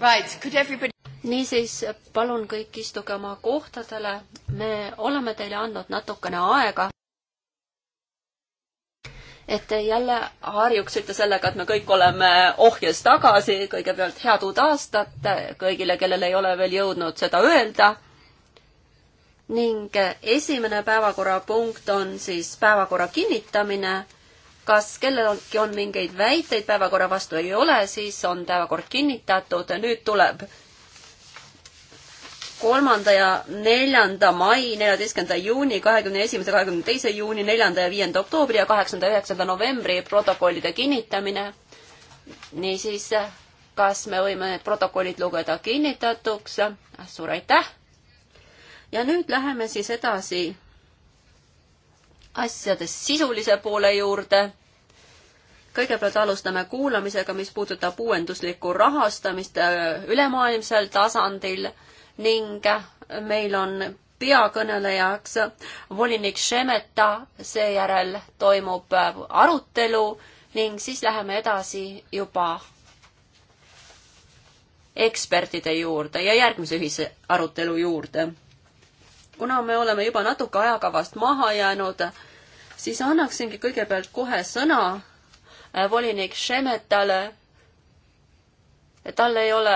Right, could everybody niisiis, palun kõik istuge oma kohtadele, me oleme teile andnud natukene aega, et te jälle harjuksite sellega, et me kõik oleme ohjes tagasi, kõigepealt head uut aastat kõigile, kellel ei ole veel jõudnud seda öelda. ning esimene päevakorrapunkt on siis päevakorra kinnitamine kas kellelgi on mingeid väiteid päevakorra vastu, ei ole, siis on päevakord kinnitatud. nüüd tuleb kolmanda ja neljanda mai, neljateistkümnenda juuni, kahekümne esimese, kahekümne teise juuni, neljanda ja viienda oktoobri ja kaheksanda ja üheksanda novembri protokollide kinnitamine. niisiis, kas me võime need protokollid lugeda kinnitatuks? suur aitäh! ja nüüd läheme siis edasi asjade sisulise poole juurde kõigepealt alustame kuulamisega, mis puudutab uuenduslikku rahastamist äh, ülemaailmsel tasandil ning meil on peakõnelejaks volinik Šemeta, seejärel toimub äh, arutelu ning siis läheme edasi juba ekspertide juurde ja järgmise ühise arutelu juurde. kuna me oleme juba natuke ajakavast maha jäänud, siis annaksingi kõigepealt kohe sõna Äh, volinik Šemetale. tal ei ole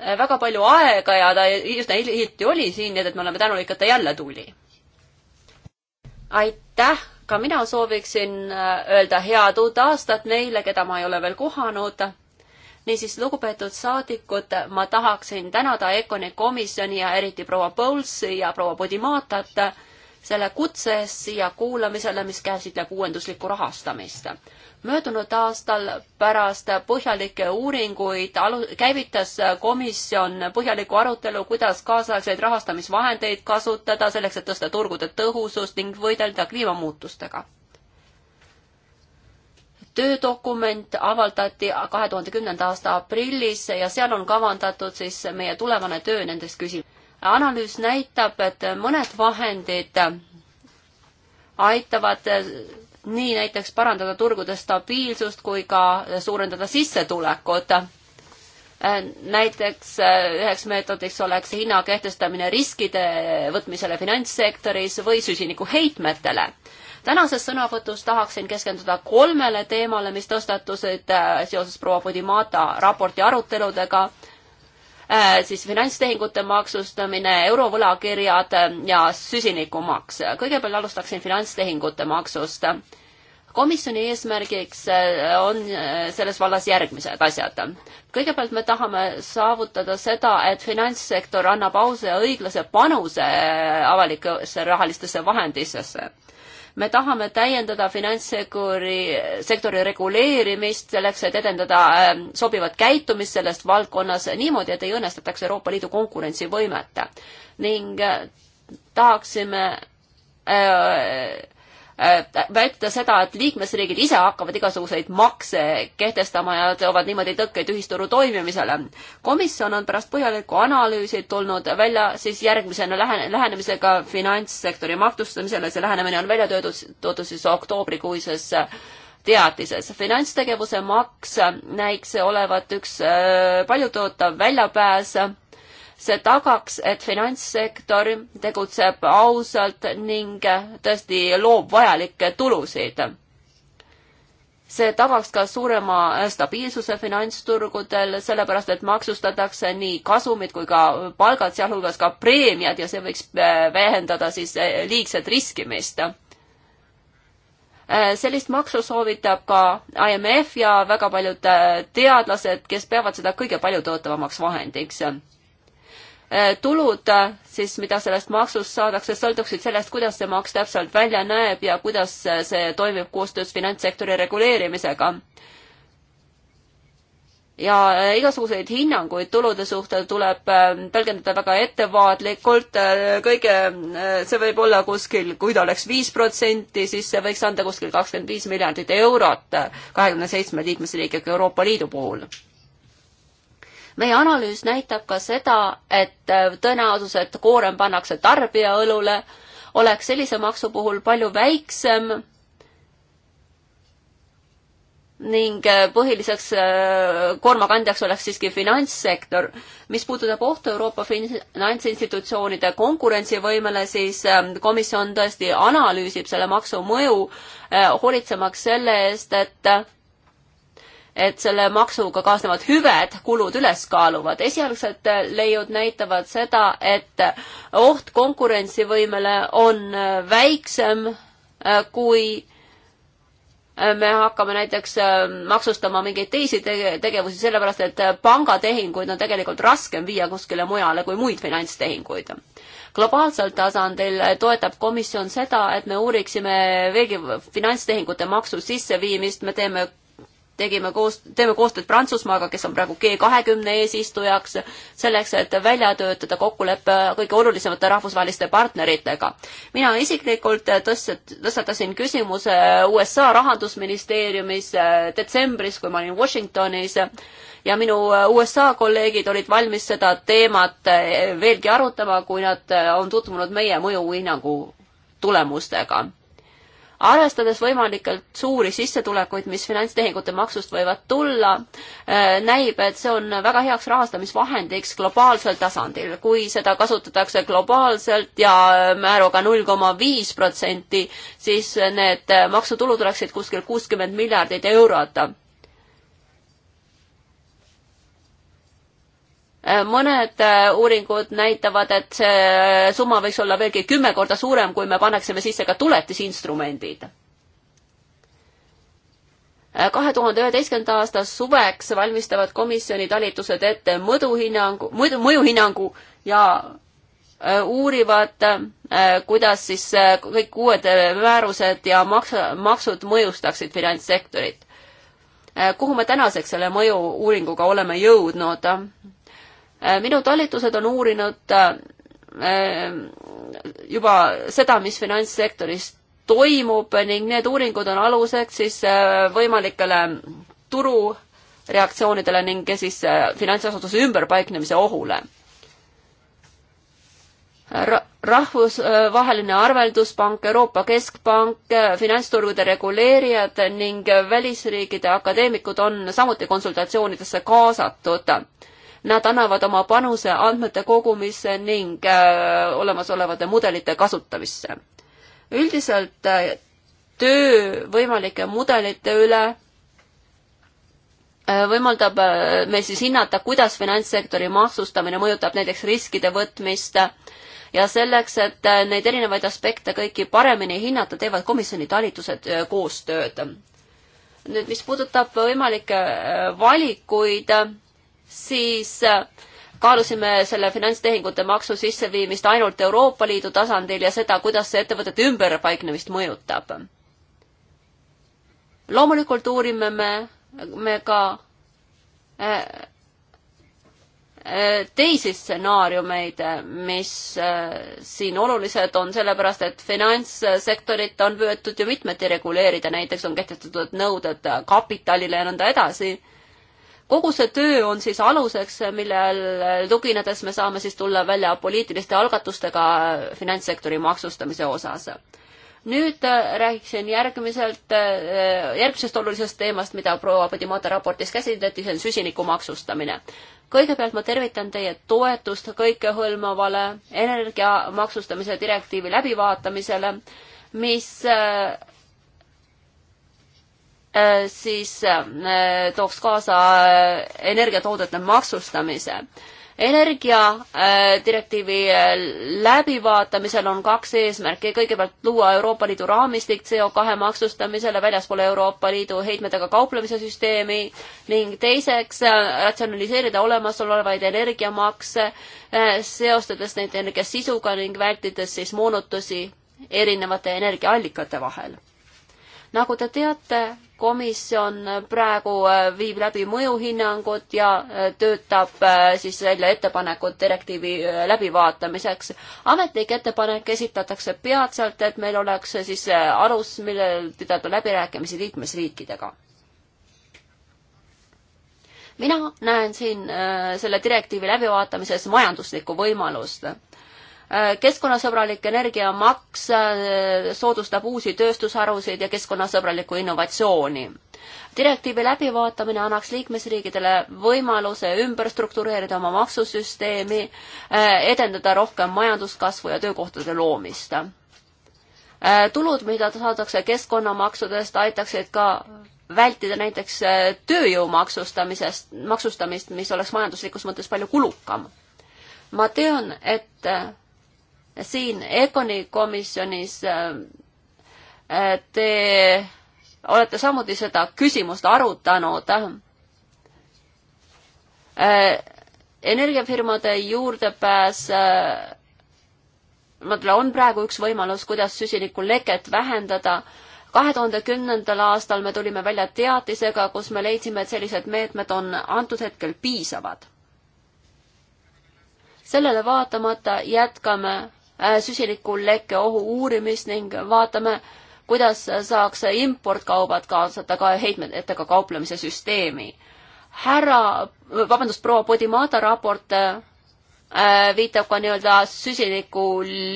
äh, väga palju aega ja ta üsna hiljuti oli siin, nii et me oleme tänulikud, et ta jälle tuli. aitäh, ka mina sooviksin äh, öelda head uut aastat neile, keda ma ei ole veel kohanud niisiis, lugupeetud saadikud, ma tahaksin tänada Econi komisjoni ja eriti proua Paulsi ja proua Podimatat selle kutse eest siia kuulamisele, mis käsitleb uuenduslikku rahastamist möödunud aastal pärast põhjalikke uuringuid alu-, käivitas komisjon põhjaliku arutelu, kuidas kaasaegseid rahastamisvahendeid kasutada selleks, et tõsta turgude tõhusust ning võidelda kliimamuutustega. töödokument avaldati kahe tuhande kümnenda aasta aprillis ja seal on kavandatud siis meie tulevane töö nendes küsimustes. analüüs näitab, et mõned vahendid aitavad nii näiteks parandada turgude stabiilsust kui ka suurendada sissetulekut. Äh, näiteks äh, üheks meetodiks oleks hinna kehtestamine riskide võtmisele finantssektoris või süsinikuheitmetele. tänases sõnavõtus tahaksin keskenduda kolmele teemale, mis tõstatusid äh, seoses proua Podimata raporti aruteludega Äh, siis finantstehingute maksustamine, eurovõlakirjad äh, ja süsinikumaks. kõigepealt alustaksin finantstehingute maksust. komisjoni eesmärgiks äh, on selles vallas järgmised asjad. kõigepealt me tahame saavutada seda, et finantssektor annab ausa ja õiglase panuse avalikesse rahalistesse vahenditesse me tahame täiendada finantssektori, sektori reguleerimist selleks, et edendada ähm, sobivat käitumist selles valdkonnas niimoodi, et ei õnnestataks Euroopa Liidu konkurentsivõimet. ning äh, tahaksime äh, vältida seda, et liikmesriigid ise hakkavad igasuguseid makse kehtestama ja toovad niimoodi tõkkeid ühisturu toimimisele. komisjon on pärast põhjalikku analüüsi tulnud välja siis järgmisena lähen-, lähenemisega finantssektori maksustamisele, see lähenemine on välja töötud, toodud siis oktoobrikuises teatises. finantstegevuse maks näiks olevat üks äh, paljutootav väljapääs see tagaks, et finantssektor tegutseb ausalt ning tõesti loob vajalikke tulusid. see tagaks ka suurema stabiilsuse finantsturgudel, sellepärast et maksustatakse nii kasumid kui ka palgad, sealhulgas ka preemiad ja see võiks vähendada siis liigset riskimist sellist maksu soovitab ka IMF ja väga paljud teadlased, kes peavad seda kõige paljutõotavamaks vahendiks Eh, tulud eh, siis, mida sellest maksust saadakse, sõltuksid sellest, kuidas see maks täpselt välja näeb ja kuidas eh, see toimib koostöös finantssektori reguleerimisega. ja igasuguseid hinnanguid tulude suhtel tuleb tõlgendada väga ettevaatlikult, kõige, see võib olla kuskil, kui ta oleks viis protsenti, siis see võiks anda kuskil kakskümmend viis miljardit eurot kahekümne seitsme liikmesriigiga Euroopa Liidu puhul meie analüüs näitab ka seda, et äh, tõenäosus, et koorem pannakse tarbija õlule, oleks sellise maksu puhul palju väiksem ning äh, põhiliseks äh, koormakandjaks oleks siiski finantssektor. mis puudutab ohtu Euroopa finantsinstitutsioonide konkurentsivõimele, siis komisjon tõesti analüüsib selle maksu mõju, hoolitsemaks selle eest, et et selle maksuga kaasnevad hüved kulud üles kaaluvad. esialgsed äh, leiud näitavad seda, et äh, oht konkurentsivõimele on äh, väiksem, kui me hakkame näiteks maksustama mingeid teisi tegevusi, sellepärast et pangatehinguid on tegelikult raskem viia kuskile mujale kui muid finantstehinguid. globaalsel tasandil toetab komisjon seda, et me uuriksime veelgi finantstehingute maksu sisseviimist, me teeme tegime koos, teeme koostööd Prantsusmaaga, kes on praegu G kahekümne eesistujaks, selleks, et välja töötada kokkulepe kõige olulisemate rahvusvaheliste partneritega. mina isiklikult tõstet-, tõstatasin küsimuse USA rahandusministeeriumis äh, detsembris, kui ma olin Washingtonis, ja minu USA kolleegid olid valmis seda teemat äh, veelgi arutama, kui nad äh, on tutvunud meie mõjuhinnangu tulemustega arvestades võimalikult suuri sissetulekuid, mis finantstehingute maksust võivad tulla, äh, näib, et see on väga heaks rahastamisvahendiks globaalsel tasandil, kui seda kasutatakse globaalselt ja määruga null koma viis protsenti, siis need maksutulud oleksid kuskil kuuskümmend miljardit eurot Äh, mõned äh, uuringud näitavad, et see äh, summa võiks olla veelgi kümme korda suurem, kui me paneksime sisse ka tuletisinstrumendid. kahe tuhande üheteistkümnenda aasta suveks valmistavad komisjoni talitused ette mõduhinnangu, mõju, mõjuhinnangu ja uurivad, kuidas siis kõik uued määrused ja maks-, maksud mõjustaksid finantssektorit. kuhu me tänaseks selle mõju-uuringuga oleme jõudnud? Äh, minu talitused on uurinud äh, juba seda, mis finantssektoris toimub ning need uuringud on aluseks siis äh, võimalikele turureaktsioonidele ning siis finantsasutuse ümberpaiknemise ohule Ra. Rahvusvaheline Arvelduspank, Euroopa Keskpank, finantsturgude reguleerijad ning välisriikide akadeemikud on samuti konsultatsioonidesse kaasatud Nad annavad oma panuse andmete kogumisse ning äh, olemasolevate mudelite kasutamisse. üldiselt äh, töö võimalike mudelite üle äh, võimaldab meil siis hinnata, kuidas finantssektori maksustamine mõjutab näiteks riskide võtmist ja selleks, et neid erinevaid aspekte kõiki paremini hinnata, teevad komisjoni talitused koostööd. nüüd, mis puudutab võimalikke valikuid siis äh, kaalusime selle finantstehingute maksu sisseviimist ainult Euroopa Liidu tasandil ja seda, kuidas see ettevõtete ümberpaiknemist mõjutab. loomulikult uurime me, me ka äh, äh, teisi stsenaariumeid, mis siin olulised on, sellepärast et finantssektorit on püütud ju mitmeti reguleerida, näiteks on kehtestatud nõuded kapitalile ja nõnda edasi kogu see töö on siis aluseks, millel tuginedes me saame siis tulla välja poliitiliste algatustega finantssektori maksustamise osas. nüüd äh, räägiksin järgmiselt, äh, järgmisest olulisest teemast, mida proua Padimata raportis käsitleti, see on süsiniku maksustamine. kõigepealt ma tervitan teie toetust kõikehõlmavale energia maksustamise direktiivi läbivaatamisele, mis äh, Äh, siis äh, tooks kaasa äh, energiatoodete maksustamise. energiadirektiivi läbivaatamisel on kaks eesmärki, kõigepealt luua Euroopa Liidu raamistik CO2 maksustamisele väljaspool Euroopa Liidu heitmetega kauplemise süsteemi ning teiseks ratsionaliseerida olemasolevaid energiamakse, seostades neid energia sisuga ning vältides siis moonutusi erinevate energiaallikate vahel. nagu te teate, komisjon praegu äh, viib läbi mõjuhinnangut ja äh, töötab äh, siis välja ettepanekud direktiivi läbivaatamiseks. ametlik ettepanek esitatakse peatselt, et meil oleks siis alus, millel pidada läbirääkimisi liikmesriikidega. mina näen siin selle direktiivi läbivaatamises majanduslikku võimalust Äh, keskkonnasõbralik energiamaks äh, soodustab uusi tööstusharusid ja keskkonnasõbralikku innovatsiooni. direktiivi läbivaatamine annaks liikmesriigidele võimaluse ümber struktureerida oma maksusüsteemi, äh, edendada rohkem majanduskasvu ja töökohtade loomist. tulud, mida saadakse keskkonnamaksudest, aitaksid ka vältida näiteks tööjõu maksustamisest, maksustamist, mis oleks majanduslikus mõttes palju kulukam. ma tean, et siin Econi komisjonis äh, te olete samuti seda küsimust arutanud. Äh, energiafirmade juurdepääs äh, mõtle, on praegu üks võimalus, kuidas süsinikuleket vähendada. kahe tuhande kümnendal aastal me tulime välja teatisega, kus me leidsime, et sellised meetmed on antud hetkel piisavad. sellele vaatamata jätkame Äh, süsinikulekke ohu uurimist ning vaatame, kuidas saaks importkaubad kaasata ka heitmetega kauplemise süsteemi. härra, vabandust, proua Podimata raport äh, viitab ka nii-öelda süsiniku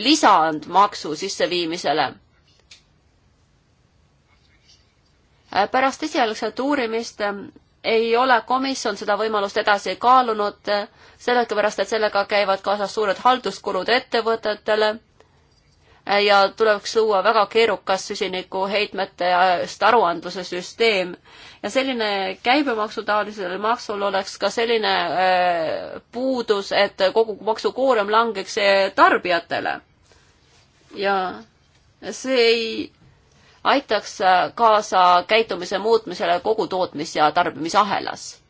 lisandmaksu sisseviimisele. Äh, pärast esialgset uurimist ei ole komisjon seda võimalust edasi kaalunud, sellepärast et sellega käivad kaasas suured halduskulud ettevõtetele ja tuleks luua väga keerukas süsinikuheitmete aruandluse süsteem. ja selline käibemaksu taolisel maksul oleks ka selline äh, puudus, et kogu maksukoorem langeks äh, tarbijatele. ja see ei aitaks äh, kaasa käitumise muutmisele kogu tootmis- ja tarbimisahelas.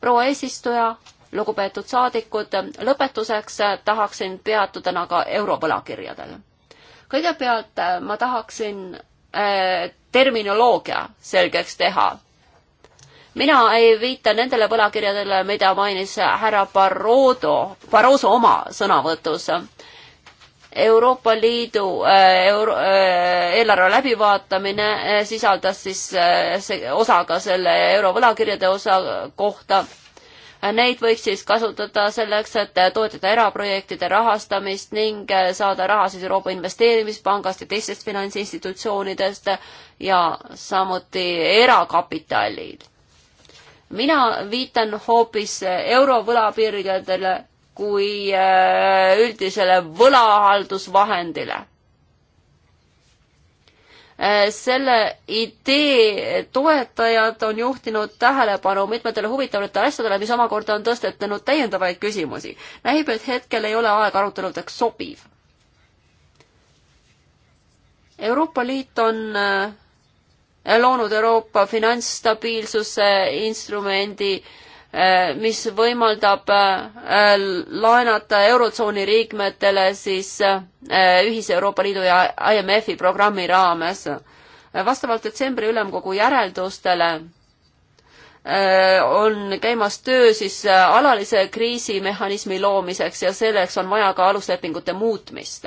proua eesistuja, lugupeetud saadikud, lõpetuseks äh, tahaksin peatuda aga eurovõlakirjadel. kõigepealt äh, ma tahaksin äh, terminoloogia selgeks teha mina ei viita nendele võlakirjadele, mida mainis härra Barrodo, Barroso oma sõnavõtus. Euroopa Liidu äh, euro, äh, eelarve läbivaatamine äh, sisaldas siis osa ka selle eurovõlakirjade osa kohta. Neid võiks siis kasutada selleks, et toetada eraprojektide rahastamist ning saada raha siis Euroopa Investeerimispangast ja teistest finantsinstitutsioonidest ja samuti erakapitalid. mina viitan hoopis eurovõlapirjadele kui äh, üldisele võlahaldusvahendile. Äh, selle idee toetajad on juhtinud tähelepanu mitmetele huvitavatele asjadele, mis omakorda on tõstetanud täiendavaid küsimusi. näib, et hetkel ei ole aeg aruteludeks sobiv. Euroopa Liit on äh, loonud Euroopa finantsstabiilsuse instrumendi äh, Eh, mis võimaldab eh, laenata Eurotsooni liikmetele siis eh, ühise Euroopa Liidu ja IMF-i programmi raames. vastavalt detsembri ülemkogu järeldustele on käimas töö siis alalise kriisimehhanismi loomiseks ja selleks on vaja ka aluslepingute muutmist.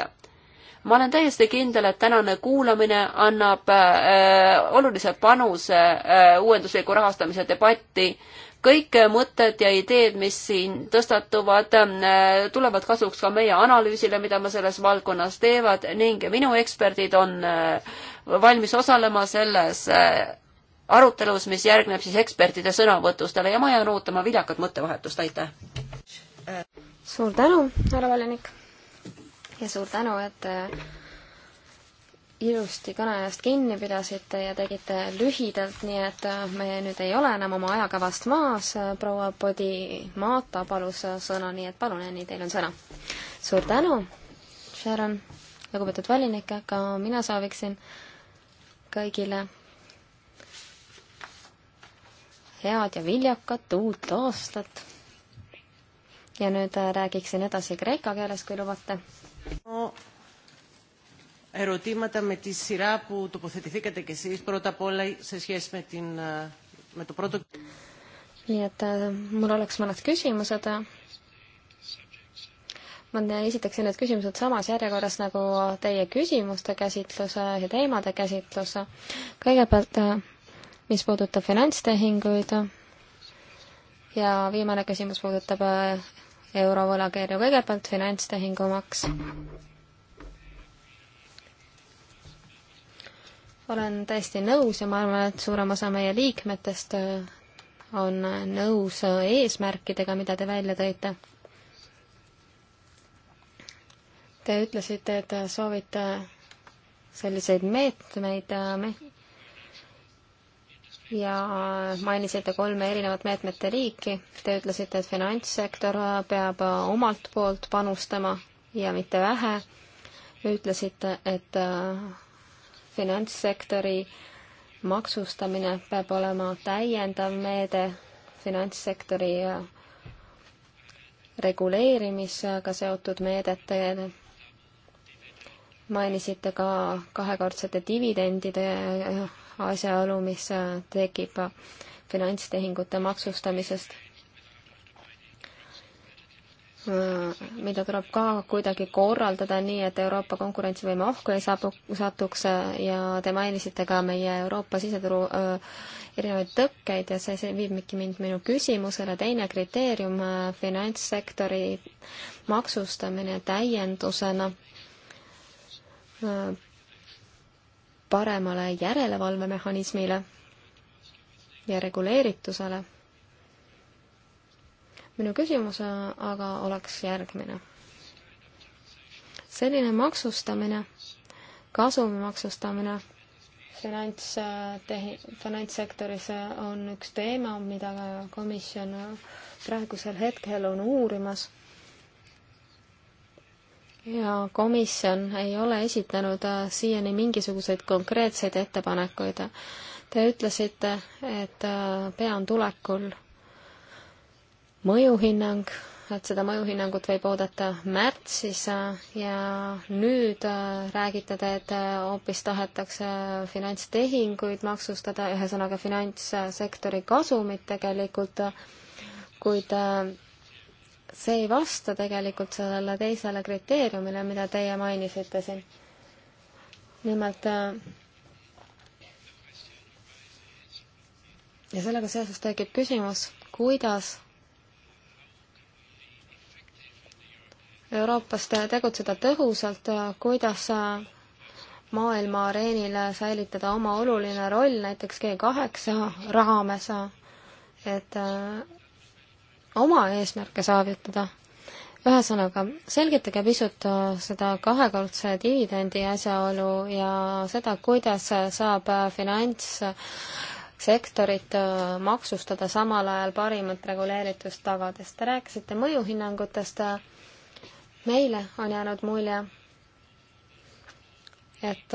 ma olen täiesti kindel, et tänane kuulamine annab äh, olulise panuse äh, uuendusliku rahastamise debatti kõik mõtted ja ideed, mis siin tõstatuvad, tulevad kasuks ka meie analüüsile, mida me selles valdkonnas teevad ning minu eksperdid on äh, valmis osalema selles äh, arutelus, mis järgneb siis ekspertide sõnavõtustele ja ma jään ootama viljakat mõttevahetust, aitäh! suur tänu, härra Valenik! ja suur tänu, et äh, ilusti kõneajast kinni pidasite ja tegite lühidalt, nii et äh, me nüüd ei ole enam oma ajakavast maas. Äh, proua Podimata palus äh, sõna, nii et palun, Enni, teil on sõna. suur tänu, Sharon, lugupeetud volinik, aga mina sooviksin kõigile head ja viljakat uut aastat. ja nüüd räägiksin edasi kreeka keeles, kui lubate no ερωτήματα με τη σειρά που τοποθετηθήκατε κι εσείς, πρώτα απ' όλα σε σχέση με, την, με το πρώτο... nii et mul oleks mõned küsimused. ma esitaksin need küsimused samas järjekorras nagu teie küsimuste käsitluse ja teemade käsitluse. kõigepealt, mis puudutab finantstehinguid ja viimane küsimus puudutab eurovõlakirju. kõigepealt finantstehingumaks olen täiesti nõus ja ma arvan, et suurem osa meie liikmetest äh, on nõus äh, eesmärkidega, mida te välja tõite. Te ütlesite, et äh, soovite selliseid meetmeid ja mainisite kolme erinevat meetmete liiki. Te ütlesite, et finantssektor peab omalt poolt panustama ja mitte vähe. ütlesite, et finantssektori maksustamine peab olema täiendav meede finantssektori äh, reguleerimisega seotud meedete mainisite ka kahekordsete dividendide äh, asjaolu, mis äh, tekib finantstehingute maksustamisest Mm, mida tuleb ka kuidagi korraldada nii, et Euroopa konkurentsivõime ohku ei sabu, satuks äh, ja te mainisite ka meie Euroopa siseturu äh, erinevaid tõkkeid ja see, see viibki mind minu küsimusele, teine kriteerium, äh, finantssektori maksustamine täiendusena paremale järelevalvemehhanismile ja reguleeritusele minu küsimus aga oleks järgmine. selline maksustamine, kasumi maksustamine finantstehi-, finantssektoris on üks teema, mida komisjon praegusel hetkel on uurimas ja komisjon ei ole esitanud äh, siiani mingisuguseid konkreetseid ettepanekuid. Te ütlesite, et äh, pea on tulekul mõjuhinnang, et seda mõjuhinnangut võib oodata märtsis äh, ja nüüd äh, räägite te, et äh, hoopis tahetakse finantstehinguid maksustada, ühesõnaga finantssektori kasumit tegelikult, kuid see ei vasta tegelikult sellele teisele kriteeriumile, mida teie mainisite siin. nimelt ja sellega seoses tekib küsimus, kuidas Euroopast tegutseda tõhusalt, kuidas maailma areenil säilitada oma oluline roll näiteks G8 raames, et oma eesmärke saavutada. ühesõnaga, selgitage pisut seda kahekordse dividendi asjaolu ja seda, kuidas saab finantssektorit maksustada samal ajal parimat reguleeritust tagades. Te rääkisite mõjuhinnangutest meile on jäänud mulje, et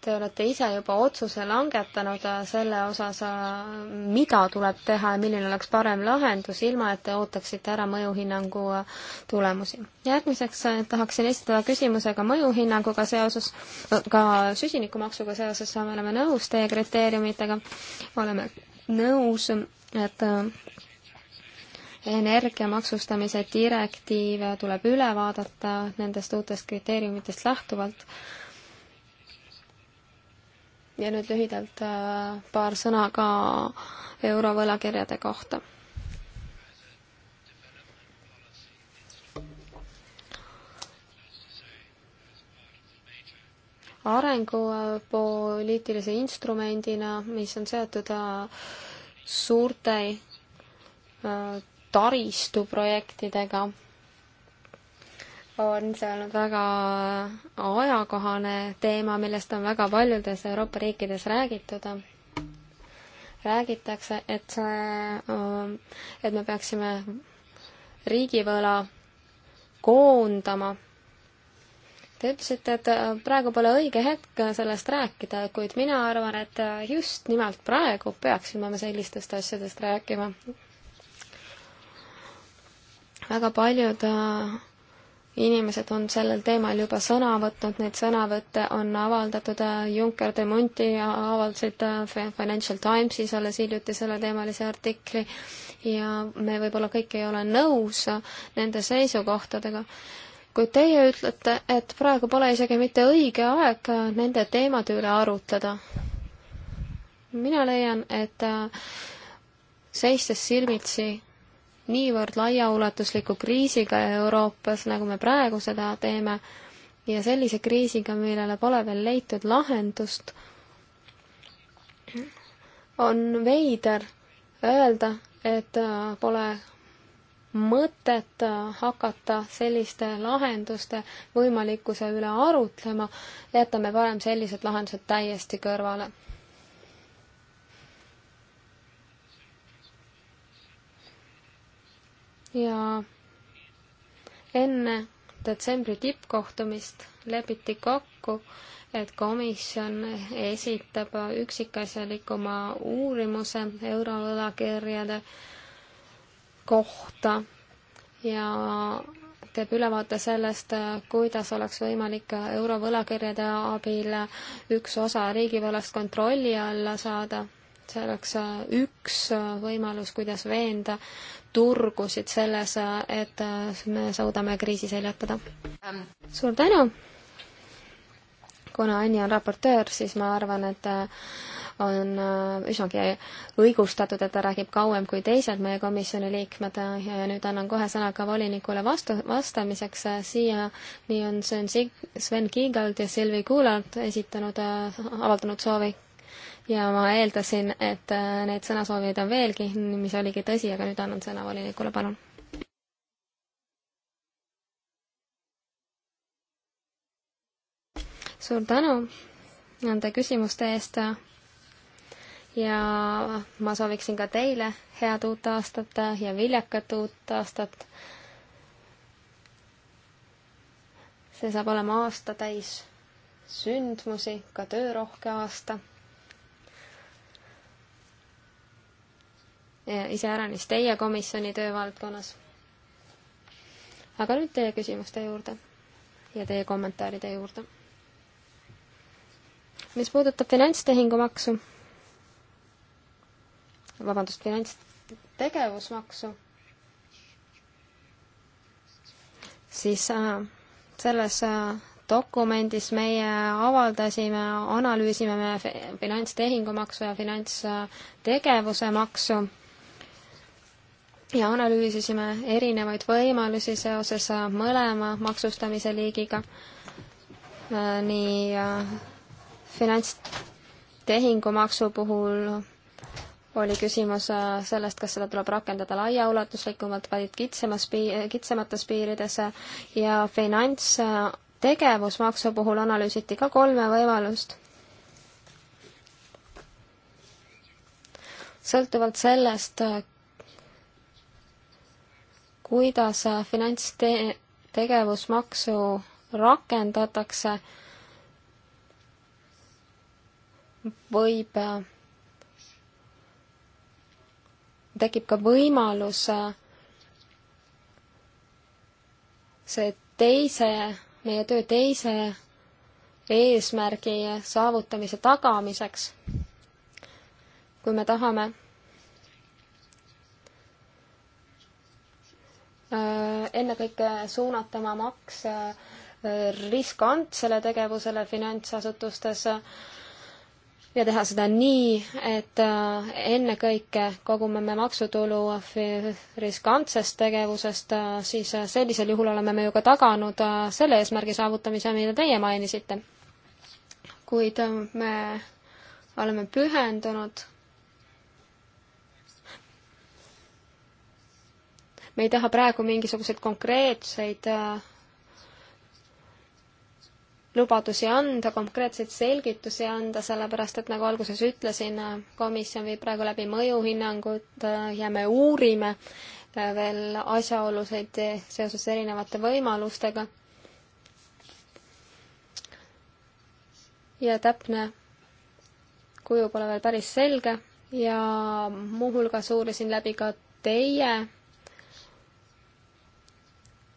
te olete ise juba otsuse langetanud selle osas, mida tuleb teha ja milline oleks parem lahendus, ilma et te ootaksite ära mõjuhinnangu tulemusi. järgmiseks tahaksin esitada küsimuse ka mõjuhinnanguga seoses, ka süsinikumaksuga seoses, me oleme nõus teie kriteeriumitega, oleme nõus, et energia maksustamise direktiiv tuleb üle vaadata nendest uutest kriteeriumitest lähtuvalt. ja nüüd lühidalt äh, paar sõna ka eurovõlakirjade kohta. arengupoliitilise äh, instrumendina, mis on seotud äh, suurte taristuprojektidega on see olnud väga ajakohane teema, millest on väga paljudes Euroopa riikides räägitud. räägitakse, et see, et me peaksime riigivõla koondama. Te ütlesite, et praegu pole õige hetk sellest rääkida, kuid mina arvan, et just nimelt praegu peaksime me sellistest asjadest rääkima väga paljud äh, inimesed on sellel teemal juba sõna võtnud, neid sõnavõtte on avaldatud, äh, Juncker de Monti avaldasid äh, Financial Timesis alles hiljuti selleteemalise artikli ja me võib-olla kõik ei ole nõus nende seisukohtadega, kuid teie ütlete, et praegu pole isegi mitte õige aeg nende teemade üle arutleda. mina leian, et seistes silmitsi niivõrd laiaulatusliku kriisiga Euroopas, nagu me praegu seda teeme, ja sellise kriisiga, millele pole veel leitud lahendust, on veider öelda, et äh, pole mõtet äh, hakata selliste lahenduste võimalikkuse üle arutlema, jätame parem sellised lahendused täiesti kõrvale. ja enne detsembri tippkohtumist lepiti kokku, et komisjon esitab üksikasjalikuma uurimuse eurovõlakirjade kohta ja teeb ülevaate sellest, kuidas oleks võimalik eurovõlakirjade abil üks osa riigivõlast kontrolli alla saada see oleks äh, üks äh, võimalus, kuidas veenda turgusid selles, äh, et me suudame kriisi seljatada. Ähm. suur tänu! kuna Anni on raportöör, siis ma arvan, et on üsnagi õigustatud, et ta räägib kauem kui teised meie komisjoni liikmed ja nüüd annan kohe sõna ka volinikule vastu, vastamiseks siia. nii on Sven Kiigald ja Silvi Kuulalt esitanud, avaldanud soovi ja ma eeldasin, et äh, neid sõnasoovijaid on veelgi, mis oligi tõsi, aga nüüd annan sõna volinikule, palun. suur tänu nende küsimuste eest ja ma sooviksin ka teile head uut aastat ja viljakat uut aastat. see saab olema aasta täis sündmusi, ka töörohke aasta Eh, iseäranis teie komisjoni töövaldkonnas. aga nüüd teie küsimuste juurde ja teie kommentaaride juurde. mis puudutab finantstehingumaksu, vabandust, finantstegevusmaksu, siis äh, selles äh, dokumendis meie avaldasime, analüüsime me finantstehingumaksu ja finantstegevuse maksu ja analüüsisime erinevaid võimalusi seoses äh, mõlema maksustamise liigiga, äh, nii äh, finantstehingumaksu puhul oli küsimus sellest, kas seda tuleb rakendada laiaulatuslikumalt, vaid kitsamas pii-, kitsamates piirides ja finantstegevusmaksu puhul analüüsiti ka kolme võimalust. sõltuvalt sellest, kuidas finantstegevusmaksu rakendatakse, võib, tekib ka võimalus see teise, meie töö teise eesmärgi saavutamise tagamiseks, kui me tahame Äh, ennekõike suunata oma makse äh, riskantsele tegevusele finantsasutustes ja teha seda nii, et äh, ennekõike kogume me maksutulu riskantsest tegevusest, siis sellisel juhul oleme me ju ka taganud selle eesmärgi saavutamise, mida teie mainisite. kuid me oleme pühendunud me ei taha praegu mingisuguseid konkreetseid äh, lubadusi anda, konkreetseid selgitusi anda, sellepärast et nagu alguses ütlesin, komisjon viib praegu läbi mõjuhinnangut äh, ja me uurime äh, veel asjaolusid seoses erinevate võimalustega. ja täpne kuju pole veel päris selge ja muuhulgas uurisin läbi ka teie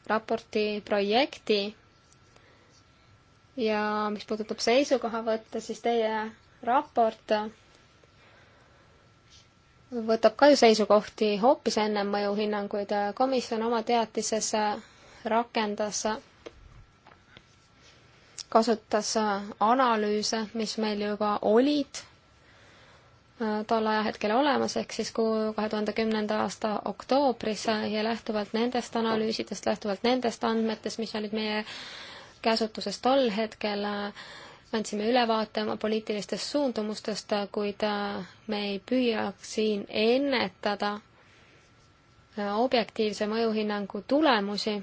raporti projekti ja mis puudutab seisukohavõtte, siis teie raport võtab ka ju seisukohti hoopis enne mõjuhinnanguid. komisjon oma teatises rakendas, kasutas analüüse, mis meil juba olid tol ajahetkel olemas, ehk siis kui kahe tuhande kümnenda aasta oktoobris ja lähtuvalt nendest analüüsidest, lähtuvalt nendest andmetest, mis olid meie käsutuses tol hetkel, andsime ülevaate oma poliitilistest suundumustest, kuid me ei püüa siin ennetada objektiivse mõjuhinnangu tulemusi,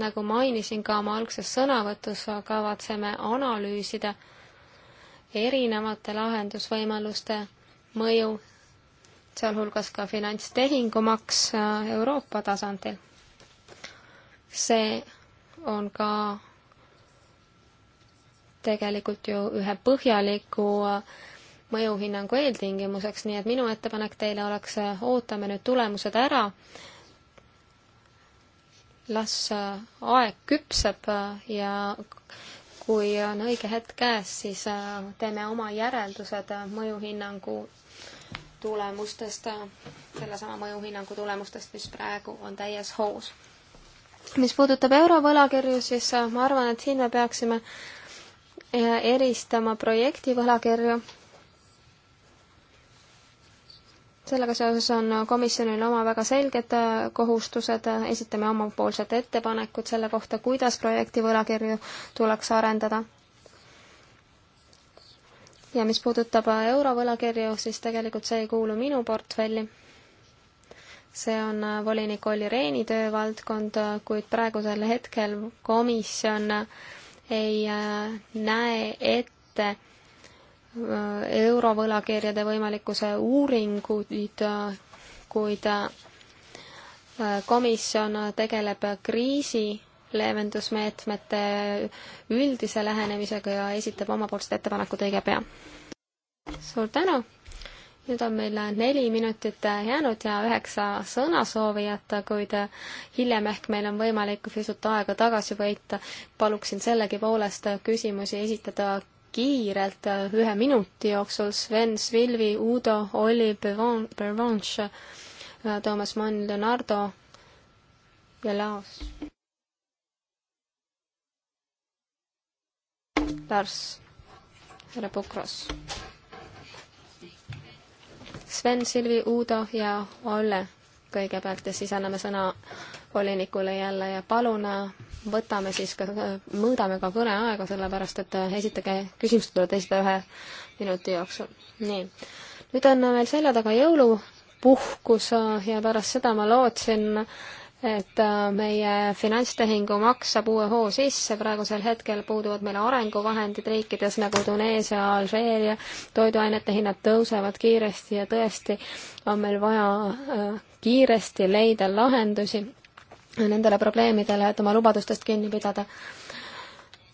nagu mainisin ka oma algses sõnavõtus, kavatseme analüüsida äh, erinevate lahendusvõimaluste mõju, sealhulgas ka finantstehingumaks äh, Euroopa tasandil. see on ka tegelikult ju ühe põhjaliku äh, mõjuhinnangu eeltingimuseks, nii et minu ettepanek teile oleks, äh, ootame nüüd tulemused ära, las aeg küpseb ja kui on õige hetk käes, siis äh, teeme oma järeldused mõjuhinnangu tulemustest, äh, sellesama mõjuhinnangu tulemustest, mis praegu on täies hoos. mis puudutab eurovõlakirju, siis äh, ma arvan, et siin me peaksime eristama projektivõlakirju sellega seoses on komisjonil oma väga selged äh, kohustused, esitame omapoolsed ettepanekud selle kohta, kuidas projekti võlakirju tuleks arendada. ja mis puudutab äh, eurovõlakirju, siis tegelikult see ei kuulu minu portfelli. see on äh, volinik Olli Rehni töövaldkond, kuid praegusel hetkel komisjon ei näe ette Äh, eurovõlakirjade võimalikkuse uuringuid, kuid äh, komisjon tegeleb kriisi leevendusmeetmete üldise lähenemisega ja esitab omapoolsed ettepanekud õige pea. suur tänu! nüüd on meil neli minutit jäänud ja üheksa sõnasoovijat, kuid hiljem ehk meil on võimalik pisut aega tagasi võita. paluksin sellegipoolest küsimusi esitada kiirelt äh, ühe minuti jooksul Sven, Svilvi, Udo, Olli, Pervanche, äh, Toomas Mann, Leonardo ja Laos. Lars, härra Pukros. Sven, Silvi, Udo ja Olle kõigepealt ja siis anname sõna volinikule jälle ja palun äh, võtame siis ka, äh, mõõdame ka kõneaega, sellepärast et äh, esitage, küsimused tuleb esitada ühe minuti jooksul. nii. nüüd on meil selja taga jõulupuhkus ja pärast seda ma lootsin, et äh, meie finantstehingu maks saab uue hoo sisse, praegusel hetkel puuduvad meil arenguvahendid riikides nagu Tuneesia, Alžeeria, toiduainete hinnad tõusevad kiiresti ja tõesti on meil vaja äh, kiiresti leida lahendusi nendele probleemidele, et oma lubadustest kinni pidada.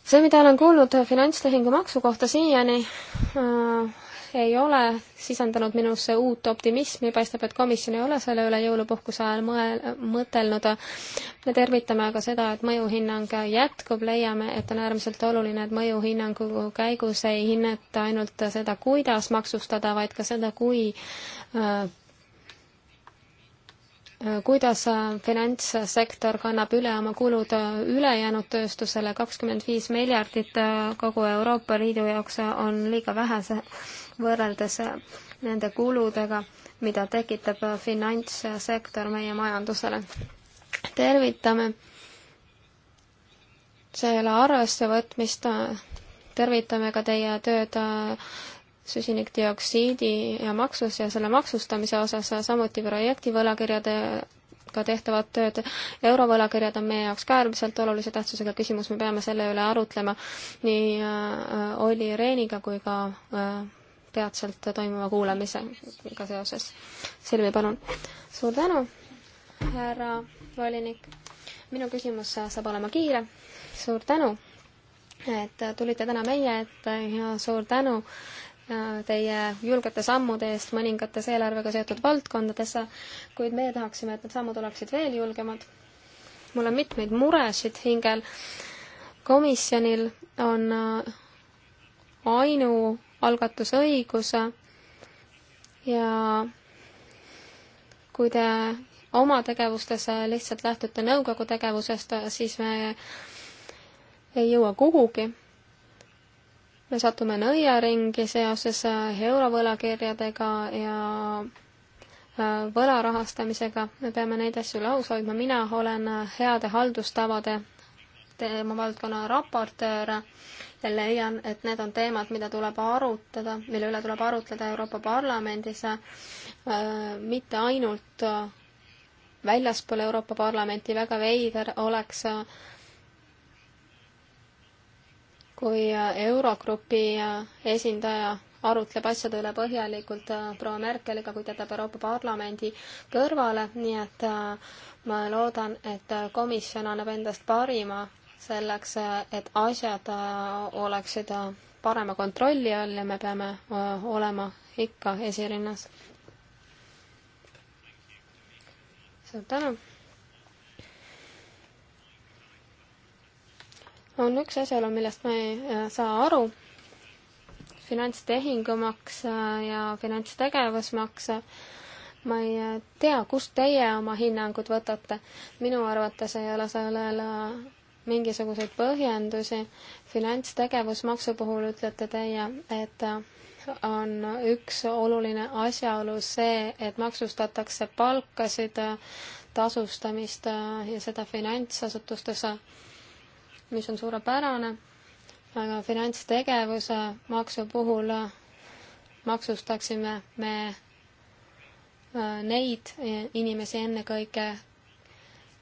see, mida olen kuulnud finantstehingu maksu kohta siiani, äh, ei ole sisendanud minusse uut optimismi, paistab, et komisjon ei ole selle üle jõulupuhkuse ajal mõel-, mõtelnud. me tervitame aga seda, et mõjuhinnang jätkub, leiame, et on äärmiselt oluline, et mõjuhinnangu käigus ei hinnata ainult seda, kuidas maksustada, vaid ka seda, kui äh, kuidas äh, finantssektor kannab üle oma kulud äh, ülejäänud tööstusele, kakskümmend viis miljardit äh, kogu Euroopa Liidu jaoks on liiga vähe, võrreldes nende kuludega, mida tekitab finantssektor meie majandusele. tervitame selle arvesse võtmist, tervitame ka teie tööd süsinikdioksiidi ja maksus ja selle maksustamise osas, samuti projekti võlakirjade ka tehtavat tööd. eurovõlakirjad on meie jaoks ka äärmiselt olulise tähtsusega küsimus, me peame selle üle arutlema nii äh, Olli Rehniga kui ka äh, peatselt toimuva kuulamisega seoses. Silvi, palun. suur tänu, härra volinik. minu küsimus saab olema kiire. suur tänu, et tulite täna meie ette ja suur tänu äh, teie julgete sammude eest mõningates eelarvega seotud valdkondades, kuid meie tahaksime, et need sammud oleksid veel julgemad. mul on mitmeid muresid hingel. komisjonil on äh, ainu algatusõiguse ja kui te oma tegevustes lihtsalt lähtute nõukogu tegevusest, siis me ei jõua kuhugi. me satume nõiaringi seoses eurovõlakirjadega ja äh, võla rahastamisega, me peame neid asju lahus hoidma, mina olen heade haldustavade teema valdkonna raportöör leian, et need on teemad, mida tuleb arutada, mille üle tuleb arutleda Euroopa Parlamendis, äh, mitte ainult äh, väljaspool Euroopa Parlamenti, väga veider oleks äh, kui Eurogrupi esindaja arutleb asjade üle põhjalikult proua Merkeliga, kuid jätab Euroopa Parlamendi kõrvale, nii et ma loodan, et komisjon annab endast parima selleks, et asjad äh, oleksid äh, parema kontrolli all ja me peame äh, olema ikka esirinnas. suur tänu! on üks asjaolu, millest ma ei saa aru. finantstehingumaks ja finantstegevusmaks. ma ei tea, kust teie oma hinnangud võtate. minu arvates ei ole sellel mingisuguseid põhjendusi. finantstegevusmaksu puhul ütlete teie, et on üks oluline asjaolu see, et maksustatakse palkasid, tasustamist ja seda finantsasutustes, mis on suurepärane, aga finantstegevuse maksu puhul maksustaksime me äh, neid inimesi ennekõike,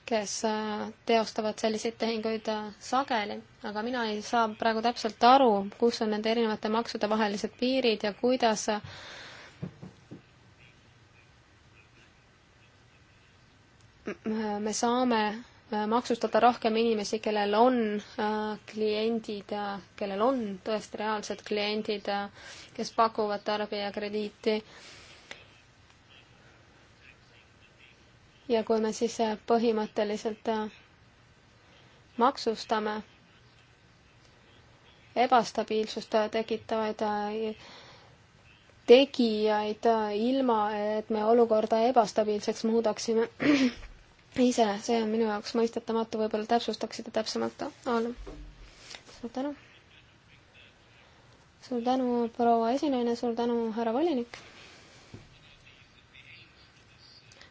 kes äh, teostavad selliseid tehinguid äh, sageli, aga mina ei saa praegu täpselt aru, kus on nende erinevate maksude vahelised piirid ja kuidas äh, me saame maksustada rohkem inimesi, kellel on kliendid, kellel on tõesti reaalsed kliendid, kes pakuvad tarbijakrediiti ja kui me siis äh, põhimõtteliselt äh, maksustame ebastabiilsust äh, tekitavaid tegijaid ilma, et me olukorda ebastabiilseks muudaksime ise, see on minu jaoks mõistetamatu, võib-olla täpsustaksite täpsemalt, Aal? suur tänu! suur tänu, proua esinaine, suur tänu, härra volinik!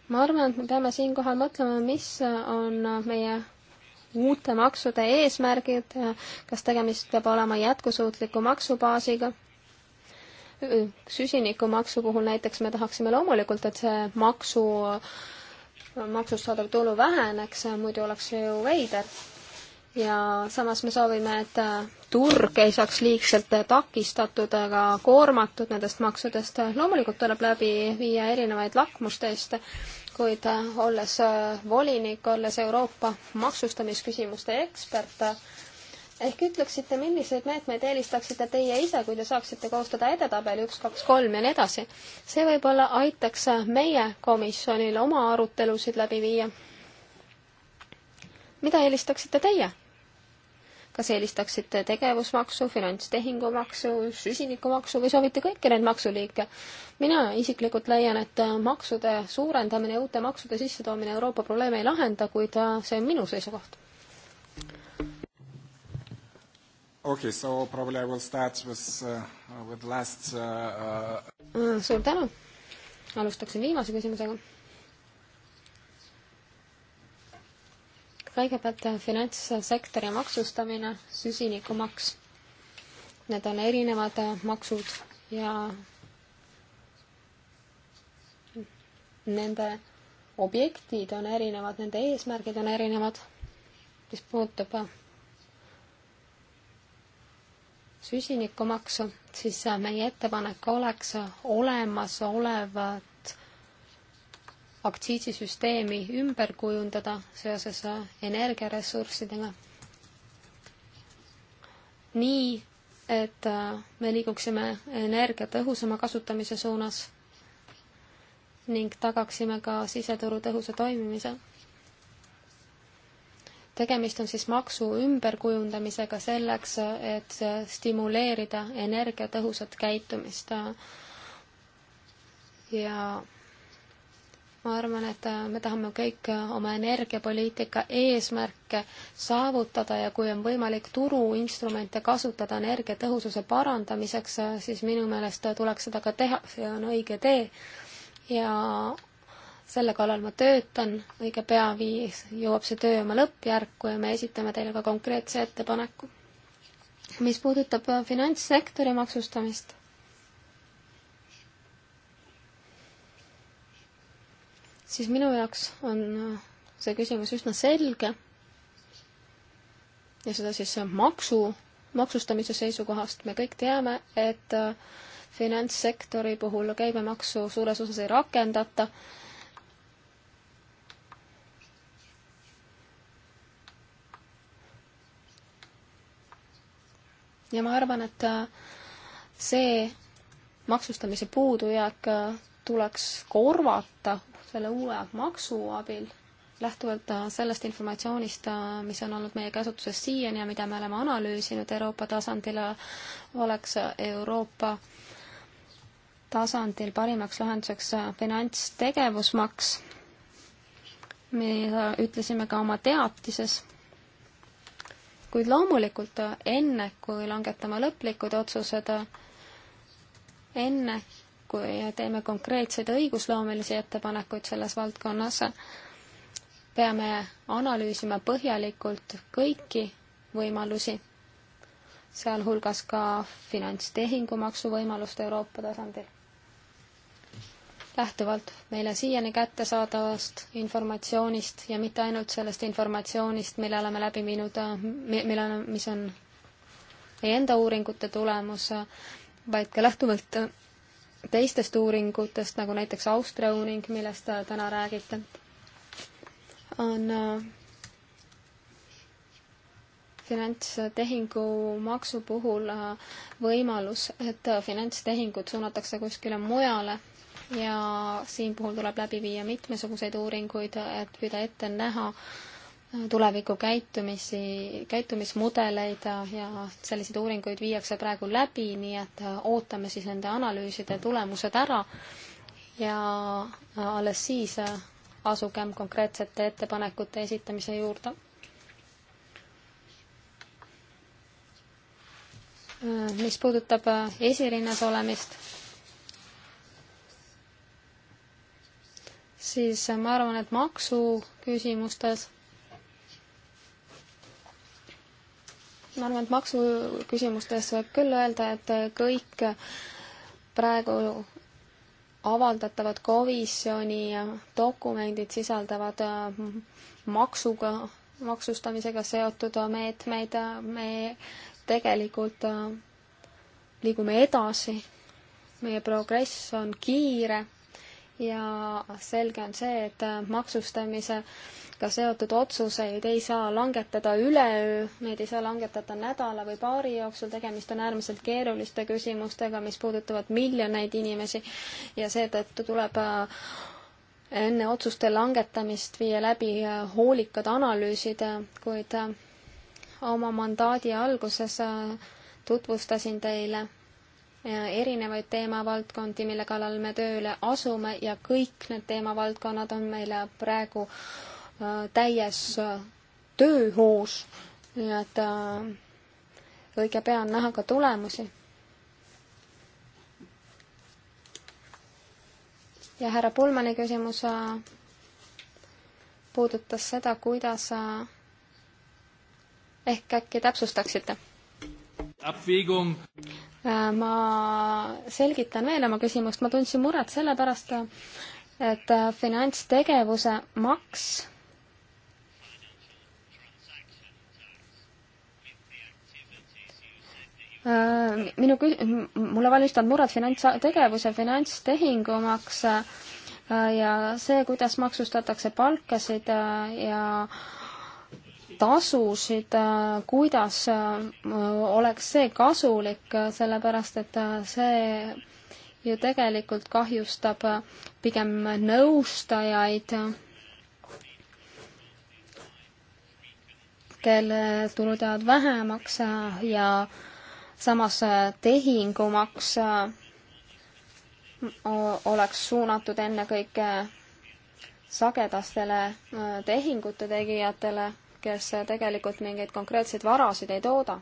ma arvan, et me peame siinkohal mõtlema, mis on meie uute maksude eesmärgid, kas tegemist peab olema jätkusuutliku maksubaasiga. süsinikumaksu puhul näiteks me tahaksime loomulikult, et see maksu, maksust saadav tulu väheneks, muidu oleks see ju veider ja samas me soovime, et äh, turg ei saaks liigselt äh, takistatud ega koormatud nendest maksudest. loomulikult tuleb läbi viia erinevaid lakmusteste, kuid äh, olles volinik, olles Euroopa maksustamisküsimuste ekspert, ehk ütleksite, milliseid meetmeid eelistaksite teie ise, kui te saaksite koostada edetabeli üks, kaks, kolm ja nii edasi? see võib-olla aitaks meie komisjonil oma arutelusid läbi viia. mida eelistaksite teie? kas eelistaksite tegevusmaksu, finantstehingumaksu, süsinikumaksu või soovite kõiki neid maksuliike? mina isiklikult leian, et maksude suurendamine ja uute maksude sissetoomine Euroopa probleeme ei lahenda, kuid äh, see on minu seisukoht. Okay, so probably I will start with uh,, with last uh,. Uh... Äh, suur tänu. alustaksin viimase küsimusega kõigepealt äh, finantssektori maksustamine, süsinikumaks. Need on erinevad äh, maksud ja nende objektid on erinevad, nende eesmärgid on erinevad. mis puudutab äh, süsinikumaksu, siis meie ettepanek oleks olemasolevad aktsiisisüsteemi ümber kujundada seoses energiaressurssidega. nii, et äh, me liiguksime energia tõhusama kasutamise suunas ning tagaksime ka siseturu tõhusa toimimise. tegemist on siis maksu ümberkujundamisega selleks, et stimuleerida energiatõhusat käitumist ja ma arvan, et äh, me tahame kõik äh, oma energiapoliitika eesmärke saavutada ja kui on võimalik turuinstrumente kasutada energiatõhususe parandamiseks, äh, siis minu meelest tuleks seda ka teha, see on õige tee. ja selle kallal ma töötan, õige pea viis, jõuab see töö oma lõppjärku ja me esitame teile ka konkreetse ettepaneku. mis puudutab finantssektori maksustamist siis minu jaoks on äh, see küsimus üsna selge. ja seda siis äh, maksu, maksustamise seisukohast. me kõik teame, et äh, finantssektori puhul käibemaksu suures osas ei rakendata. ja ma arvan, et see maksustamise puudujääk tuleks korvata selle uue maksu abil, lähtuvalt äh, sellest informatsioonist, äh, mis on olnud meie käsutuses siiani ja mida me oleme analüüsinud Euroopa tasandil, äh, oleks Euroopa tasandil parimaks lahenduseks finantstegevusmaks. me ütlesime ka oma teatises, kuid loomulikult enne, kui langetame lõplikud otsused, enne kui teeme konkreetseid õigusloomelisi ettepanekuid selles valdkonnas, peame analüüsima põhjalikult kõiki võimalusi, sealhulgas ka finantstehingumaksu võimalust Euroopa tasandil. lähtuvalt meile siiani kättesaadavast informatsioonist ja mitte ainult sellest informatsioonist, mille oleme läbi viinud, mille, mis on meie enda uuringute tulemus, vaid ka lähtuvalt teistest uuringutest, nagu näiteks Austria uuring, millest äh, täna räägiti, on äh, finantstehingu maksu puhul äh, võimalus, et finantstehingud suunatakse kuskile mujale ja siin puhul tuleb läbi viia mitmesuguseid uuringuid, et püüda ette näha, tuleviku käitumisi, käitumismudeleid ja selliseid uuringuid viiakse praegu läbi, nii et ootame siis nende analüüside tulemused ära ja alles siis asugem konkreetsete ettepanekute esitamise juurde. mis puudutab esirinnas olemist, siis ma arvan, et maksuküsimustes ma arvan, et maksuküsimustes võib küll öelda, et kõik praegu avaldatavad komisjoni dokumendid sisaldavad maksuga, maksustamisega seotud meetmeid, me tegelikult liigume edasi, meie progress on kiire ja selge on see, et maksustamise äh, ka seotud otsuseid ei saa langetada üleöö, neid ei saa langetada nädala või paari jooksul, tegemist on äärmiselt keeruliste küsimustega, mis puudutavad miljoneid inimesi ja seetõttu tuleb äh, enne otsuste langetamist viia läbi äh, hoolikad analüüsid, äh, kuid oma mandaadi alguses tutvustasin teile erinevaid teemavaldkondi, mille kallal me tööle asume ja kõik need teemavaldkonnad on meile praegu Äh, täies äh, tööhoos, nii et äh, õige pea on näha ka tulemusi. ja härra Pulmani küsimus puudutas seda, kuidas ehk äkki täpsustaksite? ma selgitan veel oma küsimust, ma tundsin muret selle pärast, et finantstegevuse maks Äh, minu kü-, mulle valmistavad mured finantstegevuse, finantstehingumaks äh, ja see, kuidas maksustatakse palkasid äh, ja tasusid, kuidas oleks see kasulik, sellepärast et see ju tegelikult kahjustab pigem nõustajaid, kelle tulud jäävad vähemaks ja äh, samas äh, tehingumaks äh, oleks suunatud ennekõike sagedastele äh, tehingute tegijatele, kes tegelikult mingeid konkreetseid varasid ei tooda.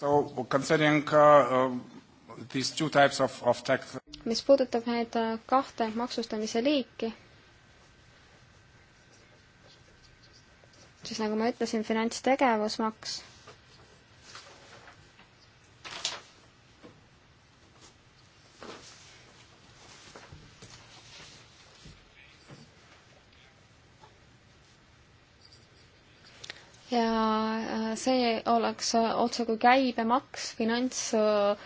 So considering uh, uh, these two types of, of tax mis puudutab neid kahte maksustamise liiki, siis nagu ma ütlesin, finantstegevusmaks ja äh, see oleks äh, otsekui käibemaks finantsinstitu-,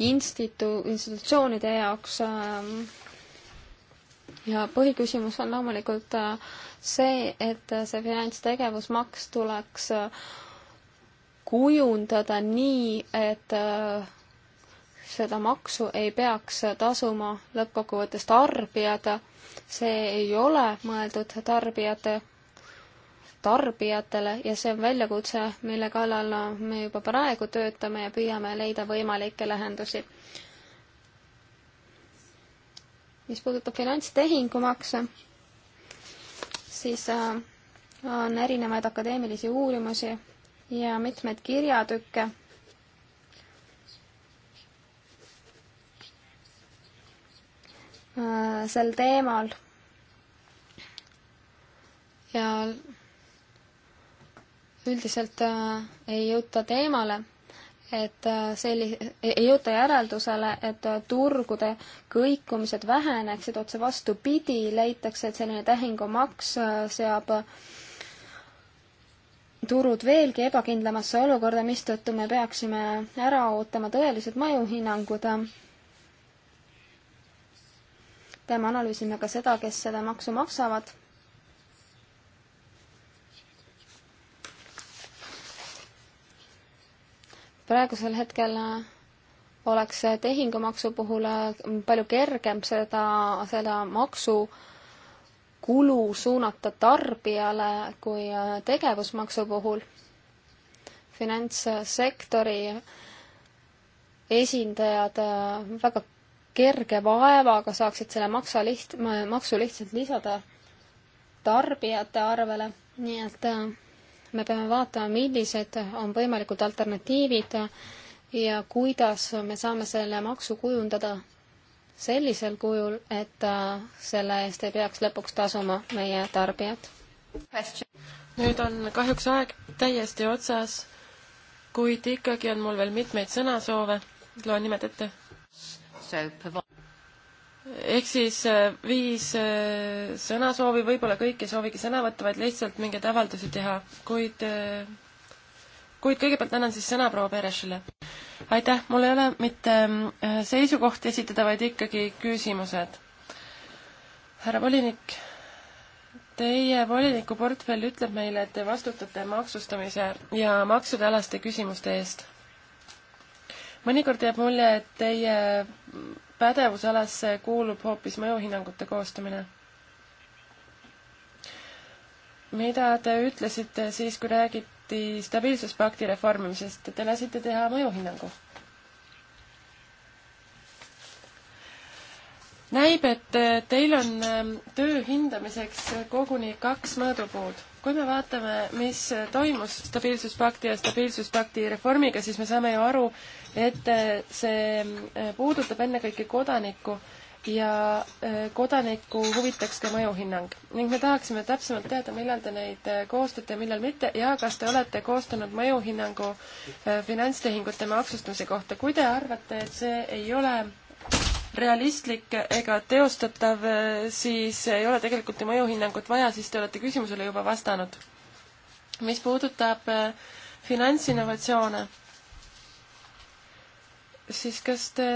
äh, institutsioonide jaoks ähm, ja põhiküsimus on loomulikult see, et see finantstegevusmaks tuleks kujundada nii, et seda maksu ei peaks tasuma lõppkokkuvõttes tarbijad, see ei ole mõeldud tarbijate tarbijatele ja see on väljakutse, mille kallal me juba praegu töötame ja püüame leida võimalikke lahendusi. mis puudutab finantstehingumakse, siis äh, on erinevaid akadeemilisi uurimusi ja mitmeid kirjatükke äh, sel teemal ja üldiselt äh, ei jõuta teemale, et äh, selli-, e-, ei jõuta järeldusele, et äh, turgude kõikumised väheneksid, otse vastupidi, leitakse, et selline tehingumaks seab turud veelgi ebakindlamasse olukorda, mistõttu me peaksime ära ootama tõelised mõjuhinnangud. peame analüüsima ka seda, kes seda maksu maksavad praegusel hetkel äh, oleks tehingumaksu puhul äh, palju kergem seda, seda maksu kulu suunata tarbijale kui äh, tegevusmaksu puhul. finantssektori esindajad väga kerge vaevaga saaksid selle maksa liht-, maksu lihtsalt lisada tarbijate arvele, nii et me peame vaatama, millised on võimalikud alternatiivid ja kuidas me saame selle maksu kujundada sellisel kujul, et äh, selle eest ei peaks lõpuks tasuma meie tarbijad. nüüd on kahjuks aeg täiesti otsas, kuid ikkagi on mul veel mitmeid sõnasoove. loen nimed ette ehk siis äh, viis äh, sõnasoovi, võib-olla kõik ei soovigi sõna võtta, vaid lihtsalt mingeid avaldusi teha, kuid, äh, kuid kõigepealt annan siis sõna proua Perešile. aitäh, mul ei ole mitte seisukohti esitada, vaid ikkagi küsimused. härra volinik, teie volinikuportfell ütleb meile, et te vastutate maksustamise ja maksudealaste küsimuste eest mõnikord jääb mulje, et teie pädevusalasse kuulub hoopis mõjuhinnangute koostamine. mida te ütlesite siis, kui räägiti stabiilsuspakti reformimisest, te lasite teha mõjuhinnangu? näib, et teil on ähm, töö hindamiseks koguni kaks mõõdupuud kui me vaatame, mis toimus stabiilsuspakti ja stabiilsuspakti reformiga, siis me saame ju aru, et äh, see äh, puudutab ennekõike kodanikku ja äh, kodanikku huvitaks ka mõjuhinnang. ning me tahaksime täpsemalt teada, millal te neid koostate ja millal mitte ja kas te olete koostanud mõjuhinnangu finantstehingute maksustamise kohta. kui te arvate, et see ei ole realistlik ega teostatav, siis ei ole tegelikult ju mõjuhinnangut vaja, siis te olete küsimusele juba vastanud. mis puudutab eh, finantsinnovatsioone, siis kas te,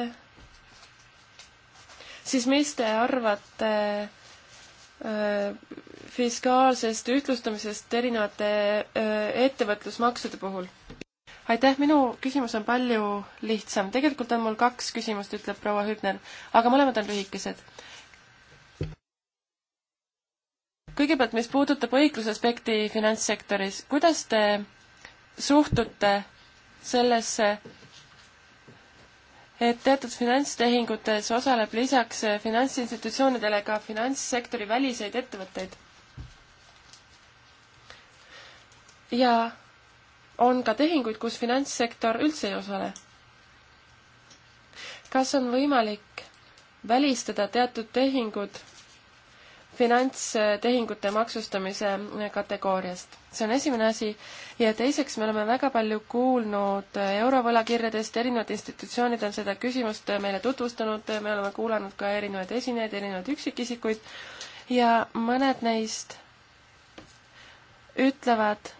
siis mis te arvate eh, fiskaalsest ühtlustamisest erinevate eh, ettevõtlusmaksude puhul? aitäh, minu küsimus on palju lihtsam. tegelikult on mul kaks küsimust, ütleb proua Hübner, aga mõlemad on lühikesed. kõigepealt, mis puudutab õiglusaspekti finantssektoris, kuidas te suhtute sellesse, et teatud finantstehingutes osaleb lisaks finantsinstitutsioonidele ka finantssektori väliseid ettevõtteid. ja on ka tehinguid, kus finantssektor üldse ei osale. kas on võimalik välistada teatud tehingud finantstehingute maksustamise kategooriast. see on esimene asi ja teiseks me oleme väga palju kuulnud eurovõlakirjadest, erinevad institutsioonid on seda küsimust meile tutvustanud, me oleme kuulanud ka erinevaid esinejaid, erinevaid üksikisikuid ja mõned neist ütlevad,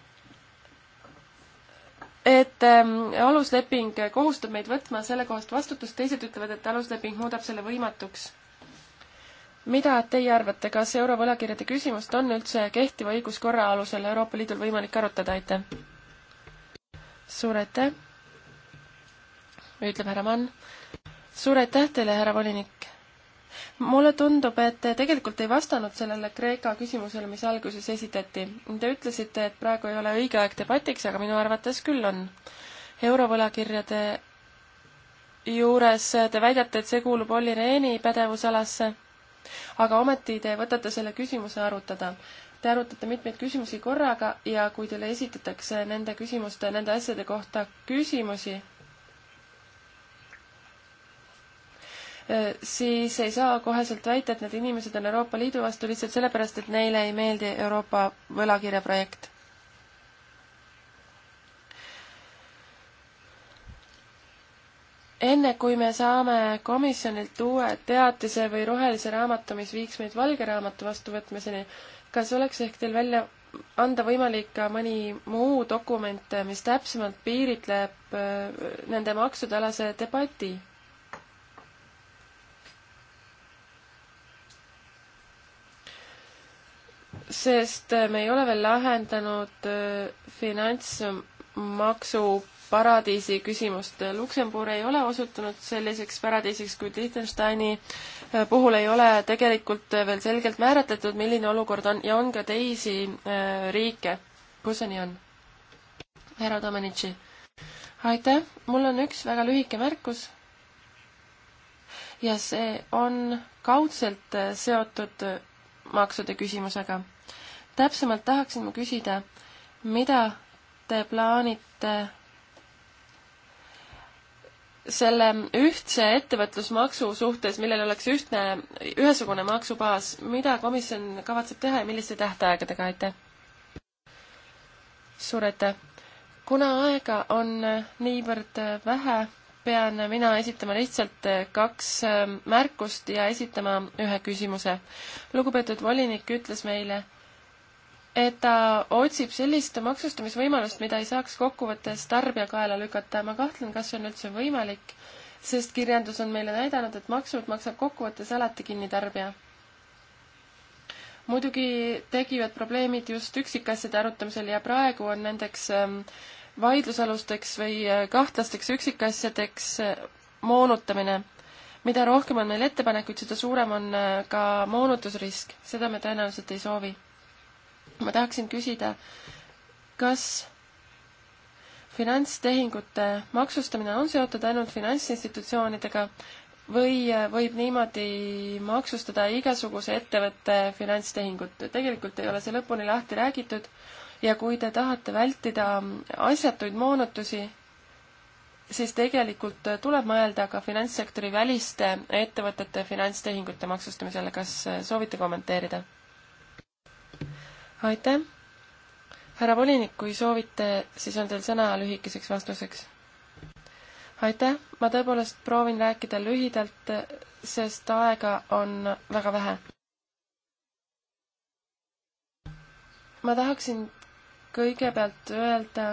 et ähm, alusleping kohustab meid võtma sellekohast vastutust, teised ütlevad, et alusleping muudab selle võimatuks. mida teie arvate, kas eurovõlakirjade küsimust on üldse kehtiva õiguskorra alusel Euroopa Liidul võimalik arutada, aitäh! suur aitäh, ütleb härra Mann. suur aitäh teile, härra volinik mulle tundub, et te tegelikult ei vastanud sellele Kreeka küsimusele, mis alguses esitati. Te ütlesite, et praegu ei ole õige aeg debatiks, aga minu arvates küll on. eurovõlakirjade juures te väidate, et see kuulub Olli Rehni pädevusalasse, aga ometi te võtate selle küsimuse arutada. Te arutate mitmeid küsimusi korraga ja kui teile esitatakse nende küsimuste, nende asjade kohta küsimusi, Äh, siis ei saa koheselt väita, et need inimesed on Euroopa Liidu vastu lihtsalt sellepärast, et neile ei meeldi Euroopa võlakirjaprojekt. enne kui me saame komisjonilt uue teatise või rohelise raamatu, mis viiks meid valge raamatu vastuvõtmiseni, kas oleks ehk teil välja anda võimalik ka mõni muu dokument, mis täpsemalt piiritleb äh, nende maksude alase debati sest me ei ole veel lahendanud äh, finantsmaksu paradiisi küsimust. Luksemburg ei ole osutunud selliseks paradiisiks, kuid Liechtensteini äh, puhul ei ole tegelikult veel selgelt määratletud, milline olukord on ja on ka teisi äh, riike, kus see nii on. härra Domenici. aitäh, mul on üks väga lühike märkus. ja see on kaudselt seotud maksude küsimusega täpsemalt tahaksin ma küsida, mida te plaanite selle ühtse ettevõtlusmaksu suhtes, millel oleks ühtne, ühesugune maksubaas, mida komisjon kavatseb teha ja milliste tähtaegadega, aitäh? suur aitäh! kuna aega on niivõrd vähe, pean mina esitama lihtsalt kaks äh, märkust ja esitama ühe küsimuse. lugupeetud volinik ütles meile, et ta otsib sellist maksustamisvõimalust, mida ei saaks kokkuvõttes tarbija kaela lükata. ma kahtlen, kas see on üldse võimalik, sest kirjandus on meile näidanud, et maksud maksab kokkuvõttes alati kinni tarbija. muidugi tekivad probleemid just üksikasjade arutamisel ja praegu on nendeks ähm, vaidlusalusteks või äh, kahtlasteks üksikasjadeks äh, moonutamine. mida rohkem on meil ettepanekuid, seda suurem on äh, ka moonutusrisk, seda me tõenäoliselt ei soovi ma tahaksin küsida, kas finantstehingute maksustamine on seotud ainult finantsinstitutsioonidega või võib niimoodi maksustada igasuguse ettevõtte finantstehingut. tegelikult ei ole see lõpuni lahti räägitud ja kui te tahate vältida asjatuid moonutusi, siis tegelikult tuleb mõelda ka finantssektori väliste ettevõtete finantstehingute maksustamisele. kas soovite kommenteerida? aitäh! härra volinik, kui soovite, siis on teil sõna lühikeseks vastuseks. aitäh, ma tõepoolest proovin rääkida lühidalt, sest aega on väga vähe. ma tahaksin kõigepealt öelda,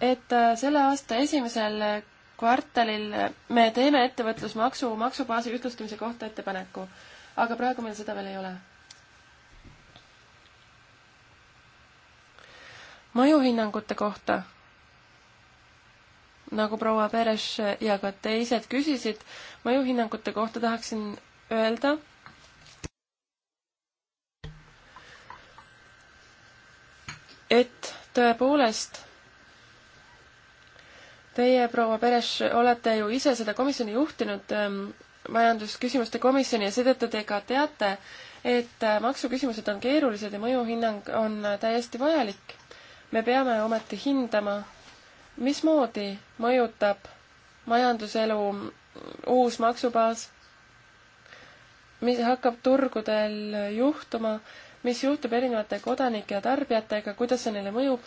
et selle aasta esimesel kvartalil me teeme ettevõtlusmaksu maksubaasi ühtlustamise kohta ettepaneku aga praegu meil seda veel ei ole. mõjuhinnangute kohta, nagu proua Peres ja ka teised küsisid, mõjuhinnangute kohta tahaksin öelda, et tõepoolest Teie, proua Peres, olete ju ise seda komisjoni juhtinud ähm, majandusküsimuste komisjoni ja seetõttu te ka teate, et äh, maksuküsimused on keerulised ja mõjuhinnang on äh, täiesti vajalik. me peame ometi hindama, mismoodi mõjutab majanduselu mm, uus maksubaas, mis hakkab turgudel juhtuma, mis juhtub erinevate kodanike ja tarbijatega, kuidas see neile mõjub.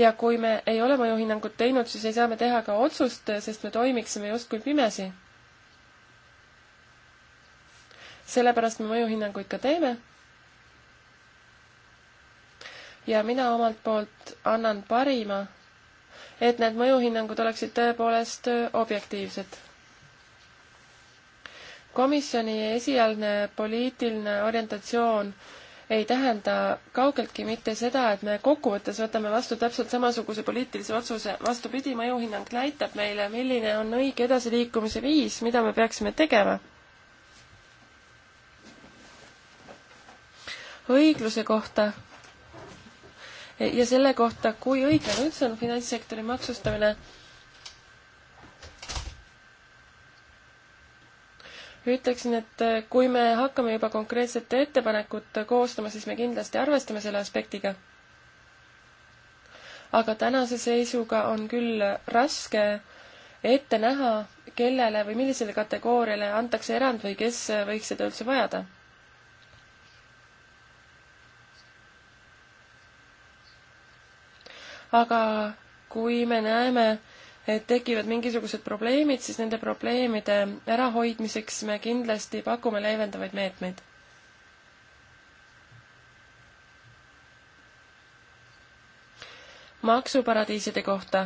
ja kui me ei ole mõjuhinnangut teinud, siis ei saa me teha ka otsust, sest me toimiksime justkui pimesi sellepärast me mõjuhinnanguid ka teeme. ja mina omalt poolt annan parima, et need mõjuhinnangud oleksid tõepoolest objektiivsed. komisjoni esialgne poliitiline orientatsioon ei tähenda kaugeltki mitte seda, et me kokkuvõttes võtame vastu täpselt samasuguse poliitilise otsuse, vastupidi, mõjuhinnang näitab meile, milline on õige edasiliikumise viis, mida me peaksime tegema õigluse kohta ja selle kohta, kui õiglane üldse on finantssektori maksustamine, ütleksin, et äh, kui me hakkame juba konkreetset ettepanekut koostama, siis me kindlasti arvestame selle aspektiga. aga tänase seisuga on küll raske ette näha, kellele või millisele kategooriale antakse erand või kes võiks seda üldse vajada aga kui me näeme, et tekivad mingisugused probleemid, siis nende probleemide ärahoidmiseks me kindlasti pakume leevendavaid meetmeid. maksuparadiiside kohta.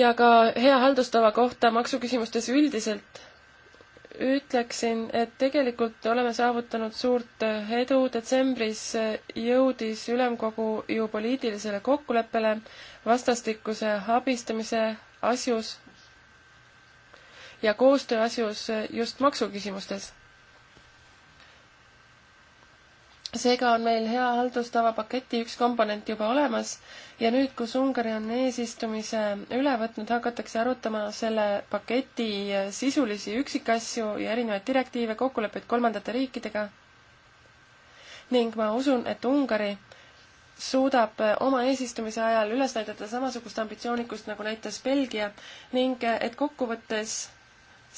ja ka hea haldustava kohta maksuküsimustes üldiselt ütleksin, et tegelikult oleme saavutanud suurt edu, detsembris jõudis ülemkogu ju poliitilisele kokkuleppele vastastikuse abistamise asjus ja koostöö asjus just maksuküsimustes seega on meil hea haldustava paketi üks komponent juba olemas ja nüüd, kus Ungari on eesistumise üle võtnud, hakatakse arutama selle paketi sisulisi üksikasju ja erinevaid direktiive, kokkuleppeid kolmandate riikidega. ning ma usun, et Ungari suudab oma eesistumise ajal üles näidata samasugust ambitsioonikust, nagu näitas Belgia ning et kokkuvõttes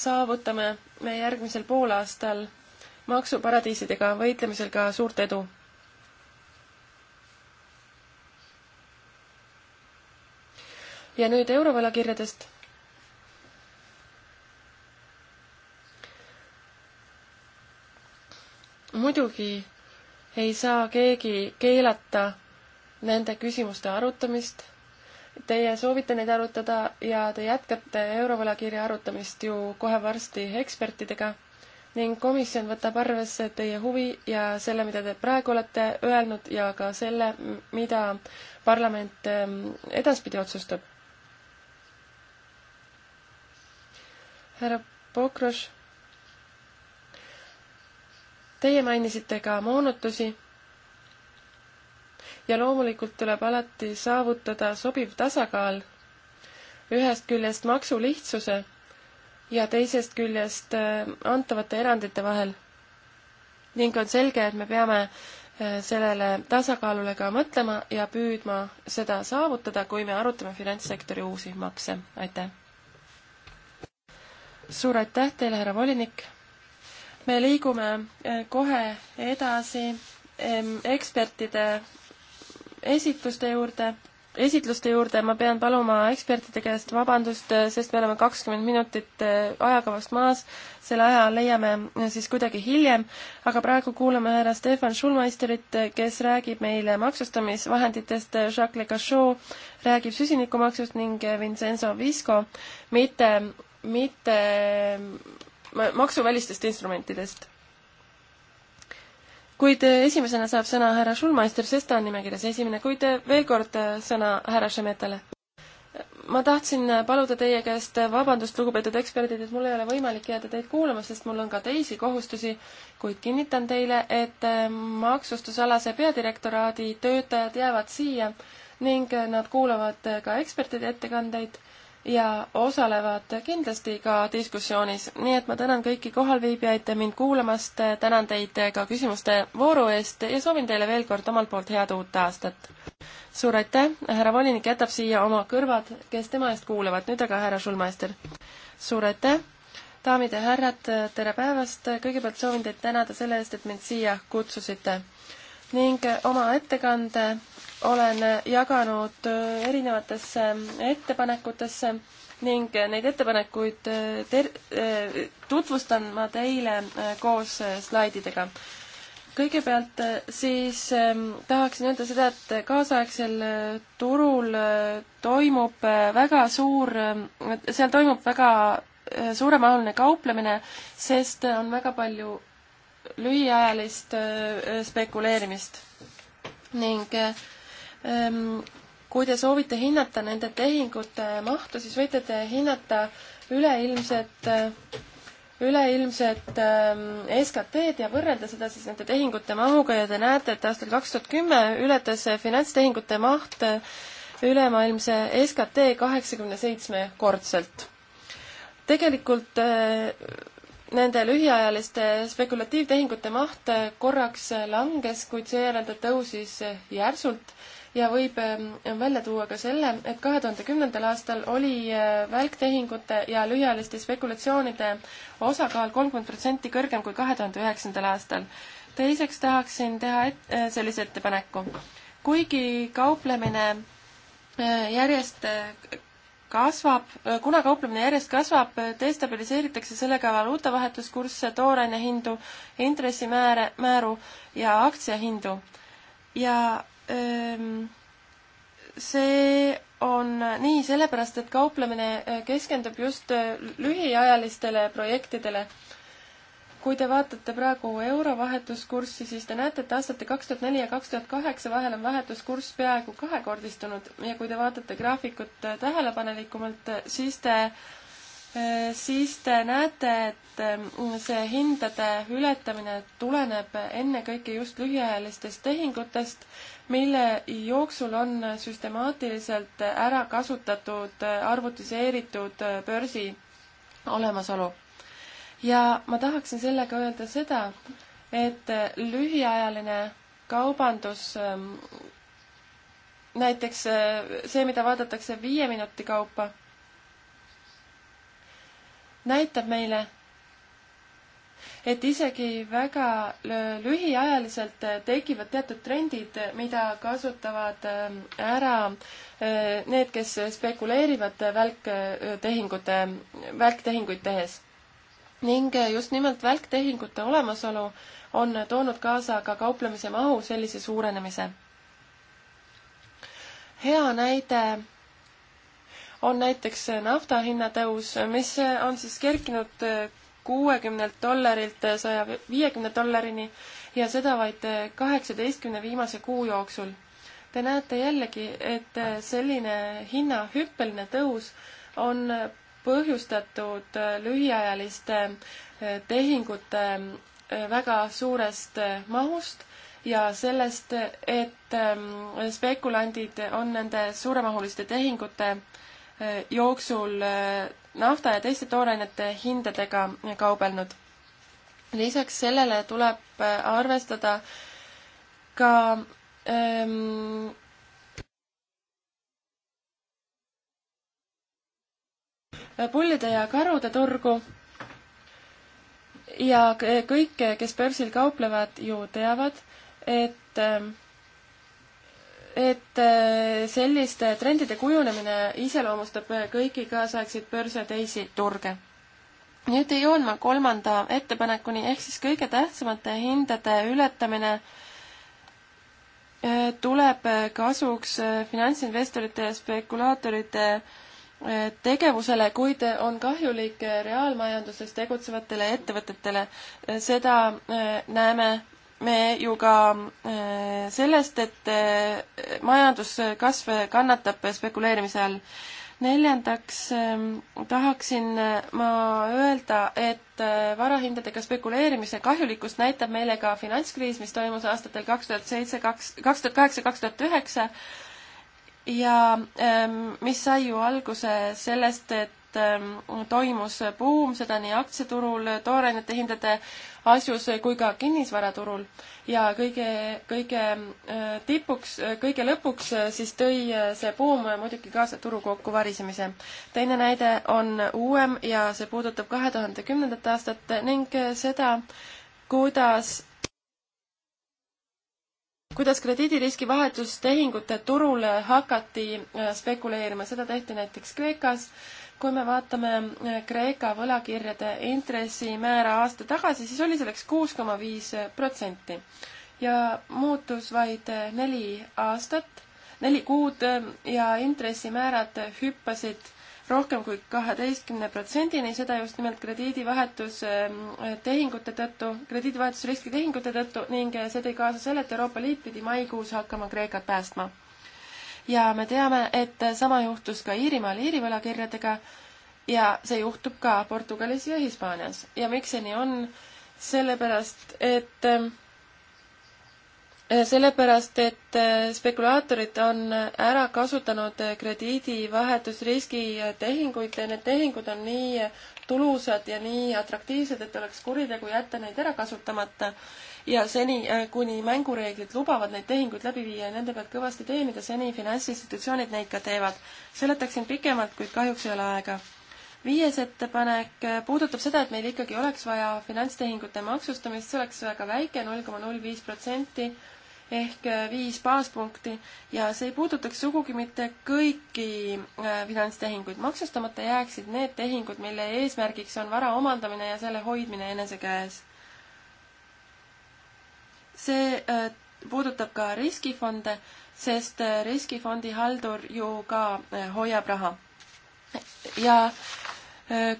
saavutame me järgmisel poolaastal maksuparadiisidega võitlemisel ka suurt edu. ja nüüd eurovõlakirjadest muidugi ei saa keegi keelata nende küsimuste arutamist. Teie soovite neid arutada ja te jätkate eurovõlakirja arutamist ju kohe varsti ekspertidega ning komisjon võtab arvesse teie huvi ja selle, mida te praegu olete öelnud ja ka selle, mida parlament ähm, edaspidi otsustab. härra Pokroš, teie mainisite ka moonutusi ja loomulikult tuleb alati saavutada sobiv tasakaal ühest küljest maksulihtsuse ja teisest küljest äh, antavate erandite vahel. ning on selge, et me peame äh, sellele tasakaalule ka mõtlema ja püüdma seda saavutada, kui me arutame finantssektori uusi makse. aitäh! suur aitäh teile, härra volinik! me liigume äh, kohe edasi ähm, ekspertide esitluste juurde esitluste juurde ma pean paluma ekspertide käest vabandust, sest me oleme kakskümmend minutit äh, ajakavast maas, selle aja leiame äh, siis kuidagi hiljem, aga praegu kuulame härra Stefan Schulmeisterit, äh, kes räägib meile maksustamisvahenditest, Jacques Le Cachot räägib süsinikumaksust ning Vincenzo Visco mitte, mitte maksuvälistest instrumentidest kuid esimesena saab sõna härra Schulmeister, sest ta on nimekirjas esimene, kuid veel kord äh, sõna härra Šemetale. ma tahtsin äh, paluda teie käest äh, vabandust, lugupeetud eksperdid, et mul ei ole võimalik jääda teid kuulama, sest mul on ka teisi kohustusi, kuid kinnitan teile, et maksustusalase peadirektoraadi töötajad jäävad siia ning nad kuulavad ka ekspertide ettekandeid ja osalevad kindlasti ka diskussioonis, nii et ma tänan kõiki kohalviibijaid mind kuulamast, tänan teid ka küsimuste vooru eest ja soovin teile veel kord omalt poolt head uut aastat. suur aitäh, härra volinik jätab siia oma kõrvad, kes tema eest kuulavad, nüüd aga härra Schulmeister. suur aitäh, daamid ja härrad, tere päevast, kõigepealt soovin teid tänada selle eest, et mind siia kutsusite ning oma ettekande olen jaganud äh, erinevatesse ettepanekutesse ning neid ettepanekuid äh, ter-, äh, tutvustan ma teile koos slaididega. kõigepealt siis ähm, tahaksin öelda seda, et kaasaegsel turul toimub väga suur, seal toimub väga suuremahuline kauplemine, sest on väga palju lühiajalist spekuleerimist ning äh, Ehm, kui te soovite hinnata nende tehingute mahtu, siis võite te hinnata üleilmset, eh, üleilmset ehm, SKT-d ja võrrelda seda siis nende tehingute mahuga ja te näete, et aastal kaks tuhat kümme ületas finantstehingute maht eh, ülemaailmse SKT kaheksakümne seitsme kordselt. tegelikult eh, nende lühiajaliste spekulatiivtehingute maht korraks langes, kuid seejärel ta tõusis järsult ja võib ähm, välja tuua ka selle, et kahe tuhande kümnendal aastal oli äh, välktehingute ja lühiajaliste spekulatsioonide osakaal kolmkümmend protsenti kõrgem kui kahe tuhande üheksandal aastal. teiseks tahaksin teha et, äh, sellise ettepaneku. kuigi kauplemine äh, järjest kasvab, kuna kauplemine järjest kasvab, destabiliseeritakse sellega valuutavahetuskursse, tooraine hindu, intressimääre, määru ja aktsiahindu. ja Ehm, see on nii sellepärast, et kauplemine eh, keskendub just eh, lühiajalistele projektidele. kui te vaatate praegu euro vahetuskurssi, siis te näete, et aastate kaks tuhat neli ja kaks tuhat kaheksa vahel on vahetuskurss peaaegu kahekordistunud ja kui te vaatate graafikut eh, tähelepanelikumalt, siis te siis te näete, et ähm, see hindade ületamine tuleneb ennekõike just lühiajalistest tehingutest, mille jooksul on süstemaatiliselt ära kasutatud äh, arvutiseeritud äh, börsi olemasolu. ja ma tahaksin sellega öelda seda, et äh, lühiajaline kaubandus ähm, näiteks see, mida vaadatakse viie minuti kaupa näitab meile, et isegi väga lühiajaliselt äh, tekivad teatud trendid, mida kasutavad äh, ära äh, need, kes spekuleerivad välktehingute, välktehinguid tehes ning just nimelt välktehingute olemasolu on toonud kaasa ka kauplemise mahu sellise suurenemise. hea näide on näiteks nafta hinnatõus, mis on siis kerkinud kuuekümnelt dollarilt saja viiekümne dollarini ja seda vaid kaheksateistkümne viimase kuu jooksul. Te näete jällegi, et selline hinna hüppeline tõus on põhjustatud lühiajaliste tehingute väga suurest mahust ja sellest, et ähm, spekulandid on nende suuremahuliste tehingute äh, jooksul eh, nafta ja teiste toorainete hindadega kaubelnud. lisaks sellele tuleb eh, arvestada ka ähm, pullide ja karude turgu ja kõik, kes börsil kauplevad, ju teavad, et ähm, et äh, selliste trendide kujunemine iseloomustab äh, kõiki kaasaegseid börse teisi turge. nüüd jõuan ma kolmanda ettepanekuni, ehk siis kõige tähtsamate hindade ületamine äh, tuleb kasuks finantsinvestorite ja spekulaatorite tegevusele, kuid on kahjulik reaalmajanduses tegutsevatele ettevõtetele. seda näeme me ju ka äh, sellest, et äh, majanduskasv kannatab spekuleerimise all. neljandaks äh, tahaksin ma öelda, et varahindadega spekuleerimise kahjulikkust näitab meile ka finantskriis, mis toimus aastatel kaks tuhat seitse, kaks, kaks tuhat kaheksa, kaks tuhat üheksa ja ähm, mis sai ju alguse sellest, et Ähm, toimus buum, seda nii aktsiaturul, toorainete hindade asjus kui ka kinnisvaraturul ja kõige, kõige äh, tipuks, äh, kõige lõpuks äh, siis tõi see buum muidugi kaasa turu kokkuvarisemise. teine näide on uuem ja see puudutab kahe tuhande kümnendat aastat ning seda, kuidas kuidas krediidiriski vahetustehingute turul hakati spekuleerima, seda tehti näiteks Kreekas kui me vaatame äh, Kreeka võlakirjade intressimäära aasta tagasi, siis oli selleks kuus koma viis protsenti ja muutus vaid äh, neli aastat, neli kuud äh, ja intressimäärad hüppasid rohkem kui kaheteistkümne protsendini, seda just nimelt krediidivahetustehingute tõttu, krediidivahetusriski tehingute tõttu ning see tõi kaasa selle, et Euroopa Liit pidi maikuus hakkama Kreekat päästma ja me teame, et sama juhtus ka Iirimaal Iiri võlakirjadega ja see juhtub ka Portugalis ja Hispaanias. ja miks see nii on? sellepärast, et eh, sellepärast, et eh, spekulaatorid on ära kasutanud krediidivahetusriski tehinguid ja need tehingud on nii tulusad ja nii atraktiivsed, et oleks kuritegu jätta neid ära kasutamata ja seni, äh, kuni mängureeglid lubavad neid tehinguid läbi viia ja nende pealt kõvasti teenida, seni finantsinstitutsioonid neid ka teevad. seletaksin pikemalt, kuid kahjuks ei ole aega viies ettepanek äh, puudutab seda, et meil ikkagi oleks vaja finantstehingute maksustamist, see oleks väga väike, null koma null viis protsenti ehk äh, viis baaspunkti ja see ei puudutaks sugugi mitte kõiki finantstehinguid. maksustamata jääksid need tehingud, mille eesmärgiks on vara omandamine ja selle hoidmine enese käes see äh, puudutab ka riskifonde, sest äh, riskifondi haldur ju ka äh, hoiab raha. ja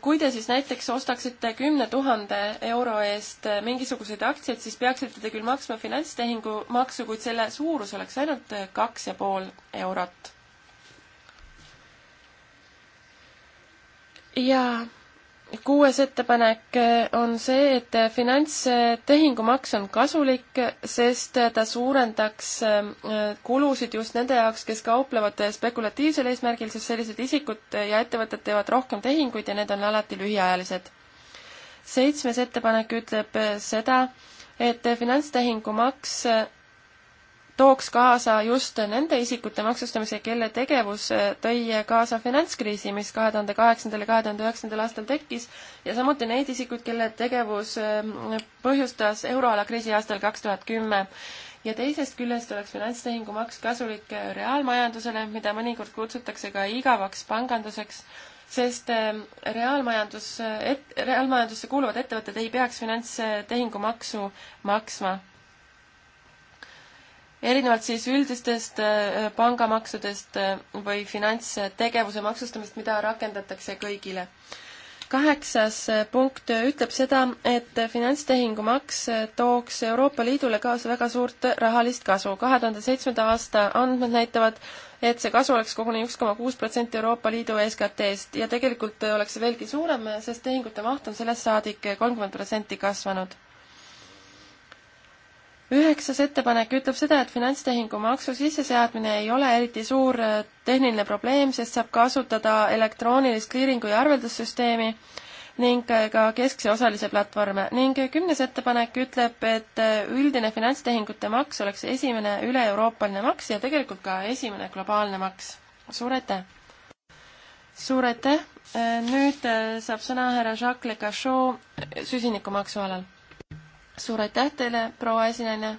kui te siis näiteks ostaksite kümne tuhande euro eest mingisuguseid aktsiaid, siis peaksite te küll maksma finantstehingu maksu, kuid selle suurus oleks ainult kaks ja pool eurot. ja kuues ettepanek eh, on see, et finantstehingumaks on kasulik, sest ta suurendaks eh, kulusid just nende jaoks, kes kauplevad eh, spekulatiivsel eesmärgil, sest sellised isikud ja ettevõtted teevad rohkem tehinguid ja need on alati lühiajalised. seitsmes ettepanek ütleb seda, et finantstehingumaks tooks kaasa just nende isikute maksustamise, kelle tegevus äh, tõi kaasa finantskriisi, mis kahe tuhande kaheksandal ja kahe tuhande üheksandal aastal tekkis, ja samuti neid isikuid, kelle tegevus ähm, põhjustas euroala kriisi aastal kaks tuhat kümme. ja teisest küljest oleks finantstehingumaks kasulik reaalmajandusele, mida mõnikord kutsutakse ka igavaks panganduseks, sest ähm, reaalmajandus, et-, reaalmajandusse kuuluvad ettevõtted ei peaks finantstehingumaksu maksma erinevalt siis üldistest äh, pangamaksudest äh, või finantstegevuse maksustamist, mida rakendatakse kõigile. kaheksas äh, punkt ütleb seda, et finantstehingumaks tooks Euroopa Liidule kaasa väga suurt rahalist kasu. kahe tuhande seitsmenda aasta andmed näitavad, et see kasu oleks koguni üks koma kuus protsenti Euroopa Liidu SKT-st ja tegelikult oleks see veelgi suurem, sest tehingute maht on sellest saadik kolmkümmend protsenti kasvanud üheksas ettepanek ütleb seda, et finantstehingu maksu sisseseadmine ei ole eriti suur äh, tehniline probleem, sest saab kasutada elektroonilist kliiringu ja arveldussüsteemi ning äh, ka keskse osalise platvorme ning äh, kümnes ettepanek ütleb, et üldine finantstehingute maks oleks esimene üle-euroopaline maks ja tegelikult ka esimene globaalne maks. suur aitäh! suur aitäh! nüüd saab sõna härra Jacques Le Cachot süsinikumaksu alal suur aitäh teile, proua esinaine.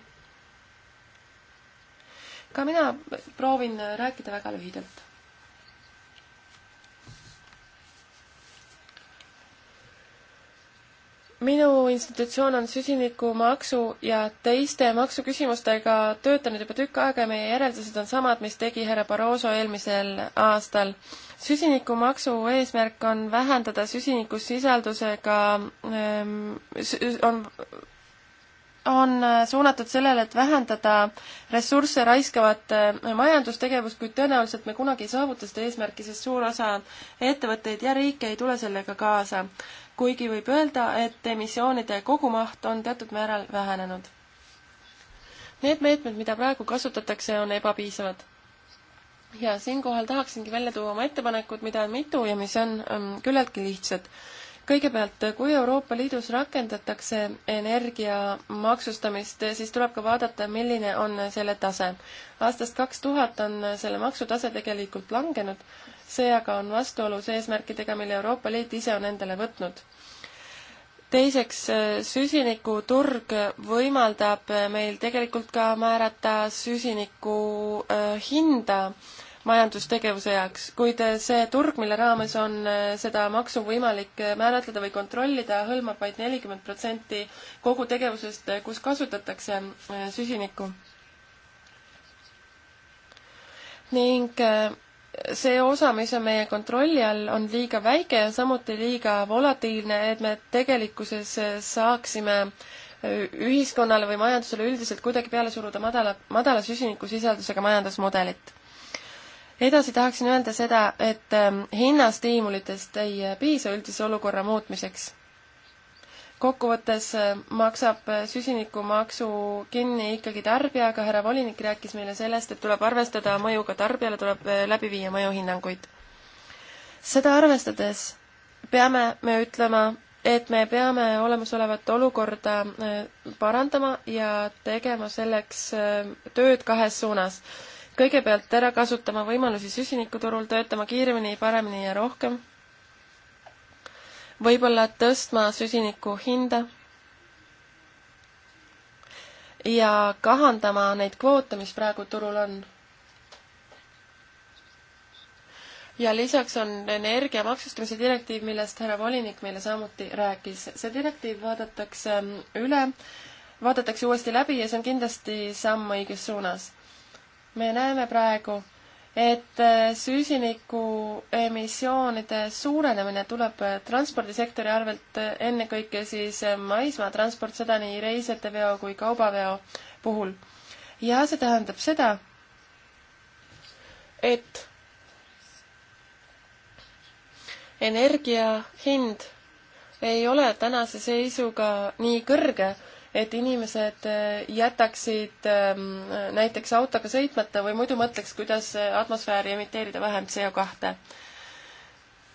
ka mina proovin rääkida väga lühidalt. minu institutsioon on süsinikumaksu ja teiste maksuküsimustega töötanud juba tükk aega ja meie järeldused on samad, mis tegi härra Barroso eelmisel aastal. süsinikumaksu eesmärk on vähendada süsinikusisaldusega ähm,, on on äh, suunatud sellele, et vähendada ressursse raiskavat äh, majandustegevust, kuid tõenäoliselt me kunagi ei saavuta seda eesmärki, sest suur osa ettevõtteid ja riike ei tule sellega kaasa. kuigi võib öelda, et emissioonide kogumaht on teatud määral vähenenud. Need meetmed, mida praegu kasutatakse, on ebapiisavad. ja siinkohal tahaksingi välja tuua oma ettepanekud, mida on mitu ja mis on ähm, küllaltki lihtsad kõigepealt, kui Euroopa Liidus rakendatakse energia maksustamist, siis tuleb ka vaadata, milline on selle tase. aastast kaks tuhat on selle maksutase tegelikult langenud, see aga on vastuolus eesmärkidega, mille Euroopa Liit ise on endale võtnud. teiseks, süsinikuturg võimaldab meil tegelikult ka määrata süsiniku äh, hinda äh, majandustegevuse jaoks, kuid äh, see turg, mille raames on äh, seda maksu võimalik äh, määratleda või kontrollida, hõlmab vaid nelikümmend protsenti kogu tegevusest, kus kasutatakse süsinikku. ning see osa, mis on meie kontrolli all, on liiga väike ja samuti liiga volatiilne, et me tegelikkuses saaksime ühiskonnale või majandusele üldiselt kuidagi peale suruda madala, madala süsinikusisaldusega majandusmudelit edasi tahaksin öelda seda, et ähm, hinnastiimulitest ei äh, piisa üldise olukorra muutmiseks. kokkuvõttes äh, maksab äh, süsinikumaksu kinni ikkagi tarbija, aga härra volinik rääkis meile sellest, et tuleb arvestada mõjuga tarbijale, tuleb läbi viia mõjuhinnanguid. seda arvestades peame me ütlema, et me peame olemasolevat olukorda parandama ja tegema selleks tööd kahes suunas kõigepealt ära kasutama võimalusi süsinikuturul, töötama kiiremini, paremini ja rohkem, võib-olla tõstma süsiniku hinda ja kahandama neid kvoote, mis praegu turul on. ja lisaks on energia maksustamise direktiiv, millest härra volinik meile samuti rääkis. see direktiiv vaadatakse ähm, üle, vaadatakse uuesti läbi ja see on kindlasti samm õiges suunas me näeme praegu, et äh, süsiniku emissioonide suurenemine tuleb äh, transpordisektori arvelt, äh, ennekõike siis maismaatransport, seda nii reisijate veo kui kaubaveo puhul. ja see tähendab seda, et energia hind ei ole tänase seisuga nii kõrge, et inimesed äh, jätaksid ähm, näiteks autoga sõitmata või muidu mõtleks, kuidas äh, atmosfääri emiteerida vähem CO2.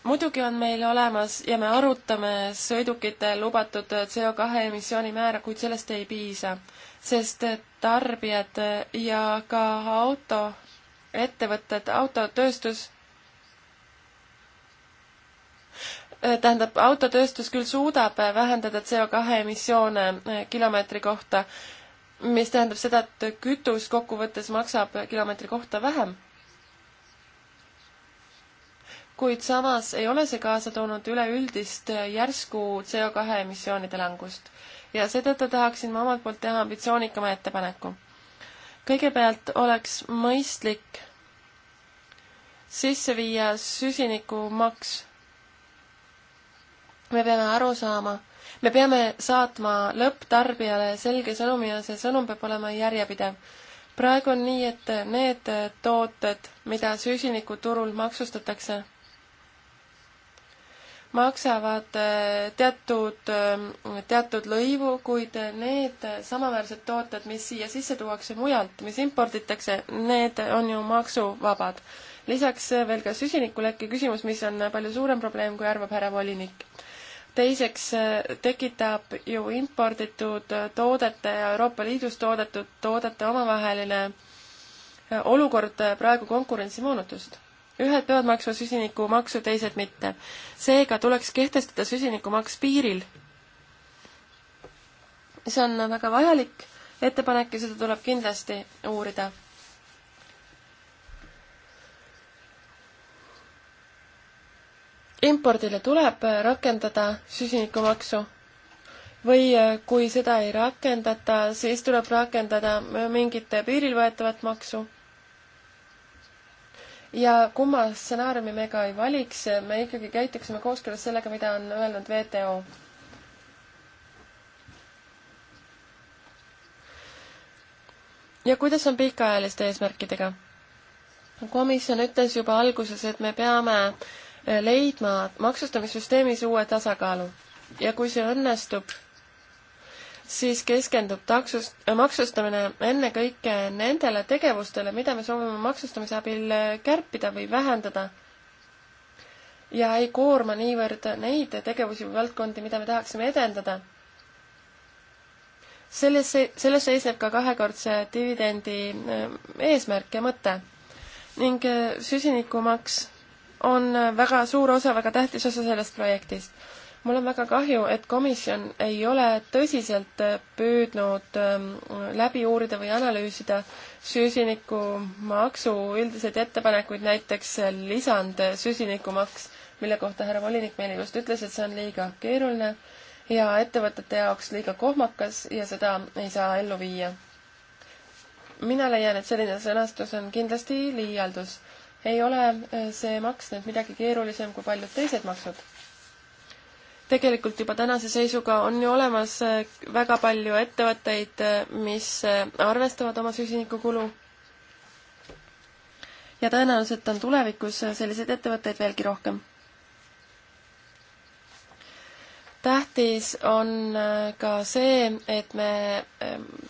muidugi on meil olemas ja me arutame sõidukite lubatud äh, CO2 emissiooni määra, kuid sellest ei piisa, sest tarbijad ja ka autoettevõtted, autotööstus Äh, tähendab, autotööstus küll suudab äh, vähendada CO2 emissioone äh, kilomeetri kohta, mis tähendab seda, et kütus kokkuvõttes maksab kilomeetri kohta vähem. kuid samas ei ole see kaasa toonud üleüldist järsku CO2 emissioonide langust ja seetõttu tahaksin ma omalt poolt teha ambitsioonikama ettepaneku. kõigepealt oleks mõistlik sisse viia süsinikumaks me peame aru saama, me peame saatma lõpptarbijale selge sõnumi ja see sõnum peab olema järjepidev. praegu on nii, et need tooted, mida süsinikuturul maksustatakse, maksavad äh, teatud, äh, teatud lõivu, kuid need samaväärsed tooted, mis siia sisse tuuakse mujalt, mis imporditakse, need on ju maksuvabad. lisaks veel ka süsinikulekke küsimus, mis on palju suurem probleem, kui arvab härra volinik teiseks äh, tekitab ju imporditud toodete ja Euroopa Liidus toodetud toodete omavaheline äh, olukord äh, praegu konkurentsimoonutust. ühed peavad maksma süsinikumaksu, teised mitte. seega tuleks kehtestada süsinikumaks piiril. see on väga vajalik ettepanek ja seda tuleb kindlasti uurida. impordile tuleb äh, rakendada süsinikumaksu või äh, kui seda ei rakendata, siis tuleb rakendada äh, mingit piiril võetavat maksu. ja kumma stsenaariumi me ka ei valiks, me ikkagi käituksime kooskõlas sellega, mida on öelnud WTO. ja kuidas on pikaajaliste eesmärkidega? komisjon ütles juba alguses, et me peame äh, Äh, leidma maksustamissüsteemis uue tasakaalu ja kui see õnnestub, siis keskendub taksus, äh, maksustamine ennekõike nendele tegevustele, mida me soovime maksustamise abil äh, kärpida või vähendada. ja ei koorma niivõrd neid tegevusi või valdkondi, mida me tahaksime edendada. selles, selles seisneb ka kahekordse dividendi eesmärk ja mõte ning süsinikumaks on väga suur osa, väga tähtis osa sellest projektist. mul on väga kahju, et komisjon ei ole tõsiselt püüdnud ähm, läbi uurida või analüüsida süsinikumaksu üldiseid ettepanekuid, näiteks lisand süsinikumaks, mille kohta härra volinik meile just ütles, et see on liiga keeruline ja ettevõtete jaoks liiga kohmakas ja seda ei saa ellu viia mina leian, et selline sõnastus on kindlasti liialdus ei ole äh, see maks nüüd midagi keerulisem kui paljud teised maksud. tegelikult juba tänase seisuga on ju olemas äh, väga palju ettevõtteid, äh, mis arvestavad oma süsinikukulu ja tõenäoliselt on tulevikus selliseid ettevõtteid veelgi rohkem. tähtis on ka see, et me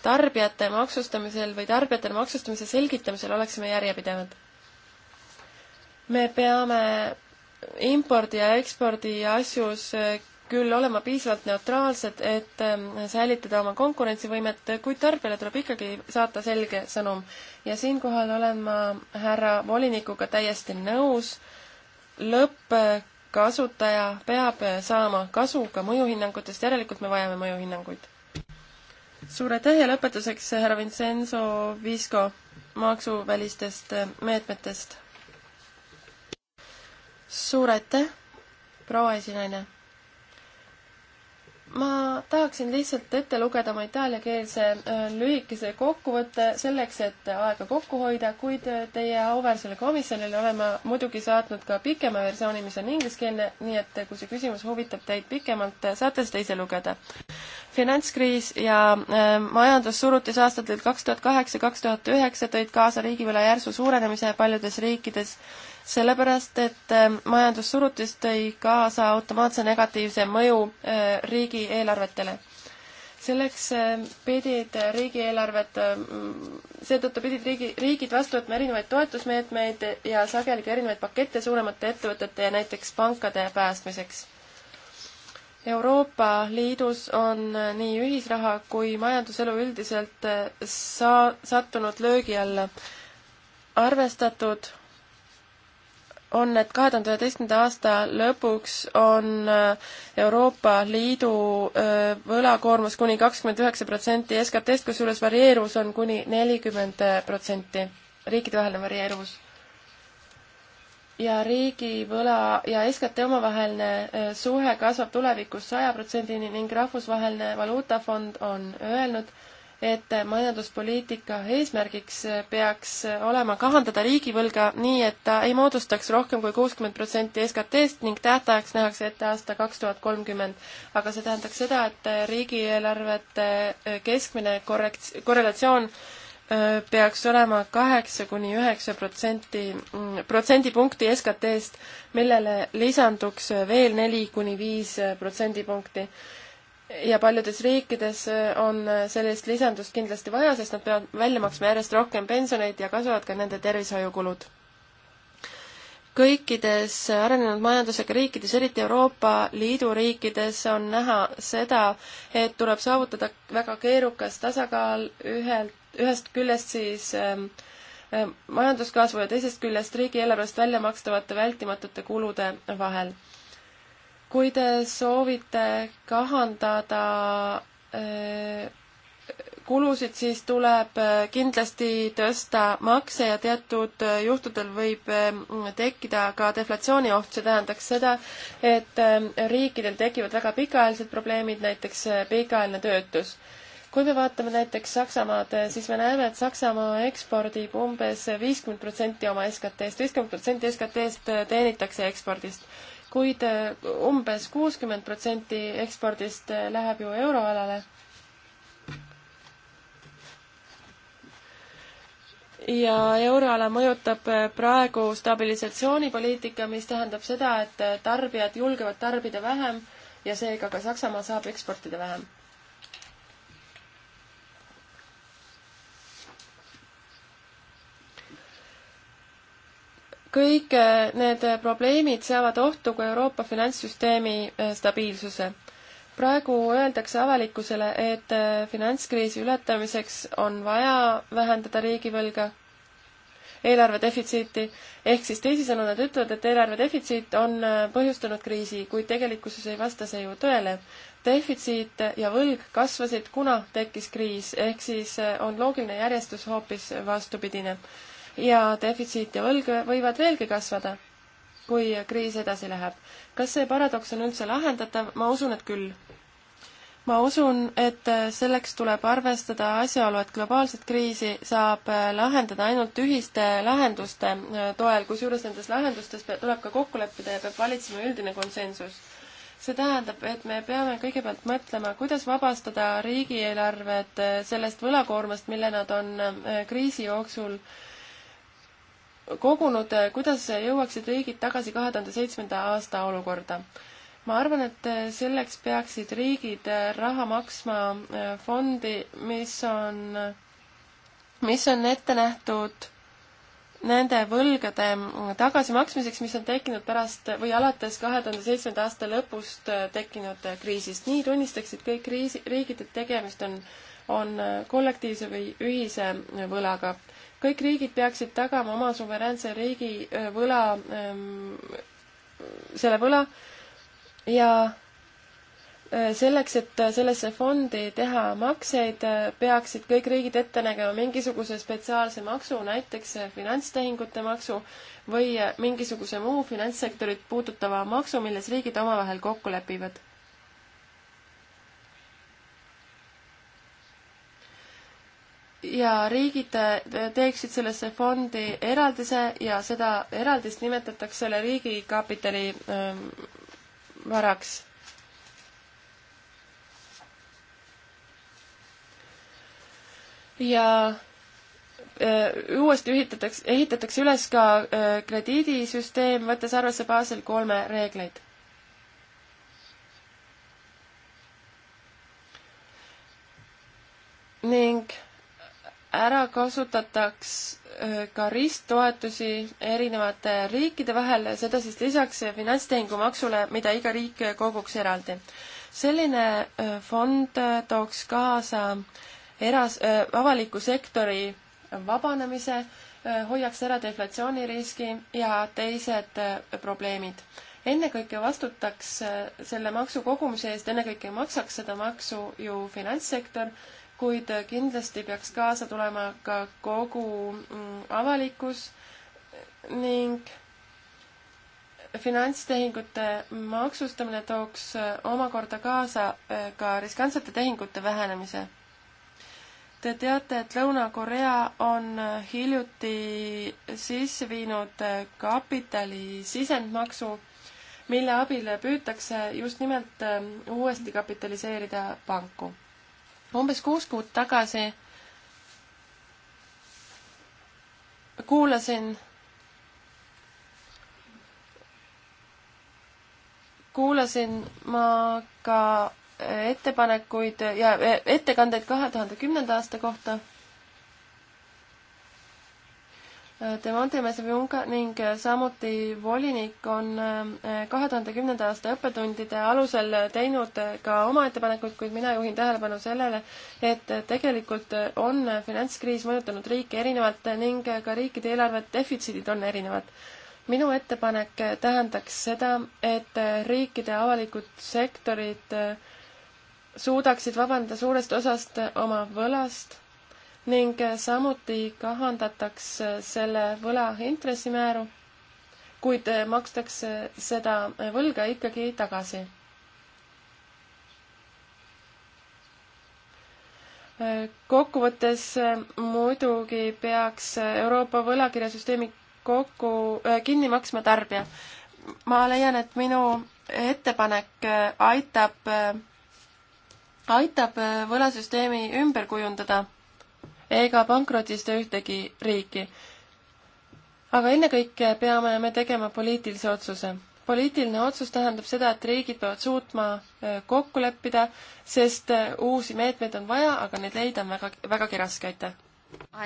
tarbijate maksustamisel või tarbijatele maksustamise selgitamisel oleksime järjepidevad me peame impordi ja ekspordi asjus eh, küll olema piisavalt neutraalsed, et ehm, säilitada oma konkurentsivõimet, kuid tarbijale tuleb ikkagi saata selge sõnum. ja siinkohal olen ma härra volinikuga täiesti nõus, lõppkasutaja peab saama kasu ka mõjuhinnangutest, järelikult me vajame mõjuhinnanguid. suur aitäh ja lõpetuseks, härra Vincenzo Visco, maksuvälistest meetmetest suur aitäh, proua esinaine! ma tahaksin lihtsalt ette lugeda oma itaaliakeelse äh, lühikese kokkuvõtte selleks, et aega kokku hoida, kuid äh, teie auväärsele komisjonile olen ma muidugi saatnud ka pikema versiooni, mis on ingliskeelne, nii et kui see küsimus huvitab teid pikemalt, äh, saate seda ise lugeda. finantskriis ja majandussurutis aastatel kaks tuhat kaheksa, kaks tuhat üheksa tõid kaasa riigivõla järsu suurenemise paljudes riikides sellepärast, et äh, majandussurutis tõi kaasa automaatse negatiivse mõju äh, riigieelarvetele. selleks äh, pidid riigieelarved, seetõttu pidid riigi, riigid vastu võtma erinevaid toetusmeetmeid ja sageli ka erinevaid pakette suuremate ettevõtete ja näiteks pankade päästmiseks. Euroopa Liidus on nii ühisraha kui majanduselu üldiselt saa-, sattunud löögi alla. arvestatud on, et kahe tuhande üheteistkümnenda aasta lõpuks on äh, Euroopa Liidu äh, võlakoormus kuni kakskümmend üheksa protsenti SKT-st, kusjuures varieeruvus on kuni nelikümmend äh, protsenti, riikidevaheline varieeruvus. ja riigivõla ja SKT omavaheline suhe kasvab tulevikus saja protsendini ning Rahvusvaheline Valuutafond on öelnud, et majanduspoliitika eesmärgiks peaks olema kahandada riigivõlga nii, et ta ei moodustaks rohkem kui kuuskümmend protsenti SKT-st ning tähtajaks nähakse ette aasta kaks tuhat kolmkümmend. aga see tähendaks seda, et riigieelarvete keskmine korrekts-, korrelatsioon peaks olema kaheksa kuni üheksa protsenti, mm, protsendipunkti SKT-st, millele lisanduks veel neli kuni viis protsendipunkti. Punkti ja paljudes riikides äh, on äh, sellist lisandust kindlasti vaja, sest nad peavad välja maksma järjest rohkem pensioneid ja kasvavad ka nende tervishoiukulud. kõikides arenenud majandusega riikides, eriti Euroopa Liidu riikides, on näha seda, et tuleb saavutada väga keerukas tasakaal ühelt, ühest küljest siis ähm, ähm majanduskasvu ja teisest küljest riigieelarvest välja makstavate vältimatute kulude vahel kui te soovite kahandada äh, kulusid, siis tuleb äh, kindlasti tõsta makse ja teatud äh, juhtudel võib tekkida ka deflatsioonioht, see tähendaks seda, et riikidel tekivad väga pikaajalised probleemid, näiteks pikaajaline töötus. kui me vaatame näiteks Saksamaad, siis me näeme, et Saksamaa ekspordib umbes viiskümmend protsenti oma SKT-st, viiskümmend protsenti SKT-st teenitakse ekspordist kuid eh, umbes kuuskümmend protsenti ekspordist eh, läheb ju euroalale. ja euroala mõjutab eh, praegu stabilisatsioonipoliitika, mis tähendab seda, et tarbijad julgevad tarbida vähem ja seega ka Saksamaa saab eksportida vähem kõik eh, need eh, probleemid seavad ohtu ka Euroopa finantssüsteemi eh, stabiilsuse. praegu öeldakse avalikkusele, et finantskriisi ületamiseks on vaja vähendada riigivõlga, eelarve defitsiiti, ehk siis teisisõnu nad ütlevad, et eelarve defitsiit on põhjustanud kriisi, kuid tegelikkuses ei vasta see ju tõele. defitsiit ja võlg kasvasid, kuna tekkis kriis, ehk siis on loogiline järjestus hoopis vastupidine ja defitsiit ja võlg võivad veelgi kasvada, kui kriis edasi läheb. kas see paradoks on üldse lahendatav? ma usun, et küll. ma usun, et selleks tuleb arvestada asjaolu, et globaalset kriisi saab lahendada ainult ühiste lahenduste toel, kusjuures nendes lahendustes tuleb ka kokku leppida ja peab valitsema üldine konsensus see tähendab, et me peame kõigepealt mõtlema, kuidas vabastada riigieelarved sellest võlakoormast, mille nad on kriisi jooksul äh, kogunud, eh, kuidas jõuaksid riigid tagasi kahe tuhande seitsmenda aasta olukorda? ma arvan, et eh, selleks peaksid riigid eh, raha maksma fondi, mis on, mis on ette nähtud nende võlgade tagasimaksmiseks, mis on tekkinud pärast või alates kahe tuhande seitsmenda aasta lõpust tekkinud kriisist. nii tunnistaksid kõik kriisi, riigid, et tegemist on, on kollektiivse või ühise võlaga kõik riigid peaksid tagama oma suveräänse riigi äh, võla, ähm, selle võla ja äh, selleks, et äh, sellesse fondi teha makseid, peaksid kõik riigid ette nägema mingisuguse spetsiaalse maksu, näiteks finantstehingute maksu või mingisuguse muu finantssektorit puudutava maksu, milles riigid omavahel kokku lepivad ja riigid äh, teeksid sellesse fondi eraldise ja seda eraldist nimetatakse selle riigi kapitali ähm, varaks ja öö, äh, uuesti ühitatakse, ehitatakse üles ka öö, äh, krediidisüsteem, võttes arvesse Basel kolme reegleid. ning ära kasutataks äh, ka risttoetusi erinevate riikide vahel, seda siis lisaks finantstehingumaksule, mida iga riik koguks eraldi. selline äh, fond äh, tooks kaasa eras- äh,, avaliku sektori vabanemise äh,, hoiaks ära deflatsiooniriski ja teised äh, probleemid ennekõike vastutaks selle maksu kogumise eest, ennekõike maksaks seda maksu ju finantssektor kuid äh, kindlasti peaks kaasa tulema ka kogu mm, avalikkus ning finantstehingute maksustamine tooks äh, omakorda kaasa äh, ka riskantsete tehingute vähenemise. Te teate, et Lõuna-Korea on hiljuti sisse viinud kapitali sisendmaksu, mille abil püütakse just nimelt uuesti kapitaliseerida panku umbes kuus kuud tagasi kuulasin, kuulasin ma ka ettepanekuid ja e, ettekandeid kahe tuhande kümnenda aasta kohta Demontimese Vunga ning samuti volinik on äh, kahe tuhande kümnenda aasta õppetundide alusel teinud ka oma ettepanekuid, kuid mina juhin tähelepanu sellele, et tegelikult on finantskriis mõjutanud riike erinevalt ning ka riikide eelarved defitsiidid on erinevad. minu ettepanek tähendaks seda, et riikide avalikud sektorid äh, suudaksid vabaneda suurest osast oma võlast ning samuti kahandataks selle võla intressimääru, kuid makstakse seda võlga ikkagi tagasi. kokkuvõttes muidugi peaks Euroopa võlakirjasüsteemi kokku äh, kinni maksma tarbija. ma leian, et minu ettepanek aitab, äh, aitab äh, võlasüsteemi ümber kujundada ega pankrotista ühtegi riiki. aga ennekõike peame me tegema poliitilise otsuse. poliitiline otsus tähendab seda, et riigid peavad suutma äh, kokku leppida, sest äh, uusi meetmeid on vaja, aga neid leida on väga, vägagi raske, aitäh!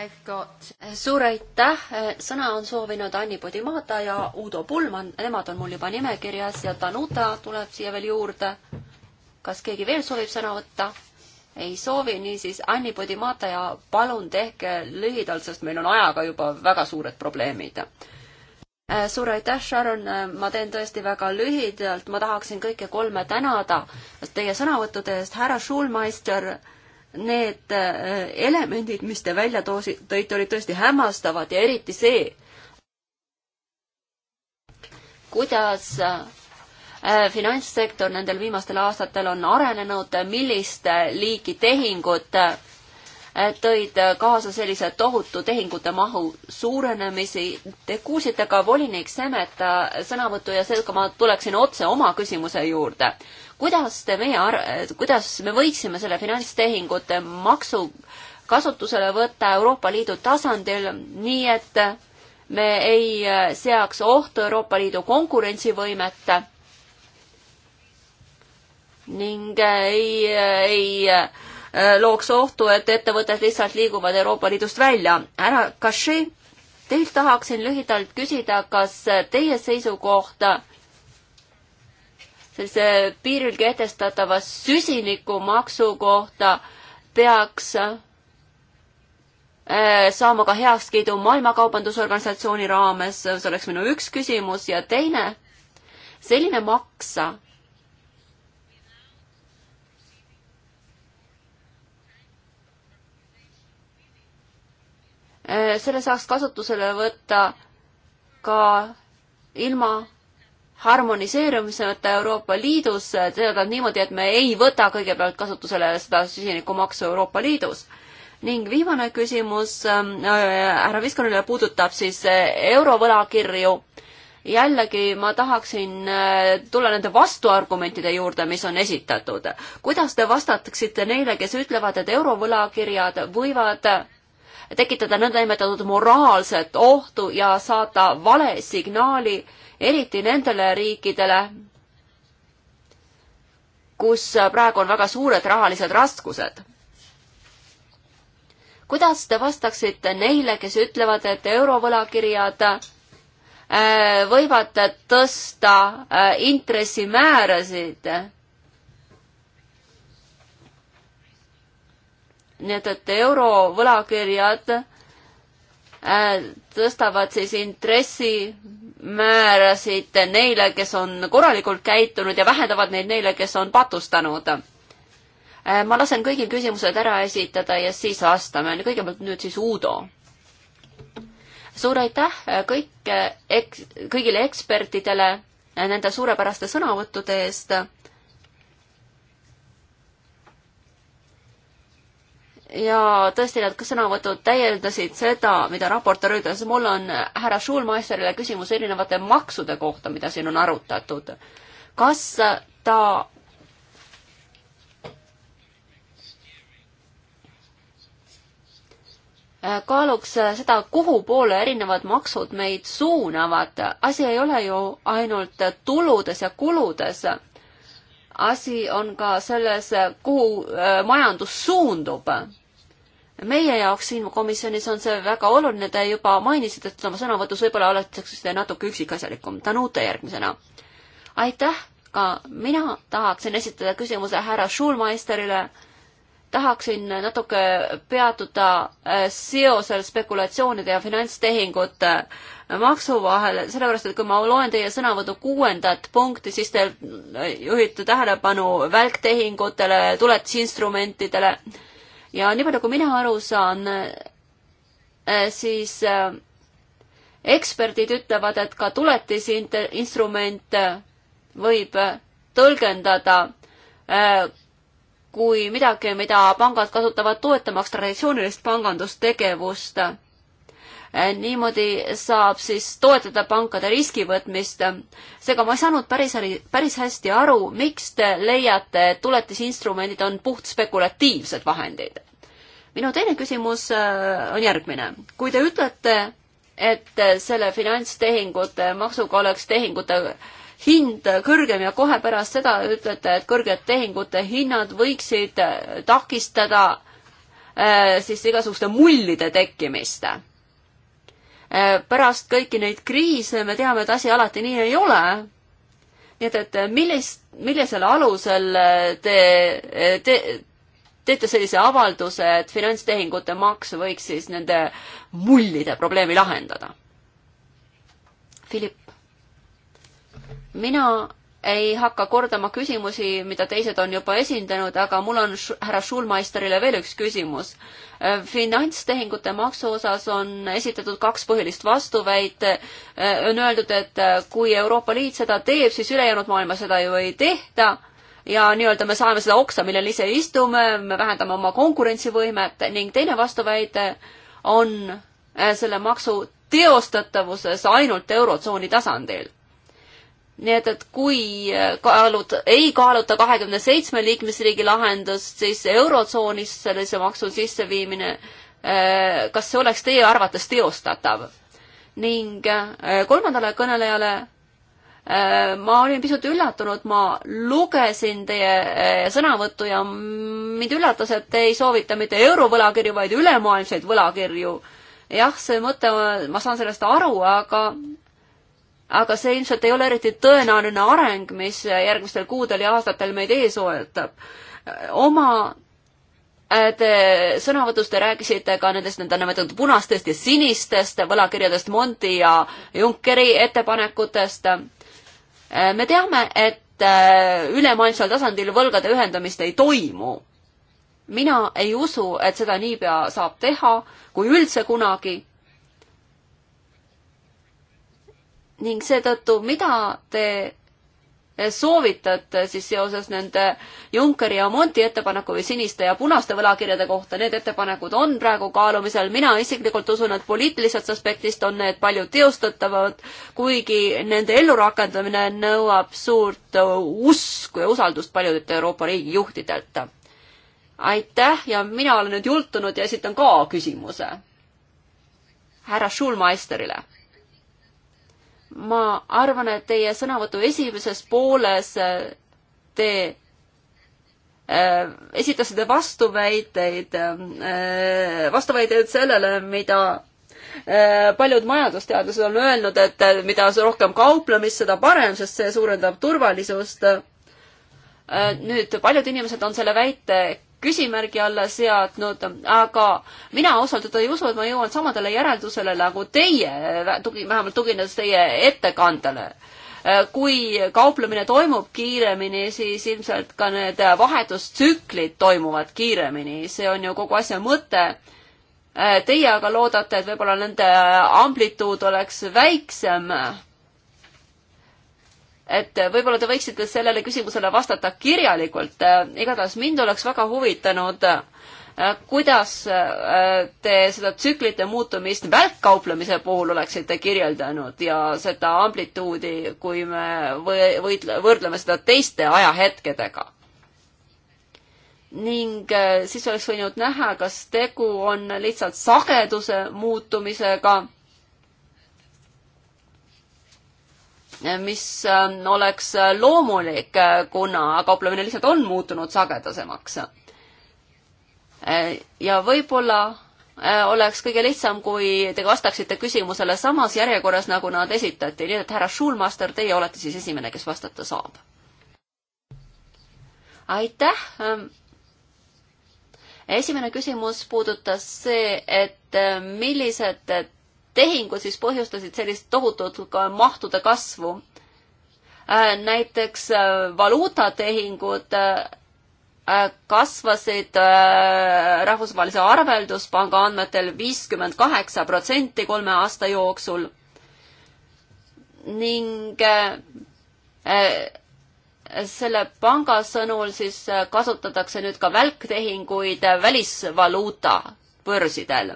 I've got, äh, suur aitäh, sõna on soovinud Anni Podimata ja Udo Pullmann, nemad on mul juba nimekirjas ja Danuta tuleb siia veel juurde. kas keegi veel soovib sõna võtta? ei soovi, niisiis Anni Podimata ja palun tehke lühidalt, sest meil on ajaga juba väga suured probleemid. Äh, suur aitäh, Sharon, äh, ma teen tõesti väga lühidalt, ma tahaksin kõiki kolme tänada teie sõnavõttude eest, härra Schulmeister, need äh, elemendid, mis te välja toosi-, tõite, olid tõesti hämmastavad ja eriti see, kuidas Äh, finantssektor nendel viimastel aastatel on arenenud, millist liiki tehingud äh, tõid kaasa sellise tohutu tehingute mahu suurenemisi. Te kuulsite ka volinik Semeta sõnavõttu ja seega ma tuleksin otse oma küsimuse juurde. kuidas te meie ar-, kuidas me võiksime selle finantstehingute maksu kasutusele võtta Euroopa Liidu tasandil, nii et me ei äh, seaks ohtu Euroopa Liidu konkurentsivõimet ning äh, ei, äh, ei äh, looks ohtu, et ettevõtted lihtsalt liiguvad Euroopa Liidust välja. härra Kashi, teilt tahaksin lühidalt küsida, kas teie seisukohta sellise piiril kehtestatava süsinikumaksu kohta peaks saama ka heakskiidu Maailma Kaubandusorganisatsiooni raames, see oleks minu üks küsimus ja teine, selline maks Äh, selle saaks kasutusele võtta ka ilma harmoniseerumiseta Euroopa Liidus, see tähendab niimoodi, et me ei võta kõigepealt kasutusele seda süsinikumaksu Euroopa Liidus. ning viimane küsimus ähm, härra äh, Viskonile puudutab siis äh, eurovõlakirju. jällegi ma tahaksin äh, tulla nende vastuargumentide juurde, mis on esitatud. kuidas te vastaksite neile, kes ütlevad, et eurovõlakirjad võivad tekitada nõndanimetatud moraalset ohtu ja saata vale signaali, eriti nendele riikidele, kus praegu on väga suured rahalised raskused. kuidas te vastaksite neile, kes ütlevad, et eurovõlakirjad äh, võivad tõsta äh, intressimäärasid nii et, et eurovõlakirjad äh, tõstavad siis intressimäärasid neile, kes on korralikult käitunud ja vähendavad neid neile, kes on patustanud. Äh, ma lasen kõigil küsimused ära esitada ja siis vastame. kõigepealt nüüd siis Uudo. suur aitäh äh, kõik eks-, kõigile ekspertidele nende suurepäraste sõnavõttude eest ja tõesti, need sõnavõtud täiendasid seda, mida raportöör ütles. mul on härra Schulmeisterile küsimus erinevate maksude kohta, mida siin on arutatud. kas ta kaaluks seda, kuhu poole erinevad maksud meid suunavad. asi ei ole ju ainult tuludes ja kuludes asi on ka selles, kuhu äh, majandus suundub. meie jaoks siin komisjonis on see väga oluline, te juba mainisite, et oma sõnavõtus võib-olla oleksite natuke üksikasjalikum. Danute järgmisena. aitäh, ka mina tahaksin esitada küsimuse härra Schulmeisterile. tahaksin natuke peatuda äh, seosel spekulatsioonide ja finantstehingute äh, maksu vahel, sellepärast et kui ma loen teie sõnavõtu kuuendat punkti, siis te juhite tähelepanu välktehingutele, tuletisinstrumentidele ja nii palju, kui mina aru saan, eh, siis eh, eksperdid ütlevad, et ka tuletisinstrument võib tõlgendada eh, kui midagi, mida pangad kasutavad toetamaks traditsioonilist pangandustegevust Äh, niimoodi saab siis toetada pankade riskivõtmist. seega ma ei saanud päris, päris hästi aru, miks te leiate, et tuletisinstrumendid on puht spekulatiivsed vahendid? minu teine küsimus äh, on järgmine. kui te ütlete, et selle finantstehingute maksuga oleks tehingute hind kõrgem ja kohe pärast seda ütlete, et kõrged tehingute hinnad võiksid takistada äh, siis igasuguste mullide tekkimist Eh, pärast kõiki neid kriise me teame, et asi alati nii ei ole. nii et, et eh, millist, millisel alusel eh, te, te teete sellise avalduse, et finantstehingute maks võiks siis nende mullide probleemi lahendada? Philipp, mina ei hakka kordama küsimusi, mida teised on juba esindanud, aga mul on härra Schulmeisterile veel üks küsimus. Äh, finantstehingute maksu osas on esitatud kaks põhilist vastuväit. Äh, on öeldud, et äh, kui Euroopa Liit seda teeb, siis ülejäänud maailma seda ju ei tehta ja nii-öelda me saame seda oksa, millel ise istume, me vähendame oma konkurentsivõimet ning teine vastuväide on selle maksu teostatavases ainult Eurotsooni tasandil nii et, et kui äh, kaalud, ei kaaluta kahekümne seitsme liikmesriigi lahendust, siis Eurotsoonis sellise maksu sisseviimine, äh, kas see oleks teie arvates teostatav? ning äh, kolmandale kõnelejale ma olin pisut üllatunud, ma lugesin teie sõnavõttu ja mind üllatas, et te ei soovita mitte eurovõlakirju, vaid ülemaailmseid võlakirju. jah, see mõte, ma saan sellest aru, aga aga see ilmselt ei ole eriti tõenäoline areng, mis järgmistel kuudel ja aastatel meid ees ootab. oma äh, te sõnavõtus te rääkisite ka nendest nõndanimetatud punastest ja sinistest võlakirjadest Monti ja Junckeri ettepanekutest. Äh, me teame, et äh, ülemaailmsel tasandil võlgade ühendamist ei toimu. mina ei usu, et seda niipea saab teha, kui üldse kunagi ning seetõttu, mida te soovitate siis seoses nende Junckeri ja Monti ettepaneku või siniste ja punaste võlakirjade kohta, need ettepanekud on praegu kaalumisel, mina isiklikult usun, et poliitilisest aspektist on need palju teostatavad, kuigi nende ellurakendamine nõuab suurt usku ja usaldust paljudelt Euroopa riigijuhtidelt. aitäh ja mina olen nüüd jultunud ja esitan ka küsimuse härra Schulmeisterile ma arvan, et teie sõnavõtu esimeses pooles äh, te äh, esitasite vastuväiteid, äh, vastuväiteid sellele, mida paljud majandusteadlased on öelnud, et mida rohkem kauplemist, seda parem, sest see suurendab turvalisust. nüüd paljud inimesed on selle väite küsimärgi alla seadnud, aga mina ausalt öelda ei usu, et ma jõuan samadele järeldusele nagu teie, tugi, vähemalt tuginedes teie ettekandele. kui kauplemine toimub kiiremini, siis ilmselt ka need vahetustsüklid toimuvad kiiremini, see on ju kogu asja mõte. Teie aga loodate, et võib-olla nende amplituud oleks väiksem et võib-olla te võiksite sellele küsimusele vastata kirjalikult. igatahes mind oleks väga huvitanud, äh, kuidas äh, te seda tsüklite muutumist välkkauplemise puhul oleksite kirjeldanud ja seda amplituudi, kui me võitle, võrdleme seda teiste ajahetkedega? ning äh, siis oleks võinud näha, kas tegu on lihtsalt sageduse muutumisega mis äh, oleks äh, loomulik, äh, kuna kauplemine lihtsalt on muutunud sagedasemaks. ja võib-olla oleks kõige lihtsam, kui te vastaksite küsimusele samas järjekorras, nagu nad esitati, nii et härra Schulmaster, teie olete siis esimene, kes vastata saab. aitäh. Ähm, esimene küsimus puudutas see, et millised tehingud siis põhjustasid sellist tohutut mahtude kasvu. Äh, näiteks äh, valuutatehingud äh, kasvasid rahvusvahelise arvelduspanga andmetel viiskümmend kaheksa protsenti kolme aasta jooksul ning selle panga sõnul siis kasutatakse nüüd ka välktehinguid välisvaluuta börsidel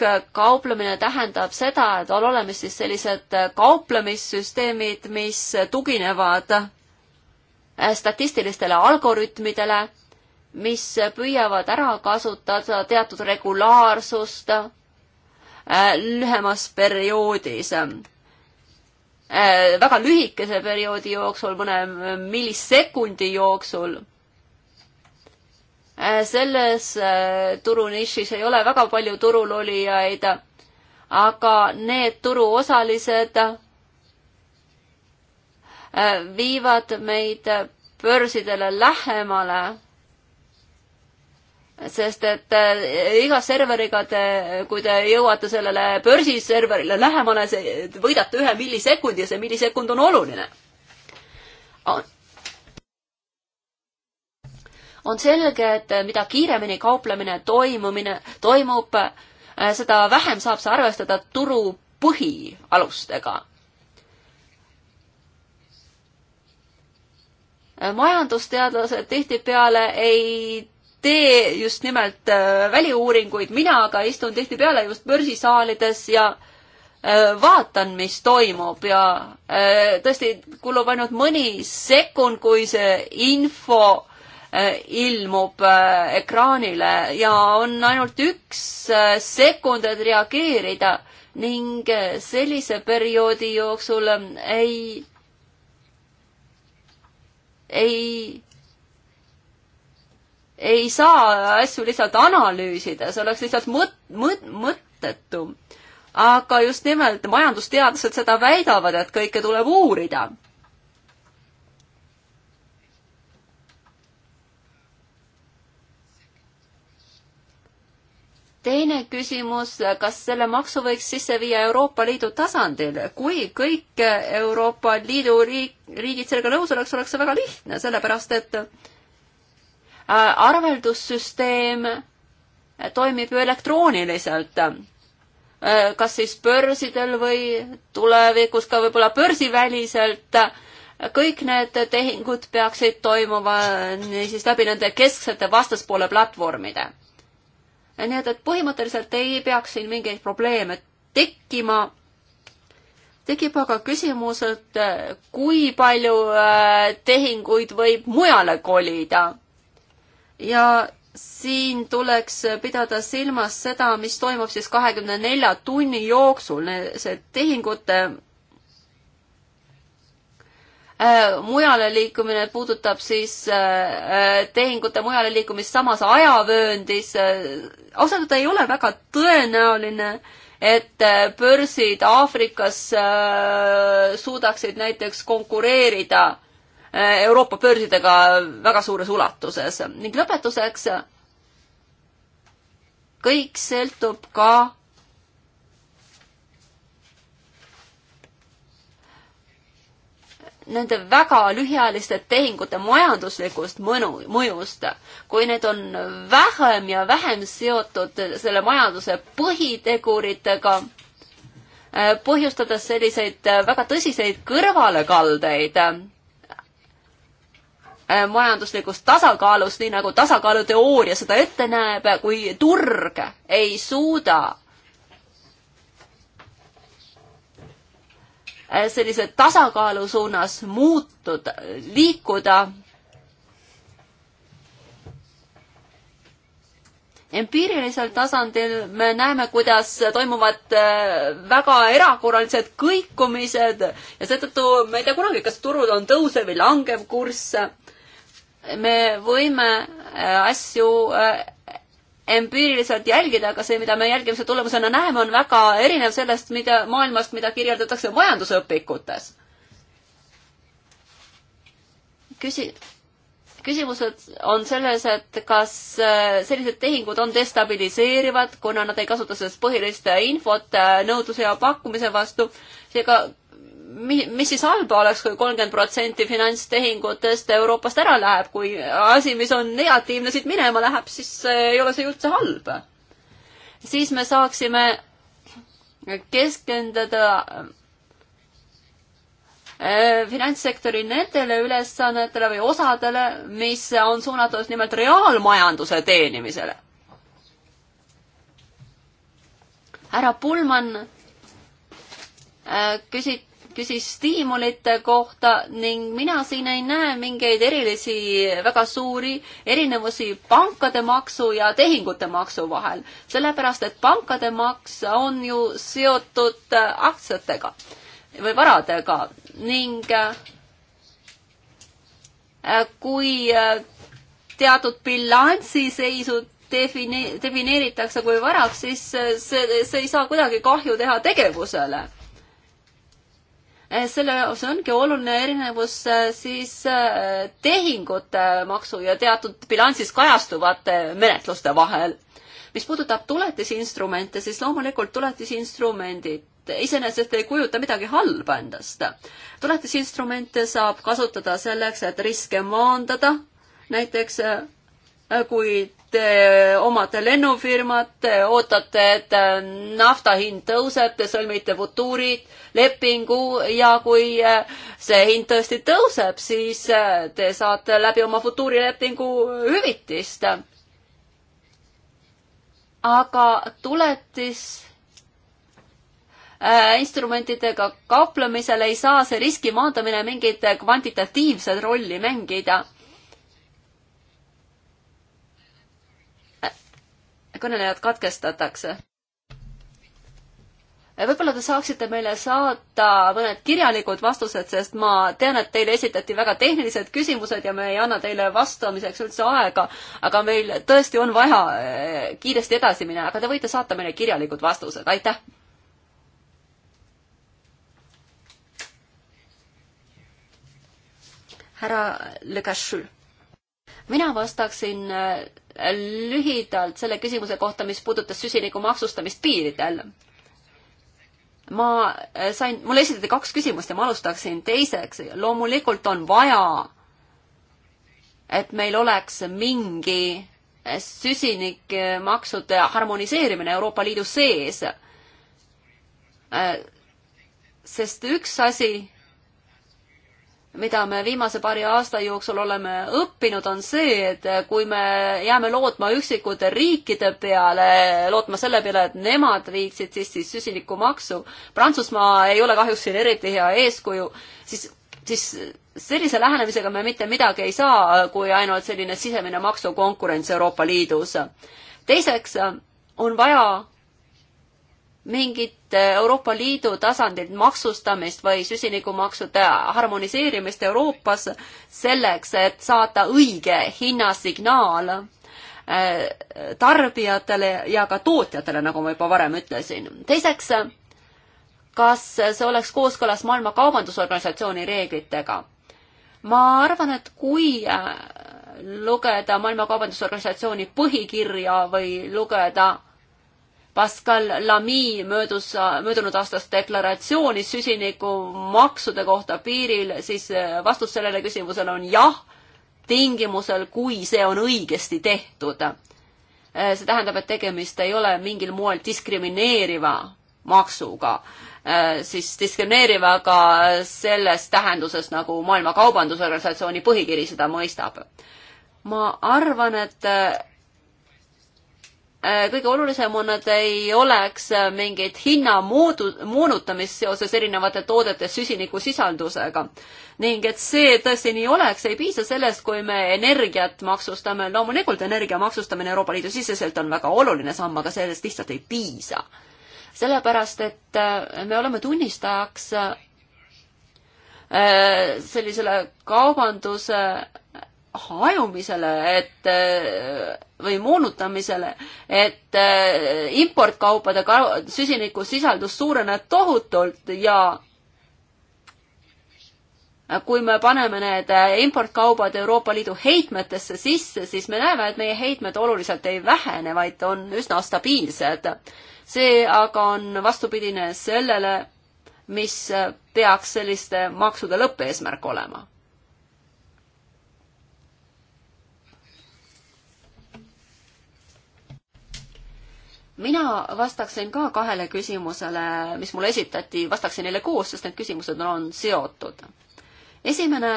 vähkkauplemine tähendab seda, et on olemas siis sellised kauplemissüsteemid, mis tuginevad statistilistele algoritmidele, mis püüavad ära kasutada teatud regulaarsust äh, lühemas perioodis äh, väga lühikese perioodi jooksul, mõne millisekundi jooksul. Äh, selles äh, turunišis ei ole väga palju turulolijaid, aga need turuosalised äh, viivad meid börsidele lähemale sest et iga serveriga te, kui te jõuate sellele börsiserverile lähemale, võidate ühe millisekundi ja see millisekund on oluline on selge, et eh, mida kiiremini kauplemine toimumine, toimub, eh, seda vähem saab see arvestada turu põhialustega. Eh, majandusteadlased tihtipeale ei tee just nimelt väliuuringuid, mina aga istun tihtipeale just börsisaalides ja vaatan, mis toimub ja tõesti kulub ainult mõni sekund, kui see info Äh, ilmub äh, ekraanile ja on ainult üks äh, sekund, et reageerida ning sellise perioodi jooksul ähm, ei, ei ei saa asju lihtsalt analüüsida, see oleks lihtsalt mõt-, mõt-, mõttetu. aga just nimelt majandusteadlased seda väidavad, et kõike tuleb uurida teine küsimus, kas selle maksu võiks sisse viia Euroopa Liidu tasandil? kui kõik Euroopa Liidu riik, riigid sellega nõus oleks, oleks see väga lihtne, sellepärast et äh, arveldussüsteem toimib ju elektrooniliselt. Äh, kas siis börsidel või tulevikus ka võib-olla börsiväliselt äh, kõik need tehingud peaksid toimuma niisiis läbi nende kesksete vastaspoole platvormide nii et, et põhimõtteliselt ei peaks siin mingeid probleeme tekkima. tekib aga küsimus, et eh, kui palju eh, tehinguid võib mujale kolida. ja siin tuleks pidada silmas seda, mis toimub siis kahekümne nelja tunni jooksul, see tehingute Äh, mujale liikumine puudutab siis äh, äh, tehingute mujale liikumist samas ajavööndis. ausalt öelda ei ole väga tõenäoline, et börsid Aafrikas suudaksid näiteks konkureerida Euroopa börsidega väga suures ulatuses ning lõpetuseks kõik sõltub ka nende väga lühiajaliste tehingute majanduslikust mõnu, mõjust. kui need on vähem ja vähem seotud selle majanduse põhiteguritega, äh, põhjustades selliseid äh, väga tõsiseid kõrvalekaldeid äh, majanduslikust tasakaalust, nii nagu tasakaaluteooria seda ette näeb, kui turg ei suuda Äh, sellise tasakaalu suunas muutuda, liikuda. empiirilisel tasandil me näeme, kuidas toimuvad äh, väga erakorralised kõikumised ja seetõttu me ei tea kunagi, kas turud on tõusev või langev kurss. me võime äh, asju empiiriliselt jälgida, aga see, mida me jälgimise tulemusena näeme, on väga erinev sellest, mida maailmast, mida kirjeldatakse majandusõpikutes. küsi-, küsimused on selles, et kas äh, sellised tehingud on destabiliseerivad, kuna nad ei kasuta sellest põhilist infot äh, nõudluse ja pakkumise vastu. seega mi-, mis siis halba oleks kui, kui kolmkümmend protsenti finantstehingutest Euroopast ära läheb, kui asi, mis on negatiivne, siit minema läheb, siis ei ole see ju üldse halb. siis me saaksime keskenduda äh, finantssektori nendele ülesannetele või osadele, mis on suunatud nimelt reaalmajanduse teenimisele. härra Pullmann äh, küsit-, küsis stiimulite kohta ning mina siin ei näe mingeid erilisi, väga suuri erinevusi pankade maksu ja tehingute maksu vahel, sellepärast et pankade maks on ju seotud äh, aktsiatega või varadega ning äh, äh, kui teatud bilansiseisud defini-, defineeritakse kui varaks, siis see, see ei saa kuidagi kahju teha tegevusele Eh, selle jaoks ongi oluline erinevus eh, siis eh, tehingute maksu ja teatud bilansis kajastuvate menetluste vahel. mis puudutab tuletisinstrumente, siis loomulikult tuletisinstrumendid iseenesest ei kujuta midagi halba endast. tuletisinstrumente saab kasutada selleks, et riske maandada, näiteks kui te eh, omate lennufirmat, te ootate, et eh, nafta hind tõuseb, te sõlmite futuurid, lepingu ja kui eh, see hind tõesti tõuseb, siis te saate läbi oma futuurilepingu hüvitist. aga tuletis instrumentidega kauplemisel ei saa see riski maandamine mingit kvantitatiivset rolli mängida kõnelejad katkestatakse võib-olla te saaksite meile saata mõned kirjalikud vastused, sest ma tean, et teile esitati väga tehnilised küsimused ja me ei anna teile vastamiseks üldse aega, aga meil tõesti on vaja eh, kiiresti edasi minna, aga te võite saata meile kirjalikud vastused, aitäh! härra Lekašul mina vastaksin äh, lühidalt selle küsimuse kohta, mis puudutas süsiniku maksustamist piiridel. ma äh, sain, mulle esitati kaks küsimust ja ma alustaksin teiseks. loomulikult on vaja, et meil oleks mingi äh, süsinikmaksude harmoniseerimine Euroopa Liidu sees. sest üks asi mida me viimase paari aasta jooksul oleme õppinud, on see, et kui me jääme lootma üksikute riikide peale, lootma selle peale, et nemad viiksid siis, siis süsinikumaksu, Prantsusmaa ei ole kahjuks siin eriti hea eeskuju, siis, siis sellise lähenemisega me mitte midagi ei saa, kui ainult selline sisemine maksukonkurents Euroopa Liidus. teiseks on vaja mingit et äh, Euroopa Liidu tasandil maksustamist või süsinikumaksude harmoniseerimist Euroopas selleks, et saada õige hinnasignaal äh, tarbijatele ja ka tootjatele, nagu ma juba varem ütlesin. teiseks, kas see oleks kooskõlas Maailma Kaubandusorganisatsiooni reeglitega? ma arvan, et kui äh, lugeda Maailma Kaubandusorganisatsiooni põhikirja või lugeda Pascal Lamy möödus, möödunud aastast deklaratsiooni süsinikumaksude kohta piiril, siis äh, vastus sellele küsimusele on jah, tingimusel, kui see on õigesti tehtud. Äh, see tähendab, et tegemist ei ole mingil moel diskrimineeriva maksuga, äh, siis diskrimineeriva ka selles tähenduses, nagu Maailma Kaubandusorganisatsiooni põhikiri seda mõistab. ma arvan, et Äh, kõige olulisem on, et ei oleks äh, mingeid hinnamoodu, moonutamist seoses erinevate toodete süsinikusisaldusega. ning et see tõesti nii oleks, ei piisa sellest, kui me energiat maksustame, loomulikult energia maksustamine Euroopa Liidu siseselt on väga oluline samm, aga sellest lihtsalt ei piisa. sellepärast, et äh, me oleme tunnistajaks sellisele kaubanduse hajumisele, et eh, või moonutamisele, et eh, importkaupade süsinikusisaldus suureneb tohutult ja kui me paneme need eh, importkaubad Euroopa Liidu heitmetesse sisse, siis me näeme, et meie heitmed oluliselt ei vähene, vaid on üsna stabiilsed. see aga on vastupidine sellele, mis peaks selliste maksude lõppeesmärk olema mina vastaksin ka kahele küsimusele, mis mulle esitati, vastaksin neile koos, sest need küsimused on seotud. esimene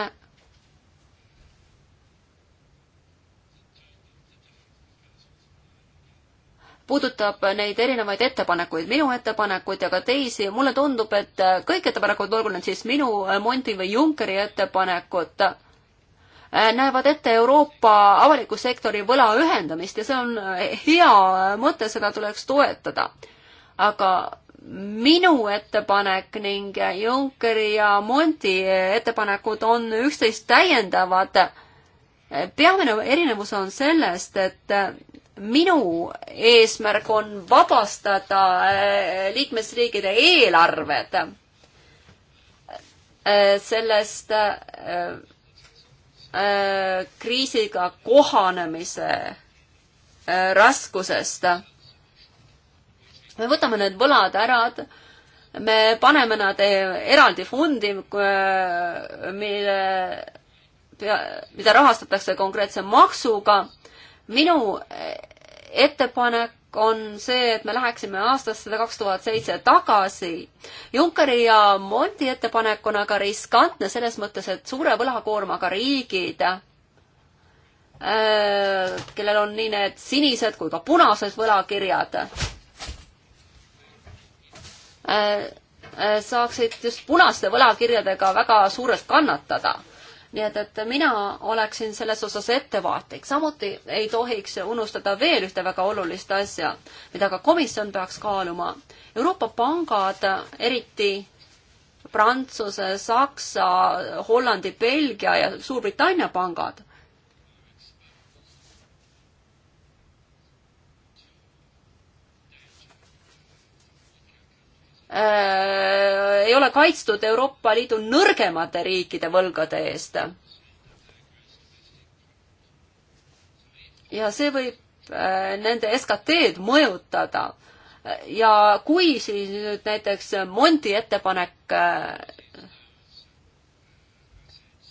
puudutab neid erinevaid ettepanekuid, minu ettepanekuid ja ka teisi, mulle tundub, et kõik ettepanekud, olgu need siis minu, Monti või Junckeri ettepanekud, Äh, näevad ette Euroopa avaliku sektori võla ühendamist ja see on äh, hea mõte, seda tuleks toetada. aga minu ettepanek ning Junckeri ja Monti ettepanekud on üksteist täiendavad. peamine erinevus on sellest, et äh, minu eesmärk on vabastada liikmesriigide eelarved sellest Äh, kriisiga kohanemise äh, raskusest. me võtame need võlad ära, me paneme nad e-, eraldi fondi, äh, mille, mida rahastatakse konkreetse maksuga. minu ettepanek on see, et me läheksime aastasse kaks tuhat seitse tagasi. Junckeri ja Monti ettepanek on aga riskantne selles mõttes, et suure võlakoormaga riigid, äh, kellel on nii need sinised kui ka punased võlakirjad, äh, äh, saaksid just punaste võlakirjadega väga suurelt kannatada nii et, et mina oleksin selles osas ettevaatlik. samuti ei tohiks unustada veel ühte väga olulist asja, mida ka komisjon peaks kaaluma. Euroopa pangad, eriti Prantsuse, Saksa, Hollandi, Belgia ja Suurbritannia pangad äh, ei ole kaitstud Euroopa Liidu nõrgemate riikide võlgade eest. ja see võib äh, nende SKT-d mõjutada. ja kui siis nüüd näiteks Monti ettepanek äh,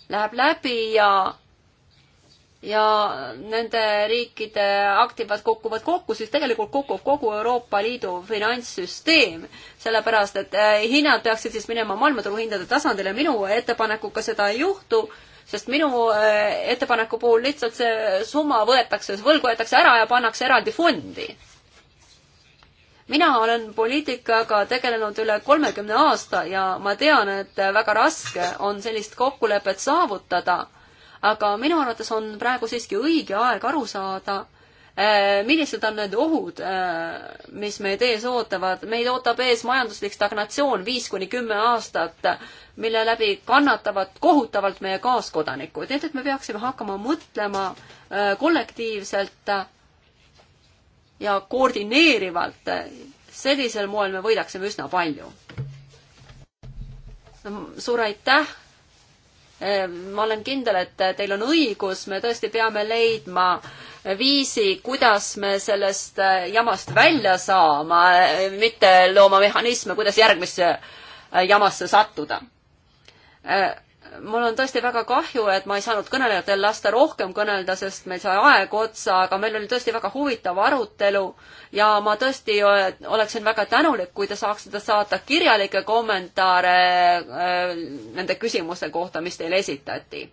läheb läbi ja ja nende riikide aktivad kukuvad kokku, siis tegelikult kukub kogu Euroopa Liidu finantssüsteem, sellepärast et äh, hinnad peaksid siis minema maailmaturuhindade tasandile, minu ettepanekuga seda ei juhtu, sest minu äh, ettepaneku puhul lihtsalt see summa võetakse, võlg võetakse ära ja pannakse eraldi fondi mina olen poliitikaga tegelenud üle kolmekümne aasta ja ma tean, et väga raske on sellist kokkulepet saavutada aga minu arvates on praegu siiski õige aeg aru saada, eh, millised on need ohud, eh, mis meid ees ootavad. meid ootab ees majanduslik stagnatsioon viis kuni kümme aastat, mille läbi kannatavad kohutavalt meie kaaskodanikud. nii et me peaksime hakkama mõtlema eh, kollektiivselt ja koordineerivalt. sellisel moel me võidaksime üsna palju suur aitäh Ehm, ma olen kindel, et teil on õigus, me tõesti peame leidma viisi, kuidas me sellest äh, jamast välja saama, äh, mitte looma mehhanisme, kuidas järgmisse äh, jamasse sattuda mul on tõesti väga kahju, et ma ei saanud kõnelejatel lasta rohkem kõnelda, sest meil sai aeg otsa, aga meil oli tõesti väga huvitav arutelu ja ma tõesti oleksin väga tänulik, kui te saaksite saata kirjalikke kommentaare äh, nende küsimuste kohta, mis teile esitati.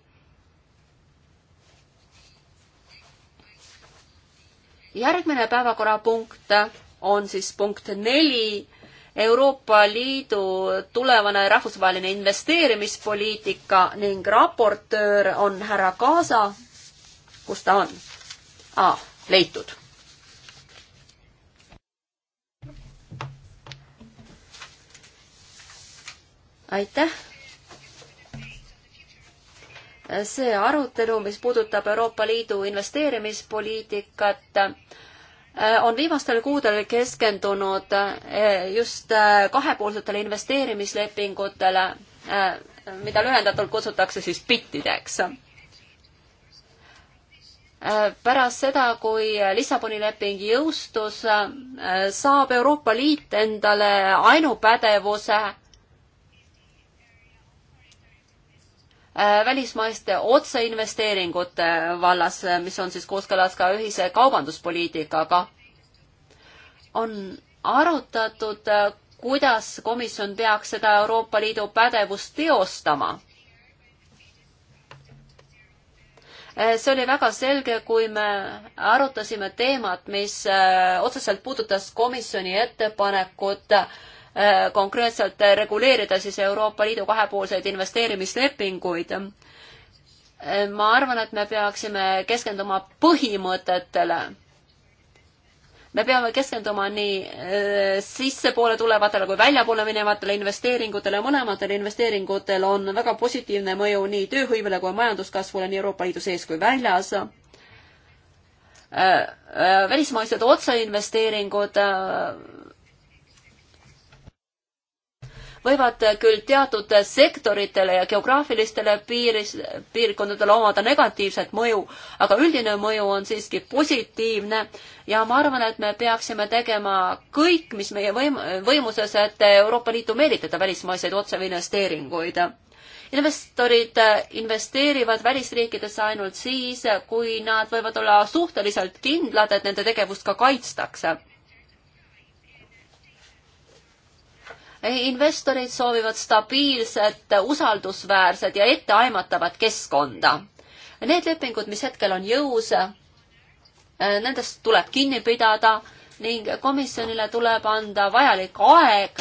järgmine päevakorrapunkt on siis punkt neli Euroopa Liidu tulevane rahvusvaheline investeerimispoliitika ning raportöör on härra Kaasa. kus ta on ah,? leitud. aitäh see arutelu, mis puudutab Euroopa Liidu investeerimispoliitikat, Äh, on viimastel kuudel keskendunud äh, just äh, kahepoolsetele investeerimislepingutele, mida lühendatult kutsutakse siis bittideks. pärast seda, kui Lissaboni leping jõustus, saab Euroopa Liit endale ainupädevuse Äh, välismaiste otseinvesteeringute vallas, mis on siis kooskõlas ka ühise kaubanduspoliitikaga, on arutatud, äh, kuidas komisjon peaks seda Euroopa Liidu pädevust teostama. Äh, see oli väga selge, kui me arutasime teemat, mis otseselt puudutas komisjoni ettepanekut äh, Äh, konkreetselt reguleerida siis Euroopa Liidu kahepoolseid investeerimislepinguid. Äh, ma arvan, et me peaksime keskenduma põhimõtetele me peame keskenduma nii äh, sissepoole tulevatele kui väljapoole minevatele investeeringutele. mõlematel investeeringutel on väga positiivne mõju nii tööhõivele kui majanduskasvule nii Euroopa Liidu sees kui väljas. välismaised otseinvesteeringud võivad küll teatud sektoritele ja geograafilistele piiris, piirkondadele omada negatiivset mõju, aga üldine mõju on siiski positiivne ja ma arvan, et me peaksime tegema kõik, mis meie võim-, võimuses, et Euroopa Liitu meelitada välismaiseid otseinvesteeringuid investorid äh, investeerivad välisriikidesse ainult siis, kui nad võivad olla suhteliselt kindlad, et nende tegevust ka kaitstakse investorid soovivad stabiilset, usaldusväärset ja etteaimatavat keskkonda. Need lepingud, mis hetkel on jõus, eh, nendest tuleb kinni pidada ning komisjonile tuleb anda vajalik aeg,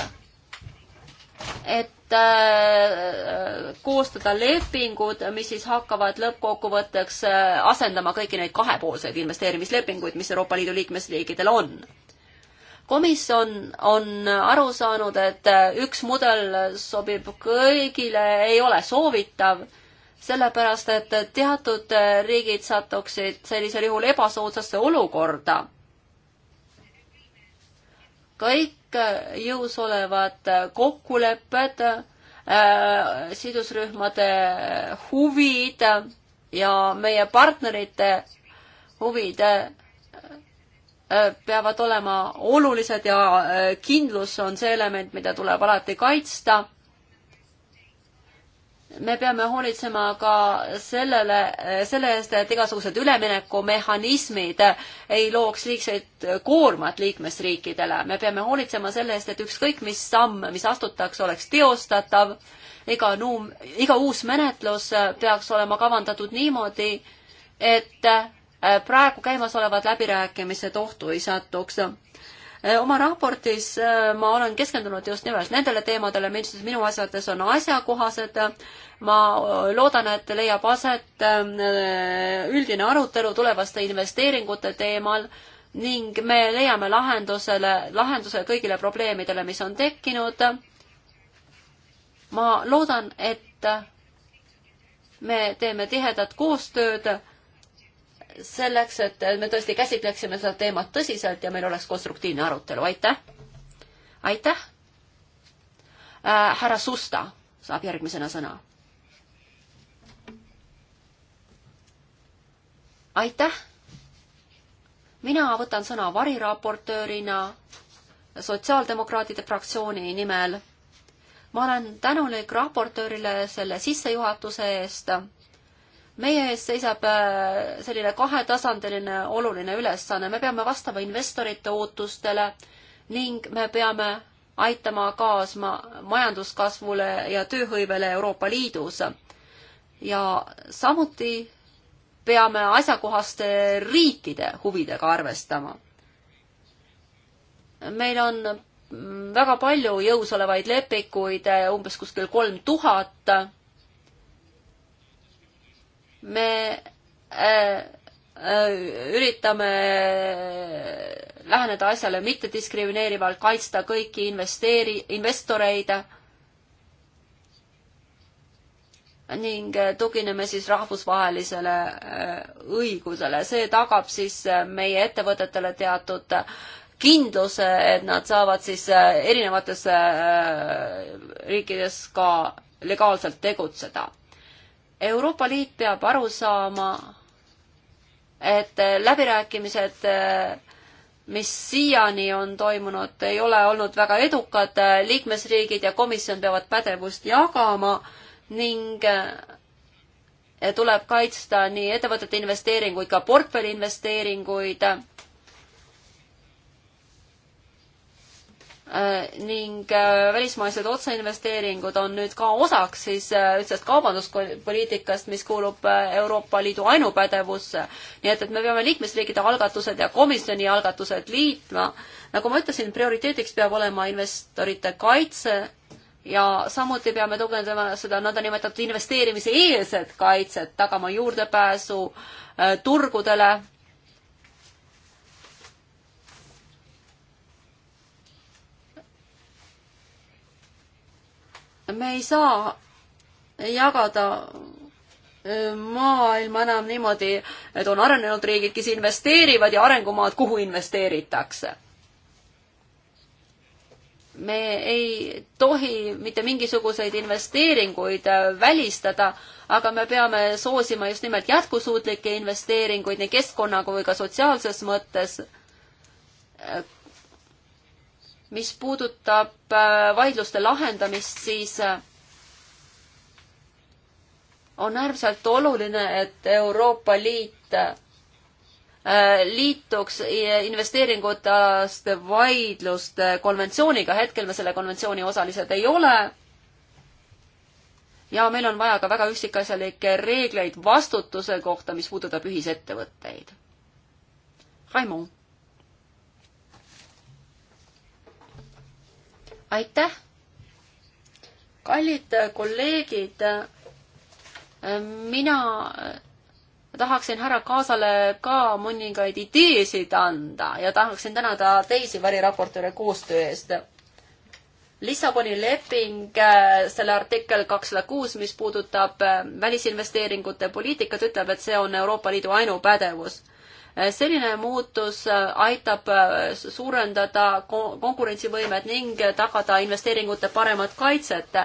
et eh, koostada lepingud, mis siis hakkavad lõppkokkuvõtteks eh, asendama kõiki neid kahepoolseid investeerimislepinguid, mis Euroopa Liidu liikmesriikidel on komisjon on aru saanud, et äh, üks mudel sobib kõigile, ei ole soovitav, sellepärast et teatud äh, riigid satuksid sellisel juhul ebasoodsasse olukorda. kõik äh, jõus olevad kokkulepped äh,, sidusrühmade huvid ja meie partnerite huvid äh, Äh, peavad olema olulised ja äh, kindlus on see element, mida tuleb alati kaitsta. me peame hoolitsema ka sellele, äh, selle eest, et igasugused üleminekumehhanismid ei looks liigset koormat liikmesriikidele. me peame hoolitsema selle eest, et ükskõik mis samm, mis astutakse, oleks teostatav. iga nuum, iga uus menetlus peaks olema kavandatud niimoodi, et Äh, praegu käimasolevad läbirääkimised ohtu ei satuks. Äh, oma raportis äh, ma olen keskendunud just nimelt nendele teemadele, mis minu asjates on asjakohased. ma loodan, et leiab aset üldine arutelu tulevaste investeeringute teemal ning me leiame lahendusele, lahenduse kõigile probleemidele, mis on tekkinud. ma loodan, et me teeme tihedat koostööd selleks, et me tõesti käsitleksime seda teemat tõsiselt ja meil oleks konstruktiivne arutelu, aitäh! aitäh äh,! härra Susta saab järgmisena sõna. aitäh! mina võtan sõna variraportöörina sotsiaaldemokraatide fraktsiooni nimel. ma olen tänulik raportöörile selle sissejuhatuse eest meie ees seisab äh, selline kahetasandiline oluline ülesanne, me peame vastama investorite ootustele ning me peame aitama kaasma majanduskasvule ja tööhõivele Euroopa Liidus. ja samuti peame asjakohaste riikide huvidega arvestama. meil on mm, väga palju jõus olevaid lepikuid, äh, umbes kuskil kolm tuhat me äh, äh, üritame läheneda asjale mittediskrimineerivalt, kaitsta kõiki investeeri-, investoreid ning tugineme siis rahvusvahelisele äh, õigusele. see tagab siis meie ettevõtetele teatud kindluse, et nad saavad siis erinevates riikides ka legaalselt tegutseda Euroopa Liit peab aru saama, et äh, läbirääkimised, äh, mis siiani on toimunud, ei ole olnud väga edukad, liikmesriigid ja komisjon peavad pädevust jagama ning äh, tuleb kaitsta nii ettevõtete investeeringuid, ka portfelli investeeringuid Äh, ning äh, välismaised otseinvesteeringud on nüüd ka osaks siis äh, ühtsest kaubanduspoliitikast, mis kuulub Euroopa Liidu ainupädevusse. nii et, et me peame liikmesriikide algatused ja komisjoni algatused liitma. nagu ma ütlesin, prioriteediks peab olema investorite kaitse ja samuti peame tugevdama seda nõndanimetatud investeerimise eelset kaitset, tagama juurdepääsu äh, turgudele me ei saa jagada äh, maailma enam niimoodi, et on arenenud riigid, kes investeerivad ja arengumaad, kuhu investeeritakse. me ei tohi mitte mingisuguseid investeeringuid äh, välistada, aga me peame soosima just nimelt jätkusuutlikke investeeringuid nii keskkonna kui ka sotsiaalses mõttes äh, mis puudutab äh, vaidluste lahendamist, siis äh, on äärmiselt oluline, et Euroopa Liit äh, liituks investeeringutaste vaidluste konventsiooniga, hetkel me selle konventsiooni osalised ei ole. ja meil on vaja ka väga üksikasjalikke reegleid vastutuse kohta, mis puudutab ühisettevõtteid. Raimond aitäh! kallid kolleegid, mina tahaksin härra Kaasale ka mõningaid ideesid anda ja tahaksin tänada teisi variraportööre koostöö eest. Lissaboni leping, selle artikkel kakssada kuus, mis puudutab välisinvesteeringute poliitikat, ütleb, et see on Euroopa Liidu ainupädevus selline muutus äh, aitab äh, suurendada konkurentsivõimet ning tagada investeeringute paremat kaitset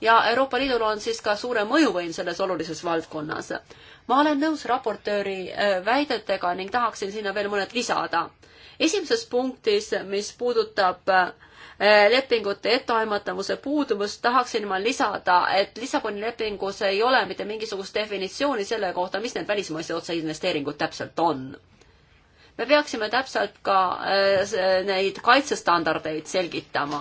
ja Euroopa Liidul on siis ka suurem mõjuvõim selles olulises valdkonnas. ma olen nõus raportööri äh, väidetega ning tahaksin sinna veel mõned lisada. esimeses punktis, mis puudutab lepingute etteaimatavuse puudumust tahaksin ma lisada, et Lissaboni lepingus ei ole mitte mingisugust definitsiooni selle kohta, mis need välismaise otseinvesteeringud täpselt on me peaksime täpselt ka äh, äh, neid kaitsestandardeid selgitama,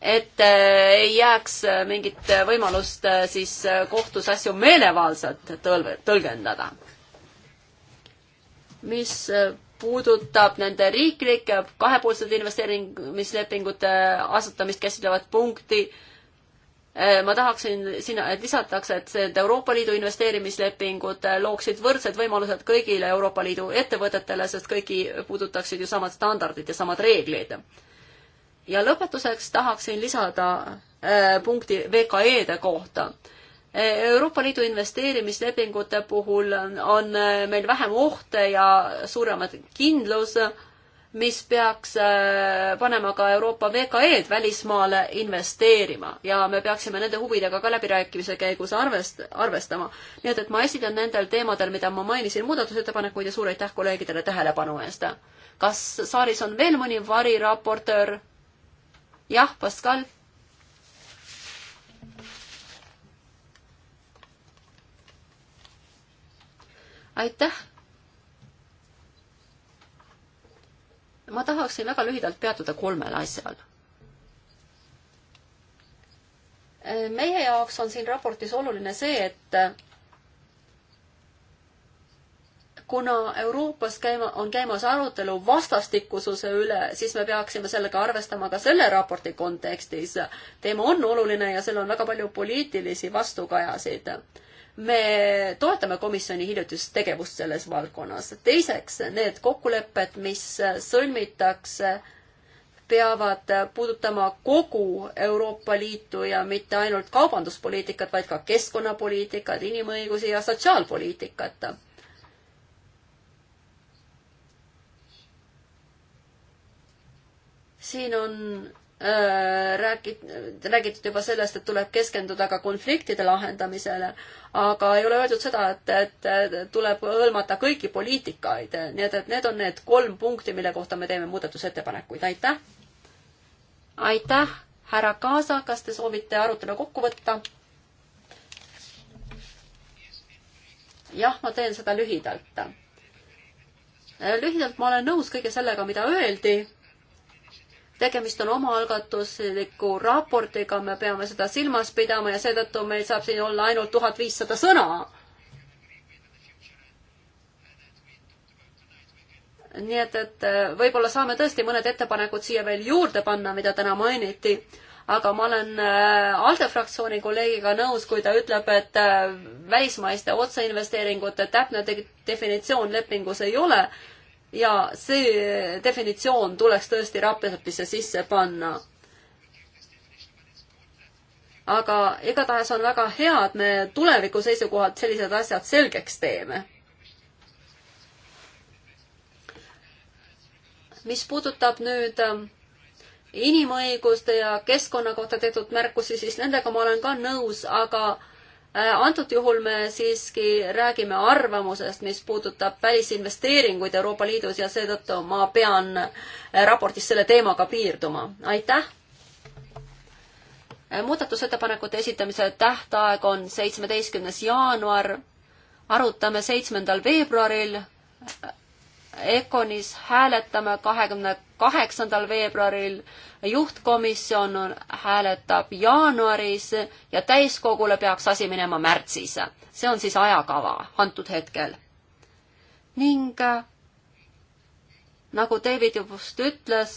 et äh, ei jääks mingit võimalust siis kohtus asju meelevaldselt tõl-, tõlgendada. mis puudutab nende riiklike kahepoolsete investeerimislepingute asutamist käsitlevat punkti, Äh, ma tahaksin sinna, et lisatakse, et need Euroopa Liidu investeerimislepingud äh, looksid võrdsed võimalused kõigile Euroopa Liidu ettevõtetele, sest kõiki puudutaksid ju samad standardid ja samad reeglid. ja lõpetuseks tahaksin lisada äh, punkti VKE-de kohta. Euroopa Liidu investeerimislepingute puhul on meil vähem ohte ja suuremad kindlus mis peaks äh, panema ka Euroopa VKE-d välismaale investeerima ja me peaksime nende huvidega ka läbirääkimise käigus arvest-, arvestama. nii et, et ma esitan nendel teemadel, mida ma mainisin, muudatusettepanekuid ja suur aitäh kolleegidele tähelepanu eest. kas saalis on veel mõni variraportöör? jah, Pascal? aitäh ma tahaksin väga lühidalt peatuda kolmel asjal. meie jaoks on siin raportis oluline see, et kuna Euroopas käima, on käimas arutelu vastastikususe üle, siis me peaksime sellega arvestama ka selle raporti kontekstis. teema on oluline ja seal on väga palju poliitilisi vastukajasid me toetame komisjoni hiljutist tegevust selles valdkonnas. teiseks, need kokkulepped, mis sõlmitakse, peavad puudutama kogu Euroopa Liitu ja mitte ainult kaubanduspoliitikat, vaid ka keskkonnapoliitikat, inimõigusi ja sotsiaalpoliitikat. siin on räägid, äh, räägitud juba sellest, et tuleb keskenduda ka konfliktide lahendamisele, aga ei ole öeldud seda, et, et tuleb hõlmata kõiki poliitikaid, nii et, et need on need kolm punkti, mille kohta me teeme muudatusettepanekuid, aitäh! aitäh, härra Kaasa, kas te soovite arutelu kokku võtta? jah, ma teen seda lühidalt. lühidalt ma olen nõus kõige sellega, mida öeldi tegemist on omaalgatusliku raportiga, me peame seda silmas pidama ja seetõttu meil saab siin olla ainult tuhat viissada sõna. nii et, et äh, võib-olla saame tõesti mõned ettepanekud siia veel juurde panna, mida täna mainiti, aga ma olen äh, ALDE fraktsiooni kolleegiga nõus, kui ta ütleb, et äh, välismaiste otseinvesteeringute täpne definitsioon lepingus ei ole ja see definitsioon tuleks tõesti raportisse sisse panna. aga igatahes on väga hea, et me tuleviku seisukohalt sellised asjad selgeks teeme. mis puudutab nüüd ähm, inimõiguste ja keskkonna kohta tehtud märkusi, siis nendega ma olen ka nõus, aga Äh, antud juhul me siiski räägime arvamusest, mis puudutab välisinvesteeringuid Euroopa Liidus ja seetõttu ma pean äh, raportis selle teemaga piirduma. aitäh! Äh, muudatusettepanekute esitamise tähtaeg on seitsmeteistkümnes jaanuar, arutame seitsmendal veebruaril Econis hääletame kahekümne kaheksandal veebruaril, juhtkomisjon hääletab jaanuaris ja täiskogule peaks asi minema märtsis. see on siis ajakava antud hetkel. ning nagu David just ütles,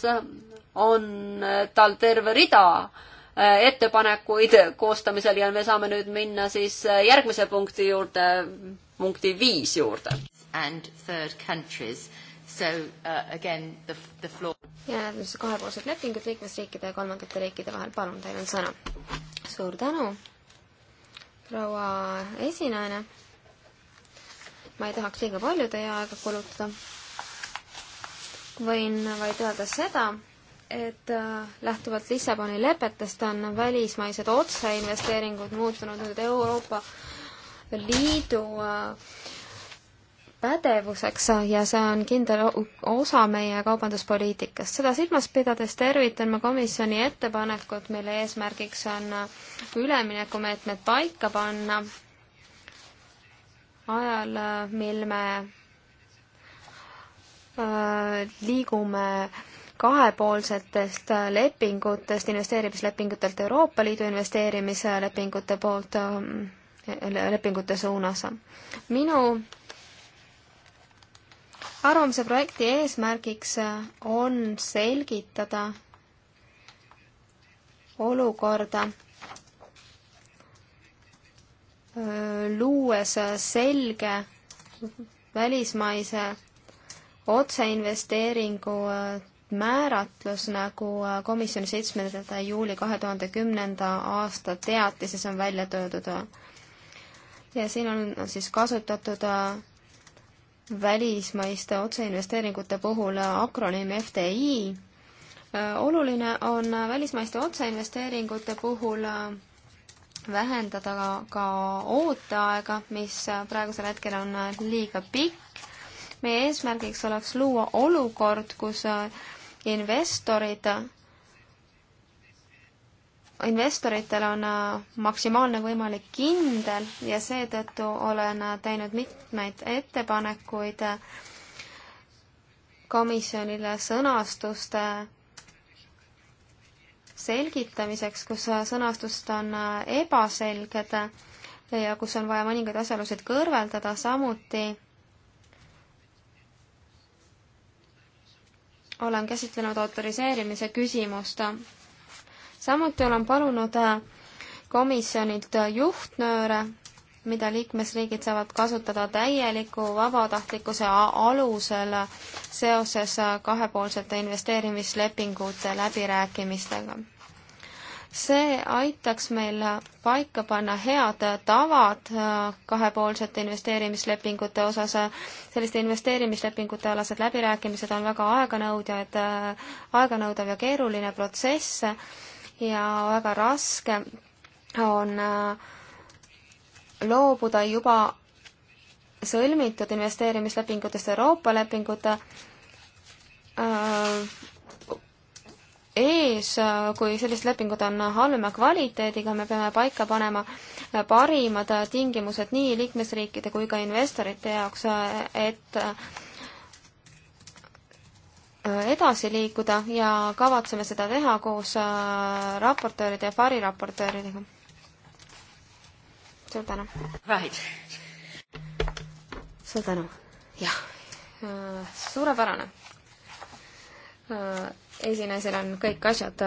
on tal terve rida äh, ettepanekuid koostamisel ja me saame nüüd minna siis äh, järgmise punkti juurde, punkti viis juurde and third countries. So uh, again, the, the floor. ja siis kahepoolsed lepingud liikmesriikide ja kolmandate riikide vahel, palun, teil on sõna. suur tänu, proua esinaine. ma ei tahaks liiga palju teie aega kulutada. võin vaid öelda seda, et äh, lähtuvalt Lissaboni lepetest on välismaised otseinvesteeringud muutunud nüüd Euroopa Liidu äh, pädevuseks ja see on kindel osa meie kaubanduspoliitikast. seda silmas pidades tervitan ma komisjoni ettepanekut, mille eesmärgiks on üleminekumeetmed paika panna ajal, mil me äh, liigume kahepoolsetest lepingutest, investeerimislepingutelt Euroopa Liidu investeerimislepingute poolt äh, lepingute suunas. minu arvamuse projekti eesmärgiks äh, on selgitada olukorda, äh, luues äh, selge välismaise otseinvesteeringu määratlus, nagu komisjoni seitsmenda juuli kahe tuhande kümnenda aasta teatises on välja toodud. ja siin on siis kasutatud välismaiste otseinvesteeringute puhul akronüüm FDI. Äh, oluline on välismaiste otseinvesteeringute puhul äh, vähendada ka ooteaega, mis äh, praegusel hetkel on liiga pikk. meie eesmärgiks oleks luua olukord, kus investorid investoritel on äh, maksimaalne võimalik kindel ja seetõttu olen äh, teinud mitmeid ettepanekuid äh, komisjonile sõnastuste selgitamiseks, kus sõnastust on ebaselged ja kus on vaja mõningaid asjaolusid kõrveldada, samuti olen käsitlenud autoriseerimise küsimust samuti olen palunud äh, komisjonilt äh, juhtnööre, mida liikmesriigid saavad kasutada täieliku vabatahtlikkuse alusel seoses äh, kahepoolsete investeerimislepingute läbirääkimistega see aitaks meil paika panna head tavad kahepoolsete investeerimislepingute osas. selliste investeerimislepingute alased läbirääkimised on väga aeganõudjad, aeganõudev ja keeruline protsess ja väga raske on äh, loobuda juba sõlmitud investeerimislepingutest Euroopa lepingute äh, ees, äh, kui sellised lepingud on halvema kvaliteediga, me peame paika panema parimad tingimused nii liikmesriikide kui ka investorite jaoks, et Äh, edasi liikuda ja kavatseme seda teha koos äh, raportööride ja variraportööridega. suur tänu. Right. suur tänu, jah. Äh, suurepärane. esinaisel on kõik asjad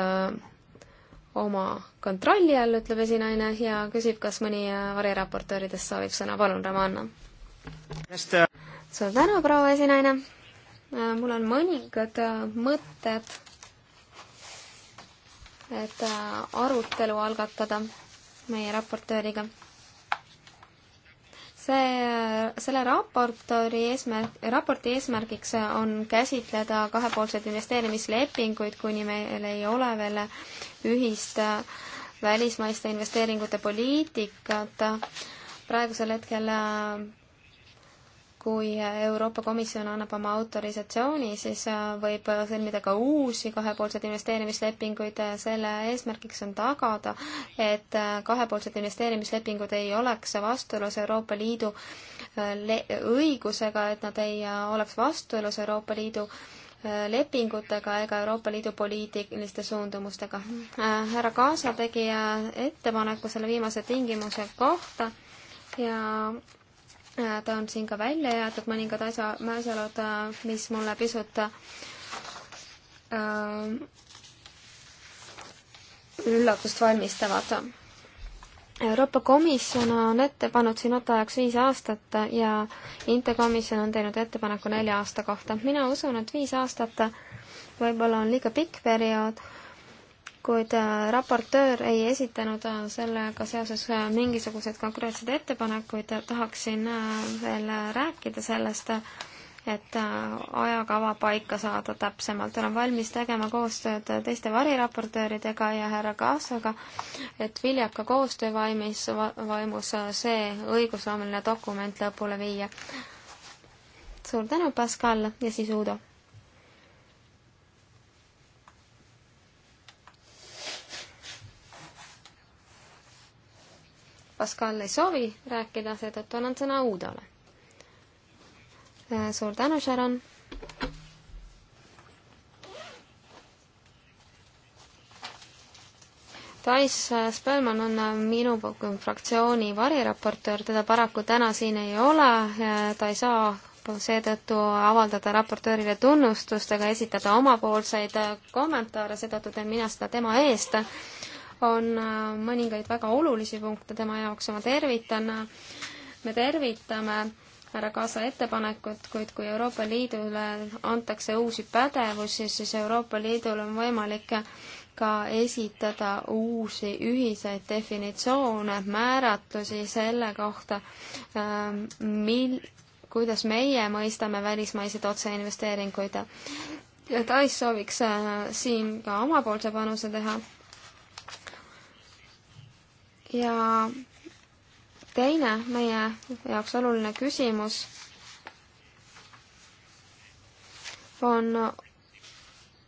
oma kontrolli all, ütleb esinaine ja küsib, kas mõni variraportööridest soovib sõna. palun, Ramanna. suur tänu, proua esinaine Äh, mul on mõningad äh, mõtted, et äh, arutelu algatada meie raportööriga. see, selle raportööri eesmärk, raporti eesmärgiks on käsitleda kahepoolseid investeerimislepinguid, kuni meil ei ole veel ühist välismaiste investeeringute poliitikat praegusel hetkel kui Euroopa Komisjon annab oma autorisatsiooni, siis äh, võib äh, sõlmida ka uusi kahepoolseid investeerimislepinguid. selle eesmärgiks on tagada, et äh, kahepoolsed investeerimislepingud ei oleks vastuolus Euroopa Liidu õigusega, et nad ei oleks vastuolus Euroopa Liidu lepingutega ega Euroopa Liidu poliitiliste suundumustega. härra Kaasa tegi ettepaneku selle viimase tingimuse kohta ja Äh, ta on siin ka välja jäetud mõningad asja, asjaolud, äh, mis mulle pisut äh, üllatust valmistavad. Euroopa Komisjon on ette pannud siin ooteajaks viis aastat ja Intekomisjon on teinud ettepaneku nelja aasta kohta. mina usun, et viis aastat võib-olla on liiga pikk periood kuid äh, raportöör ei esitanud äh, sellega seoses äh, mingisuguseid konkreetseid ettepanekuid, tahaksin veel rääkida sellest, et ajakava paika saada täpsemalt. olen valmis tegema koostööd teiste variraportööridega ja härra Kaasaga, et viljaka koostöövaimis, vaimus see õigusloomeline dokument lõpule viia. suur tänu, Pascal ja siis Uudo! Pascal ei soovi rääkida, seetõttu annan sõna Uudole. Äh, suur tänu, Sharon. Tais äh, Spelman on äh, minu fraktsiooni variraportöör, teda paraku täna siin ei ole, ta ei saa seetõttu avaldada raportöörile tunnustust ega esitada omapoolseid kommentaare, seetõttu teen mina seda tema eest on äh, mõningaid väga olulisi punkte tema jaoks ja ma tervitan, äh, me tervitame härra Kaasa ettepanekut, kuid kui Euroopa Liidule antakse uusi pädevusi, siis Euroopa Liidul on võimalik ka esitada uusi ühiseid definitsioone, määratlusi selle kohta, ähm, mil-, kuidas meie mõistame välismaiseid otseinvesteeringuid. Tais sooviks äh, siin ka omapoolse panuse teha ja teine meie jaoks oluline küsimus on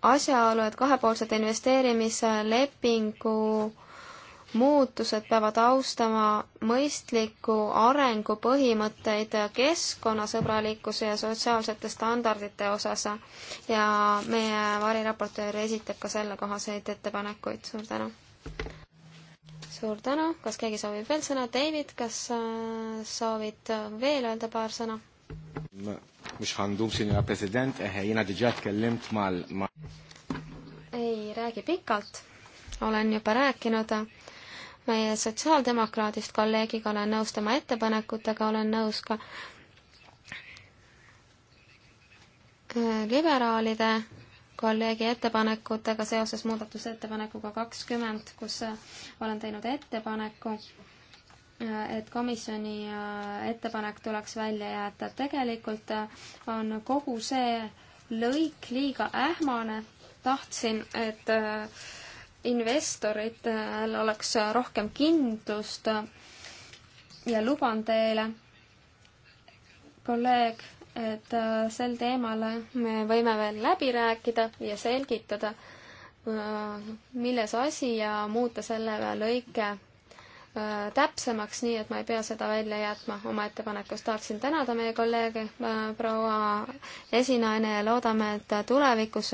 asjaolu, et kahepoolsete investeerimislepingu muutused peavad austama mõistliku arengu põhimõtteid keskkonnasõbralikkuse ja sotsiaalsete standardite osas ja meie variraportöör esitab ka sellekohaseid ettepanekuid. suur tänu! suur tänu, kas keegi soovib veel sõna, David, kas äh, soovid äh, veel öelda paar sõna? Eh, eh, ei räägi pikalt, olen juba rääkinud äh, meie sotsiaaldemokraadist kolleegiga, olen nõus tema ettepanekutega, olen nõus ka liberaalide kolleegi ettepanekutega seoses muudatusettepanekuga kakskümmend, kus äh, olen teinud ettepaneku, äh, et komisjoni äh, ettepanek tuleks välja jätta. tegelikult on kogu see lõik liiga ähmane. tahtsin, et investoritel oleks rohkem kindlust ja luban teile, kolleeg et äh, sel teemal me võime veel läbi rääkida ja selgitada, äh, milles asi ja muuta selle lõike äh, täpsemaks, nii et ma ei pea seda välja jätma oma ettepanekust. tahaksin tänada meie kolleege, proua esinaine ja loodame, et tulevikus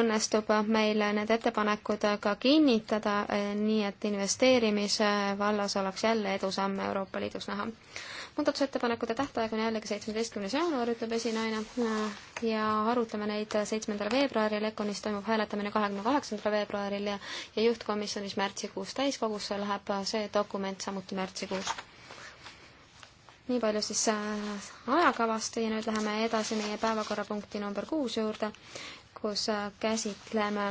õnnestub meil need ettepanekud ka kinnitada, nii et investeerimise vallas oleks jälle edusamme Euroopa Liidus näha muudatusettepanekute tähtaeg on jällegi seitsmeteistkümnes jaanuar, ütleb esinaine, ja arutame neid seitsmendal veebruaril, Econis toimub hääletamine kahekümne kaheksandal veebruaril ja, ja juhtkomisjonis märtsikuus täiskogusse läheb see dokument samuti märtsikuus. nii palju siis äh, ajakavast ja nüüd läheme edasi meie päevakorrapunkti number kuus juurde, kus äh, käsitleme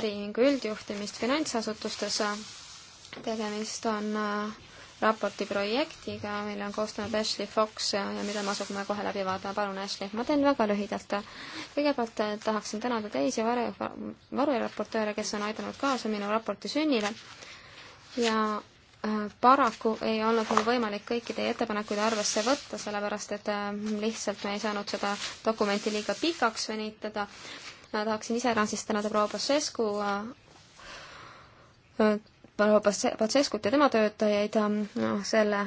äriühingu üldjuhtimist finantsasutustes. tegemist on äh, raporti projektiga, mille on koostanud Ashley Fox ja mida me asume kohe läbi vaatama. palun, Ashley, ma teen väga lühidalt. kõigepealt eh, tahaksin tänada teisi varu, varuraportööre, kes on aidanud kaasa minu raporti sünnile ja eh, paraku ei olnud mul võimalik kõiki teie ettepanekuid arvesse võtta, sellepärast et eh, lihtsalt me ei saanud seda dokumenti liiga pikaks venitada. tahaksin iseäranis tänada proua Basescu Varro Patseskut ja tema töötajaid ähm, no, selle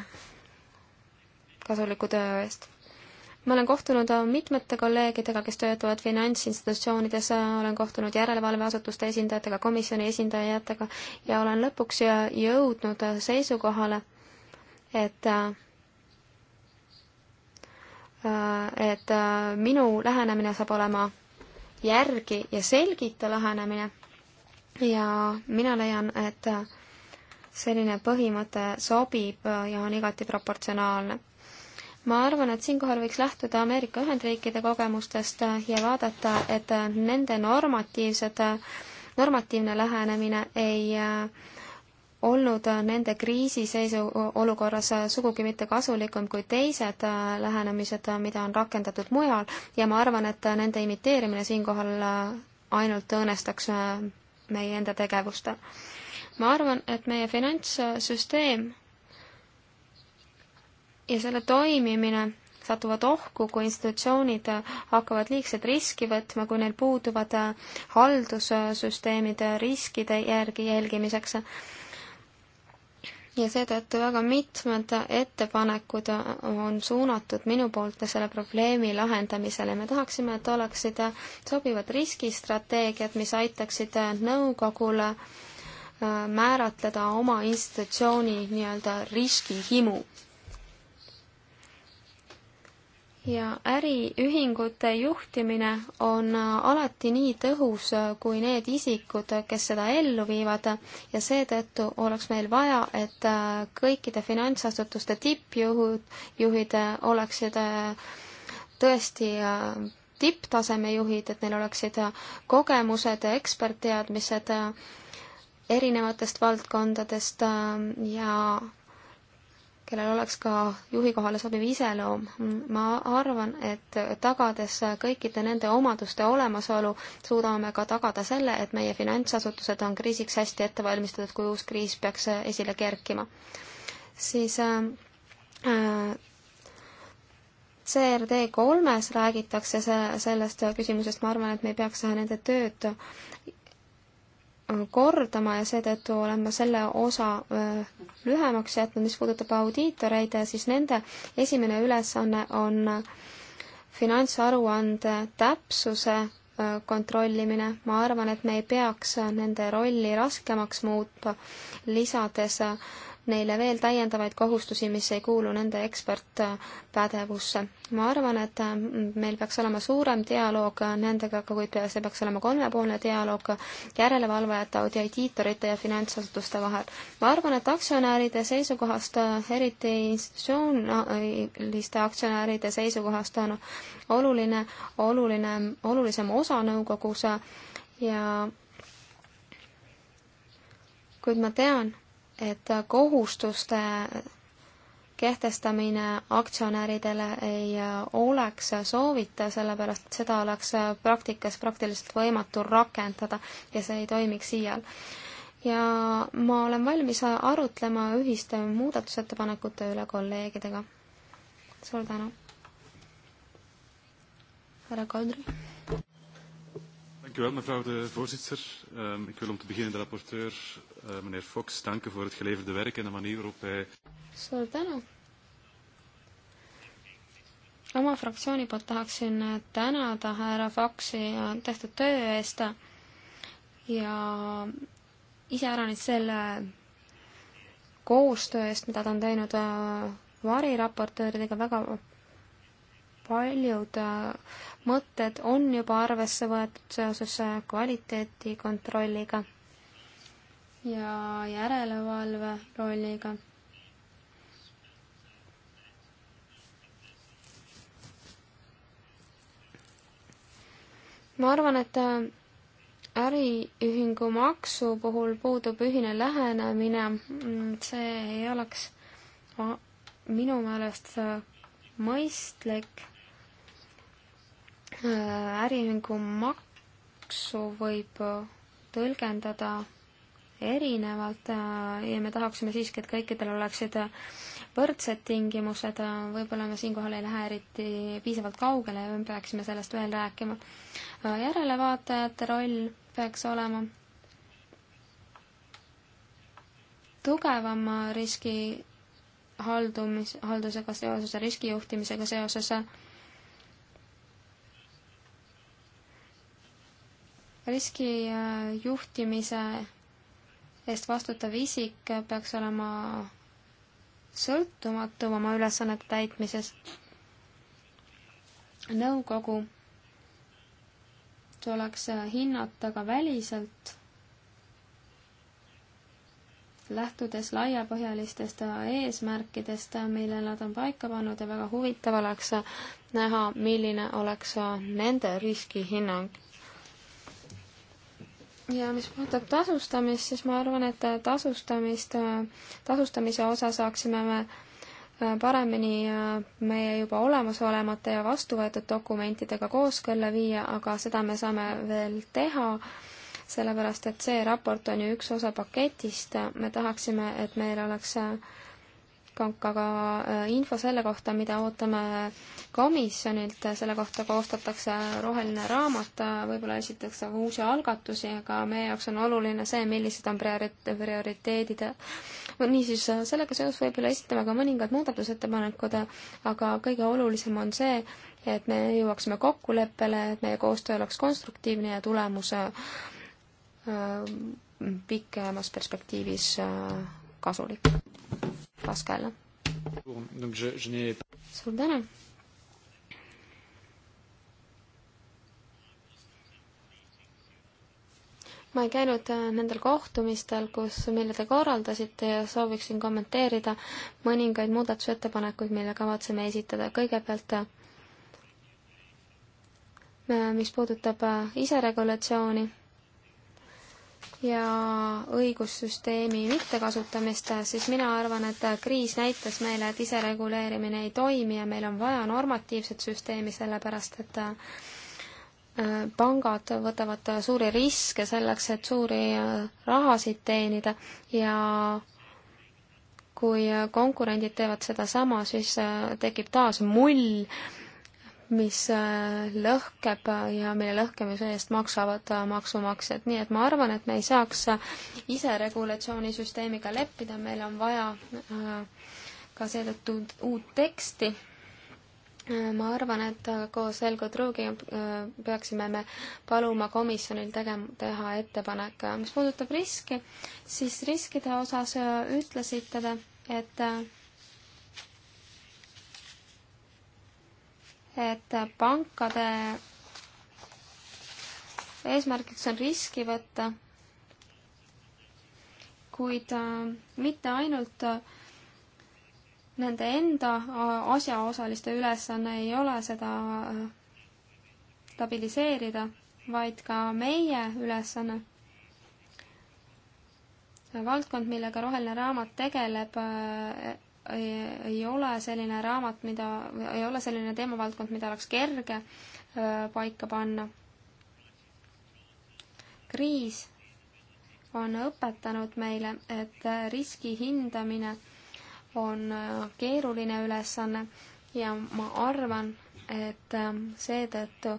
kasuliku töö eest. ma olen kohtunud äh, mitmete kolleegidega, kes töötavad finantsinstitutsioonides, äh, olen kohtunud järelevalveasutuste esindajatega, komisjoni esindajatega ja olen lõpuks äh, jõudnud seisukohale, et et minu lähenemine saab olema järgi ja selgita lähenemine ja mina leian, et selline põhimõte sobib äh, ja on igati proportsionaalne. ma arvan, et siinkohal võiks lähtuda Ameerika Ühendriikide kogemustest äh, ja vaadata, et äh, nende normatiivsed, normatiivne lähenemine ei olnud nende kriisiseisu olukorras sugugi mitte kasulikum kui teised lähenemised, mida on rakendatud mujal ja ma arvan, et nende imiteerimine siinkohal ainult õõnestaks meie enda tegevust ma arvan, et meie finantssüsteem ja selle toimimine satuvad ohku, kui institutsioonid hakkavad liigselt riski võtma, kui neil puuduvad haldussüsteemid riskide järgi jälgimiseks. ja seetõttu väga mitmed ettepanekud on suunatud minu poolt selle probleemi lahendamisele. me tahaksime, et oleksid sobivad riskistrateegiad, mis aitaksid nõukogule Äh, määratleda oma institutsiooni nii-öelda riskihimu. ja äriühingute juhtimine on äh, alati nii tõhus äh, kui need isikud, kes seda ellu viivad ja seetõttu oleks meil vaja, et kõikide finantsasutuste tippjuhud, juhid oleksid tõesti tipptaseme juhid, et neil oleksid kogemused, ekspertteadmised erinevatest valdkondadest ähm, ja kellel oleks ka juhi kohale sobiv iseloom. ma arvan, et tagades kõikide nende omaduste olemasolu, suudame ka tagada selle, et meie finantsasutused on kriisiks hästi ette valmistatud, kui uus kriis peaks esile kerkima. siis ähm, äh, CRD kolmes räägitakse sellest küsimusest, ma arvan, et me ei peaks nende tööd kordama ja seetõttu olen ma selle osa lühemaks jätnud, mis puudutab audiitoreid, siis nende esimene ülesanne on finantsaruande täpsuse kontrollimine, ma arvan, et me ei peaks nende rolli raskemaks muutma, lisades neile veel täiendavaid kohustusi, mis ei kuulu nende ekspertpädevusse. ma arvan, et äh, meil peaks olema suurem dialoog nendega, kuid see peaks olema kolmepoolne dialoog järelevalvajate, audiitorite ja finantsasutuste vahel. ma arvan, et aktsionäride seisukohast, äh, eriti institutsiooniliste aktsionäride seisukohast on oluline, oluline, olulisem osa nõukogus ja kuid ma tean, et kohustuste kehtestamine aktsionäridele ei oleks soovita, sellepärast et seda oleks praktikas praktiliselt võimatu rakendada ja see ei toimiks iial. ja ma olen valmis arutlema ühiste muudatusettepanekute üle kolleegidega. suur tänu! härra Kaldri Dank u wel, mevrouw de voorzitter. Um, ik wil om te beginnen de rapporteur, uh, meneer Fox, danken voor het geleverde werk en de manier waarop hij... Suur tänu! oma fraktsiooni poolt tahaksin eh, tänada härra Foxi tehtud töö eest ja iseäranis selle koostöö eest, mida ta on teinud eh, variraportööridega, väga paljud äh, mõtted on juba arvesse võetud seoses äh, kvaliteetikontrolliga ja järelevalve rolliga. ma arvan, et äh, äriühingu maksu puhul puudub ühine lähenemine, mm, see ei oleks minu meelest mõistlik Äh, äriühingu maksu võib äh, tõlgendada erinevalt äh, ja me tahaksime siiski, et kõikidel oleksid võrdsed tingimused, võib-olla me siinkohal ei lähe eriti piisavalt kaugele ja me peaksime sellest veel rääkima. järelevaatajate roll peaks olema tugevama riski haldumis, haldusega seoses ja riskijuhtimisega seoses riskijuhtimise äh, eest vastutav isik peaks olema sõltumatu oma ülesannete täitmises. nõukogu tuleks äh, hinnata ka väliselt, lähtudes laiapõhjalistest äh, eesmärkidest, mille nad on paika pannud ja väga huvitav oleks näha, milline oleks nende riskihinnang ja mis puudutab tasustamist, siis ma arvan, et tasustamist, tasustamise osa saaksime me äh, paremini äh, meie juba olemasolevate ja vastuvõetud dokumentidega kooskõlla viia, aga seda me saame veel teha, sellepärast et see raport on ju üks osa paketist, me tahaksime, et meil oleks äh, aga äh, info selle kohta, mida ootame komisjonilt, äh, selle kohta koostatakse roheline raamat, äh, võib-olla esitatakse uusi algatusi, aga meie jaoks on oluline see, millised on priori-, prioriteedid. niisiis, sellega seoses võib-olla esitame ka mõningad muudatusettepanekud, aga kõige olulisem on see, et me jõuaksime kokkuleppele, et meie koostöö oleks konstruktiivne ja tulemus pikemas perspektiivis kasulik. Pascal. suur tänu. ma ei käinud äh, nendel kohtumistel, kus, mille te korraldasite ja sooviksin kommenteerida mõningaid muudatusettepanekuid, mille kavatseme esitada. kõigepealt, äh, mis puudutab äh, iseregulatsiooni ja õigussüsteemi mittekasutamist, siis mina arvan, et kriis näitas meile, et isereguleerimine ei toimi ja meil on vaja normatiivset süsteemi, sellepärast et äh, pangad võtavad suuri riske selleks, et suuri äh, rahasid teenida ja kui konkurendid teevad sedasama, siis äh, tekib taas mull mis äh, lõhkeb ja mille lõhkemise eest maksavad äh, maksumaksjad. nii et ma arvan, et me ei saaks äh, ise regulatsioonisüsteemiga leppida, meil on vaja ka seetõttu uut teksti. ma arvan, et koos Helgo Truugiga peaksime me paluma komisjonil tegema, teha ettepanek. mis puudutab riski, siis riskide osas ütlesite te, et et pankade eesmärgiks on riski võtta, kuid äh, mitte ainult äh, nende enda äh, asjaosaliste ülesanne ei ole seda stabiliseerida, vaid ka meie ülesanne. valdkond, millega Roheline Raamat tegeleb, ei ole selline raamat, mida, ei ole selline teemavaldkond, mida oleks kerge paika panna. kriis on õpetanud meile, et riski hindamine on keeruline ülesanne ja ma arvan, et seetõttu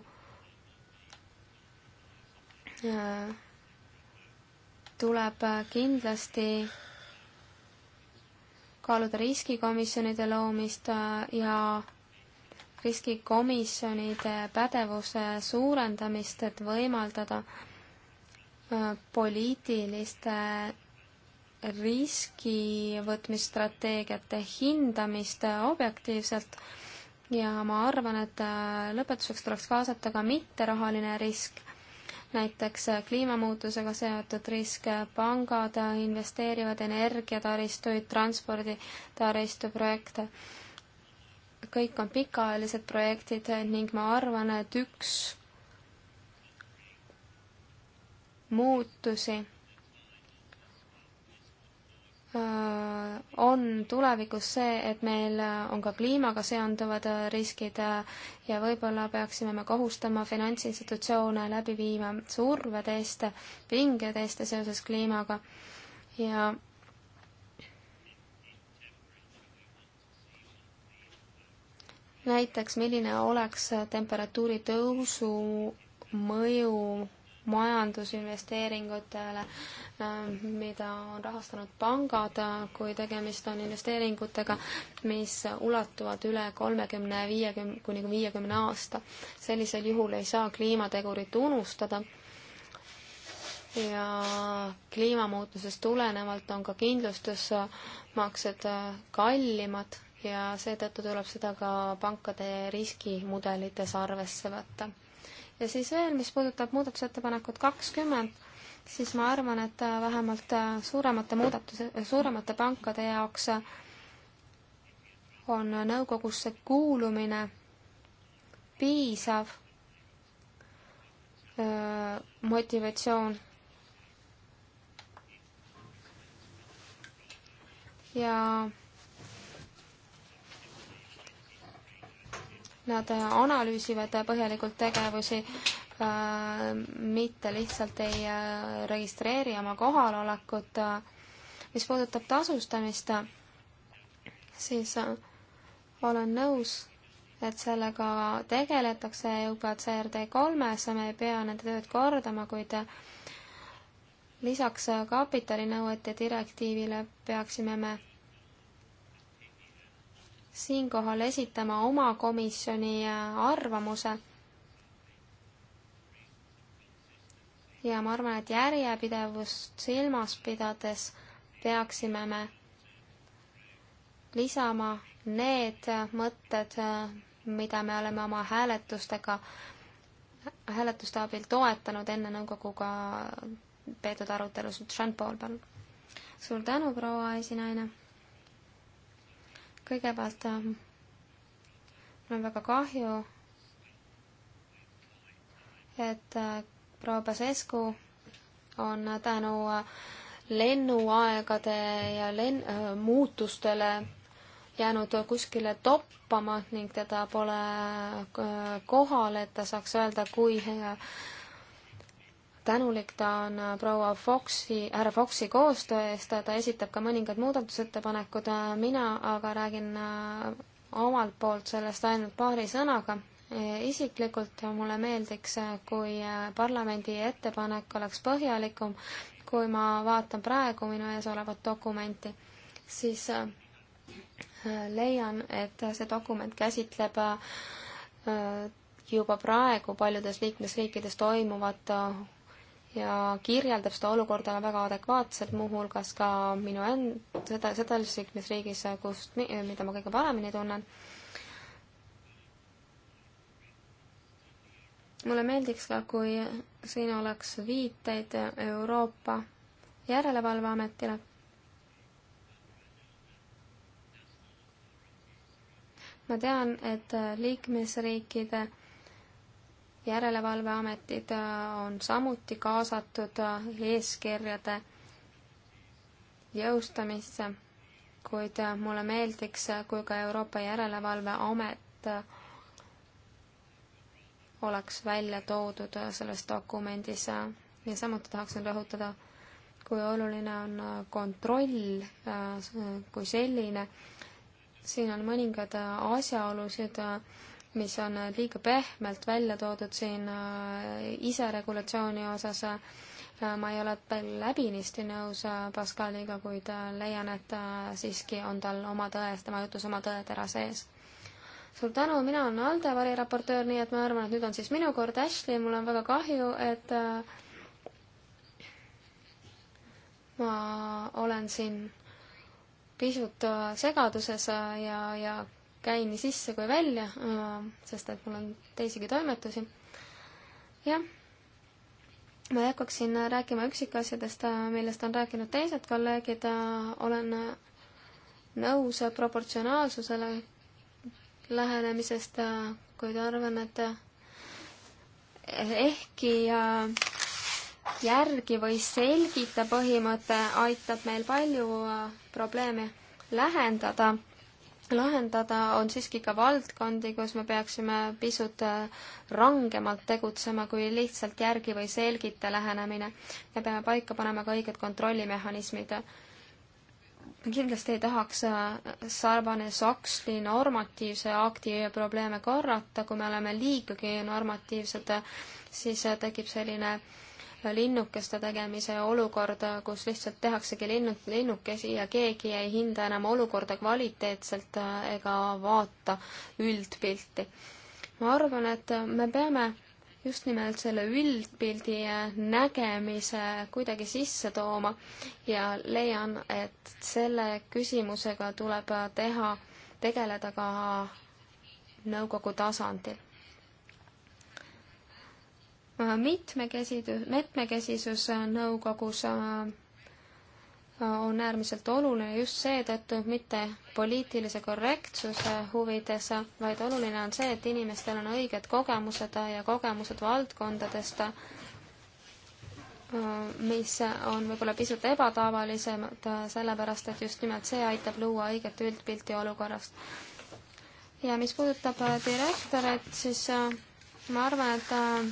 tuleb kindlasti kaaluda riskikomisjonide loomist äh, ja riskikomisjonide pädevuse suurendamist, et võimaldada äh, poliitiliste riskivõtmisstrateegiate hindamist objektiivselt ja ma arvan, et äh, lõpetuseks tuleks kaasata ka mitterahaline risk näiteks kliimamuutusega seotud riske, pangad investeerivad energiataristuid, transporditaristu projekte. kõik on pikaajalised projektid ning ma arvan, et üks muutusi Äh, on tulevikus see, et meil äh, on ka kliimaga seonduvad äh, riskid ja võib-olla peaksime me kohustama finantsinstitutsioone läbi viima surveteste, pingeteste seoses kliimaga ja näiteks milline oleks temperatuuri tõusu mõju majandusinvesteeringutele äh, mida on rahastanud pangad, kui tegemist on investeeringutega, mis ulatuvad üle kolmekümne, viiekümne, kuni viiekümne aasta. sellisel juhul ei saa kliimategurit unustada ja kliimamuutusest tulenevalt on ka kindlustusmaksed kallimad ja seetõttu tuleb seda ka pankade riskimudelites arvesse võtta. ja siis veel, mis puudutab muudatusettepanekut kakskümmend, siis ma arvan, et äh, vähemalt äh, suuremate muudatuse, suuremate pankade jaoks äh, on nõukogusse kuulumine piisav öö, motivatsioon. ja nad analüüsivad põhjalikult tegevusi Äh, mitte lihtsalt ei äh, registreeri oma kohalolekut. Äh, mis puudutab tasustamist, siis olen nõus, et sellega tegeletakse juba CRD kolmes ja me ei pea nende tööd kordama, kuid lisaks kapitalinõuete direktiivile peaksime me siinkohal esitama oma komisjoni arvamuse ja ma arvan, et järjepidevust silmas pidades peaksime me lisama need mõtted, mida me oleme oma hääletustega, hääletuste abil toetanud enne nõukoguga peetud arutelus. Jean-Paul, palun. suur tänu, proua esinaine. kõigepealt äh, mul on väga kahju, et äh, proua Pasescu on tänu äh, lennuaegade ja len-, äh, muutustele jäänud kuskile toppama ning teda pole äh, kohal, et ta saaks öelda, kui tänulik ta on proua Foxi, härra Foxi koostöö eest, ta esitab ka mõningad muudatusettepanekud, mina aga räägin omalt poolt sellest ainult paari sõnaga isiklikult mulle meeldiks, kui parlamendi ettepanek oleks põhjalikum, kui ma vaatan praegu minu ees olevat dokumenti, siis äh, leian, et see dokument käsitleb äh, juba praegu paljudes liikmesriikides toimuvat äh, ja kirjeldab seda olukorda väga adekvaatselt, muuhulgas ka minu end-, seda, selles liikmesriigis, kust, mida ma kõige paremini tunnen mulle meeldiks ka, kui siin oleks viiteid Euroopa Järelevalveametile. ma tean, et liikmesriikide järelevalveametid on samuti kaasatud eeskirjade jõustamisse, kuid mulle meeldiks, kui ka Euroopa Järelevalveamet oleks välja toodud selles dokumendis ja samuti tahaksin rõhutada, kui oluline on kontroll äh, kui selline. siin on mõningad asjaolusid, mis on liiga pehmelt välja toodud siin äh, iseregulatsiooni osas. Äh, ma ei ole veel läbinisti nõus Pascaliga, kuid leian, et siiski on tal oma tõe, tema jutus oma tõetera sees suur tänu, mina olen Alde variraportöör, nii et ma arvan, et nüüd on siis minu kord. Ashley, mul on väga kahju, et äh, ma olen siin pisut äh, segaduses äh, ja, ja käin nii sisse kui välja, sest et mul on teisigi toimetusi. jah, ma jätkaksin rääkima üksikasjadest, millest on rääkinud teised kolleegid, olen nõus proportsionaalsusele lähenemisest, kuid arvan, et ehkki järgi või selgita põhimõte aitab meil palju äh, probleeme lähendada, lahendada, on siiski ka valdkondi, kus me peaksime pisut äh, rangemalt tegutsema kui lihtsalt järgi või selgita lähenemine. me peame paika panema ka õiged kontrollimehhanismid kindlasti ei tahaks äh, sarvane Saksli normatiivse akti probleeme korrata, kui me oleme liigagi normatiivsed, äh, siis äh, tekib selline linnukeste tegemise olukord, kus lihtsalt tehaksegi linnud, linnukesi ja keegi ei hinda enam olukorda kvaliteetselt ega vaata üldpilti. ma arvan, et me peame just nimelt selle üldpildi nägemise kuidagi sisse tooma ja leian, et selle küsimusega tuleb teha, tegeleda ka nõukogu tasandil mitmekesisus, mitmekesisus nõukogus on äärmiselt oluline just seetõttu mitte poliitilise korrektsuse huvides, vaid oluline on see, et inimestel on õiged kogemused ja kogemused valdkondadest, mis on võib-olla pisut ebatavalisemad, sellepärast et just nimelt see aitab luua õiget üldpilti olukorrast. ja mis puudutab äh, direktorit, siis äh, ma arvan, et äh,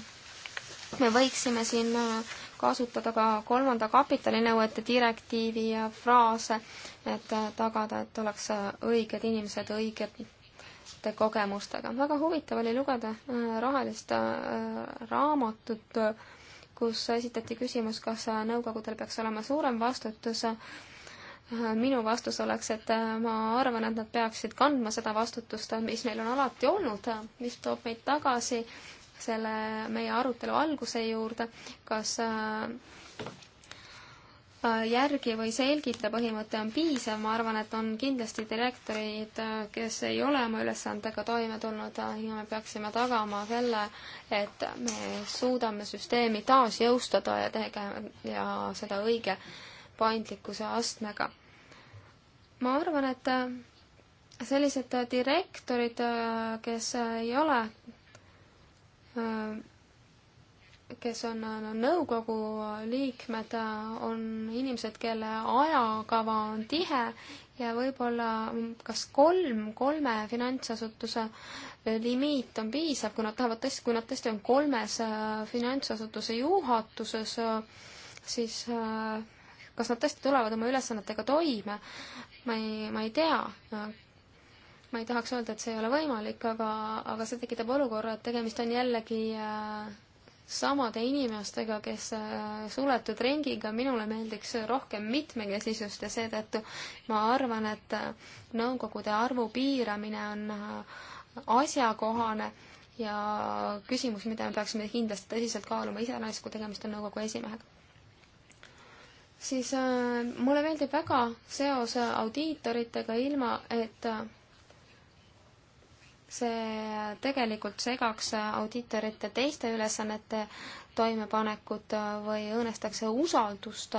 me võiksime siin kasutada ka kolmanda kapitalinõuete direktiivi ja fraase, et äh, tagada, et oleks äh, õiged inimesed õigete kogemustega. väga huvitav oli lugeda äh, rohelist raamatut, kus esitati küsimus, kas nõukogudel peaks olema suurem vastutus minu vastus oleks, et ma arvan, et nad peaksid kandma seda vastutust, mis neil on alati olnud, mis toob meid tagasi äh, selle meie arutelu alguse juurde, kas äh, äh, järgi või selgita põhimõte on piisav, ma arvan, et on kindlasti direktorid, äh, kes ei ole oma ülesandega toime tulnud ja me peaksime tagama selle, et me suudame süsteemi taasjõustada ja tege- ja seda õige paindlikkuse astmega. ma arvan, et sellised direktorid, kes ei ole Äh, kes on no, äh, nõukogu liikmed, äh, on inimesed, kelle ajakava on tihe ja võib-olla kas kolm, kolme finantsasutuse limiit on piisav, kui nad tahavad tõesti, kui nad tõesti on kolmes finantsasutuse juhatuses, siis kas nad tõesti tulevad oma ülesannetega toime? ma ei, ma ei tea, ma ei tahaks öelda, et see ei ole võimalik, aga, aga see tekitab olukorra, et tegemist on jällegi äh, samade inimestega, kes äh, suletud ringiga, minule meeldiks rohkem mitmekesisust ja seetõttu ma arvan, et äh, nõukogude arvu piiramine on asjakohane ja küsimus, mida me peaksime kindlasti tõsiselt kaaluma, iseäranis kui tegemist on nõukogu esimehega siis äh, mulle meeldib väga seos audiitoritega, ilma et äh, see tegelikult segaks audiitorite teiste ülesannete toimepanekut või õõnestaks usaldust,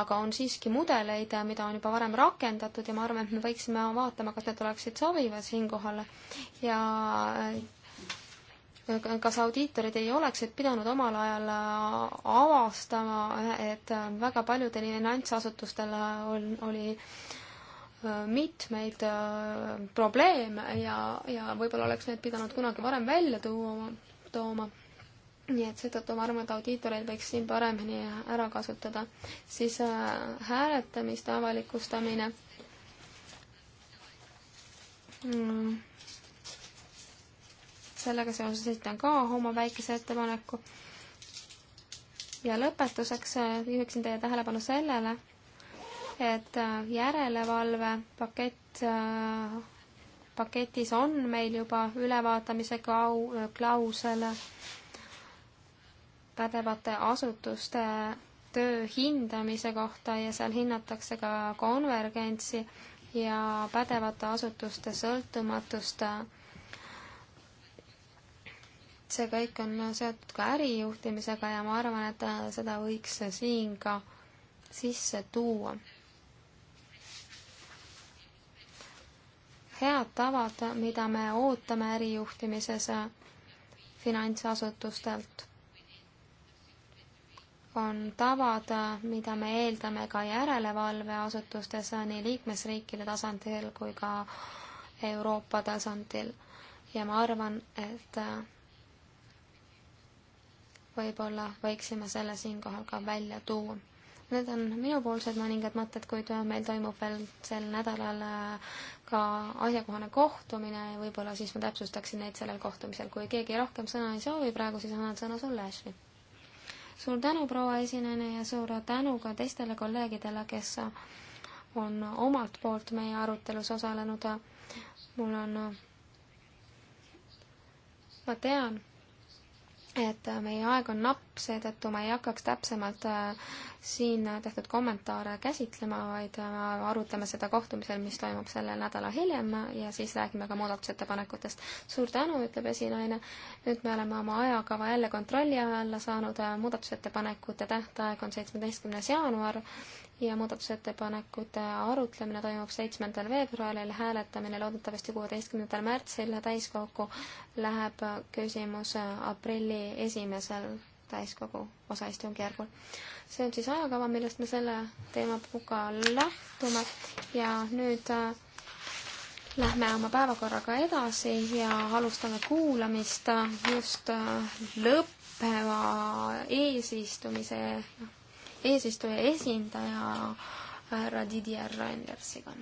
aga on siiski mudeleid, mida on juba varem rakendatud ja ma arvan, et me võiksime vaatama, kas need oleksid sobivad siinkohal ja äh, kas audiitorid ei oleksid pidanud omal ajal avastama, et väga paljudel finantsasutustel on, oli mitmeid äh, probleeme ja, ja võib-olla oleks need pidanud kunagi varem välja tuua, tooma. nii et seetõttu ma arvan, et audiitoreid võiks siin paremini ära kasutada. siis äh, hääletamiste avalikustamine mm sellega seoses esitan ka oma väikese ettepaneku. ja lõpetuseks äh, juhiksin teie tähelepanu sellele, et äh, järelevalvepakett, äh, paketis on meil juba ülevaatamise klau-, klausel pädevate asutuste töö hindamise kohta ja seal hinnatakse ka konvergentsi ja pädevate asutuste sõltumatust. see kõik on seotud ka ärijuhtimisega ja ma arvan, et äh, seda võiks siin ka sisse tuua head tavad, mida me ootame ärijuhtimises finantsasutustelt, on tavad, mida me eeldame ka järelevalveasutustes nii liikmesriikide tasandil kui ka Euroopa tasandil. ja ma arvan, et võib-olla võiksime selle siinkohal ka välja tuua. Need on minupoolsed mõningad mõtted, kuid meil toimub veel sel nädalal ka asjakohane kohtumine ja võib-olla siis ma täpsustaksin neid sellel kohtumisel. kui keegi rohkem sõna ei soovi praegu, siis annan sõna sulle, Ashley. suur tänu, proua esinejana, ja suur tänu ka teistele kolleegidele, kes on omalt poolt meie arutelus osalenud. mul on, ma tean, et äh, meie aeg on napp, seetõttu ma ei hakkaks täpsemalt äh, siin tehtud kommentaare käsitlema, vaid äh, arutame seda kohtumisel, mis toimub selle nädala hiljem ja siis räägime ka muudatusettepanekutest. suur tänu, ütleb esinaine. nüüd me oleme oma ajakava jälle kontrolli alla saanud, muudatusettepanekute tähtaeg on seitsmeteistkümnes jaanuar ja muudatusettepanekute arutlemine toimub seitsmendal veebruaril, hääletamine loodetavasti kuueteistkümnendal märtsil, täiskokku läheb küsimus aprilli esimesel täiskogu osaistungjärgul. see on siis ajakava, millest me selle teema puhka lähtume ja nüüd äh, lähme oma päevakorraga edasi ja alustame kuulamist just äh, lõppeva eesistumise eesistuja esindaja härra Didier Randersiga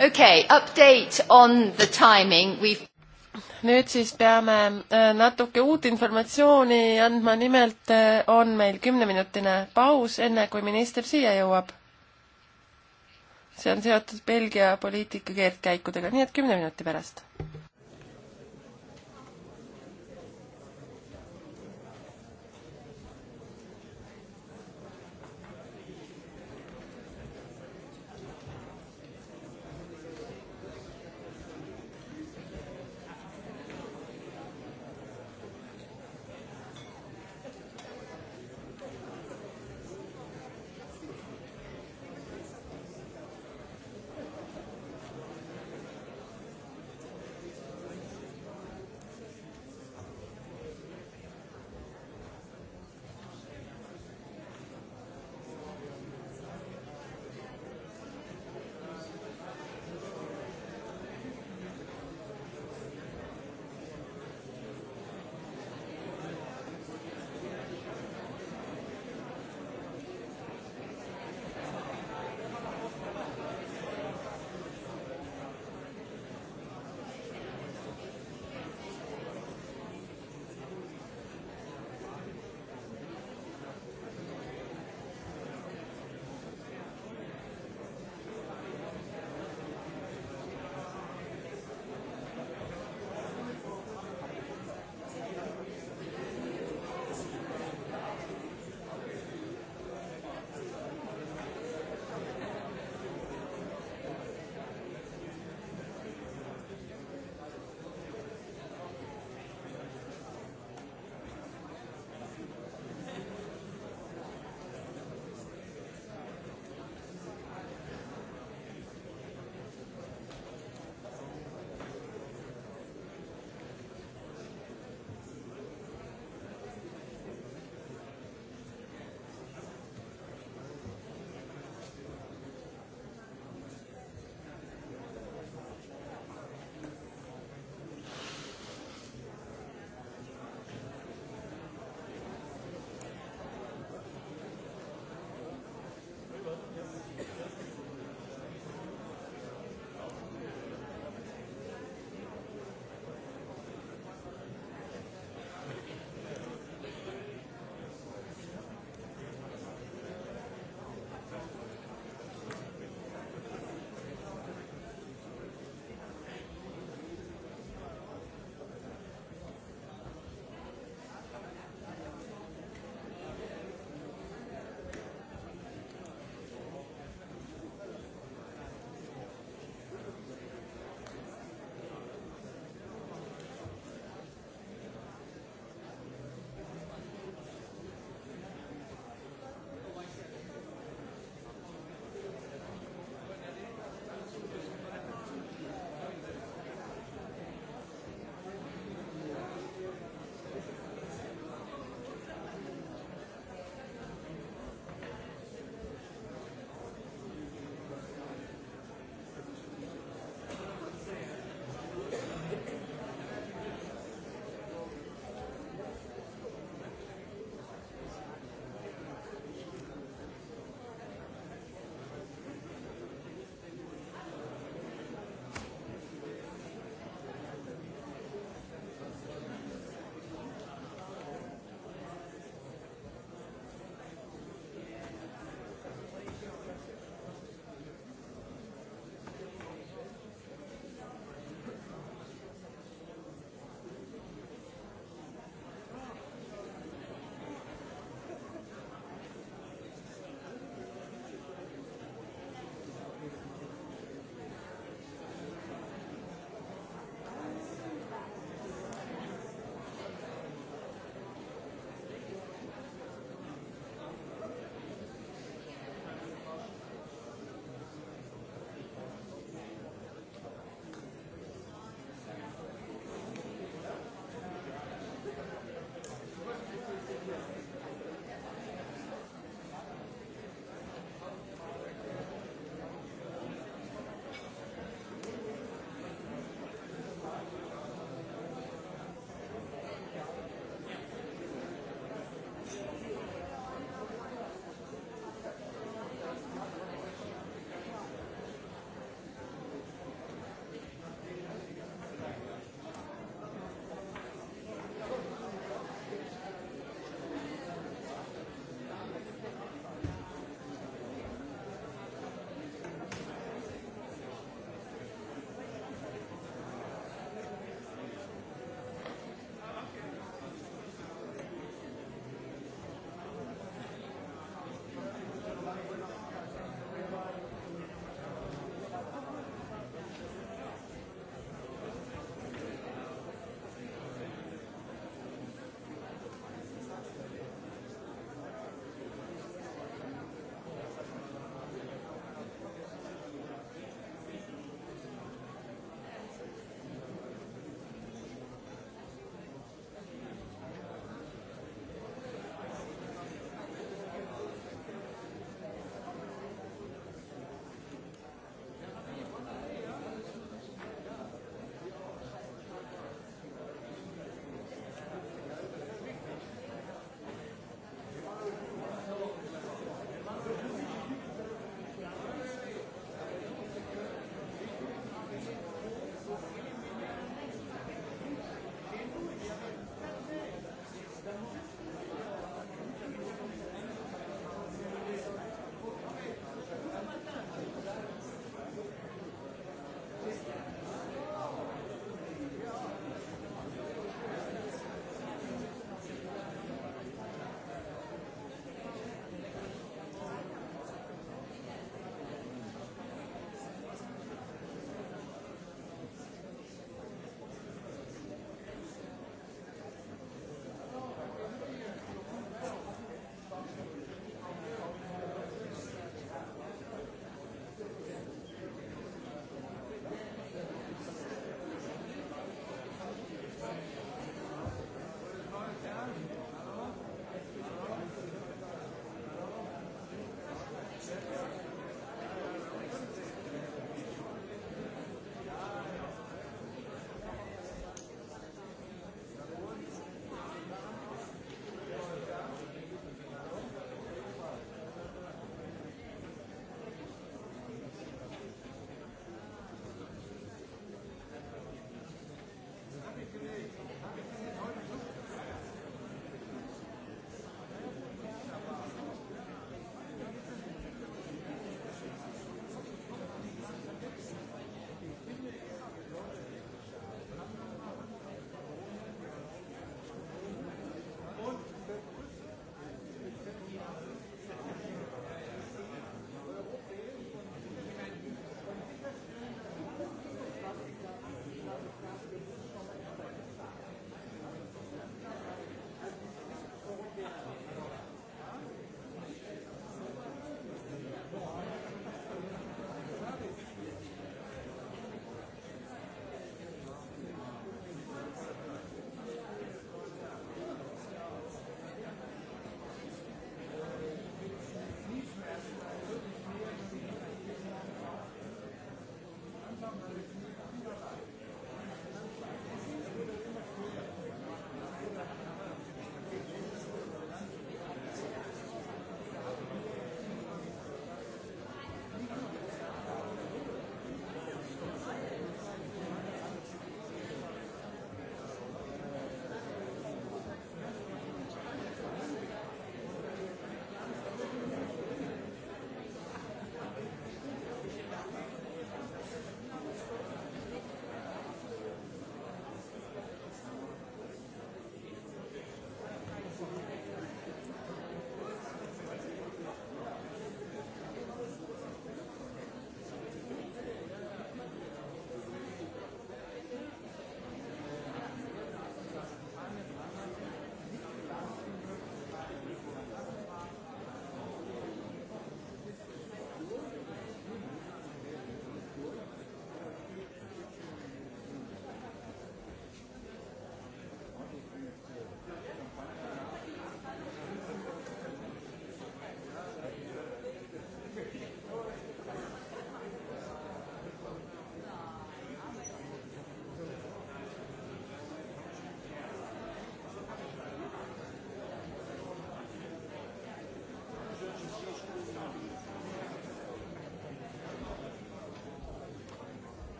okay, update on the timing, we've nüüd siis peame äh, natuke uut informatsiooni andma, nimelt äh, on meil kümneminutine paus, enne kui minister siia jõuab. see on seotud Belgia poliitika keerdkäikudega, nii et kümne minuti pärast.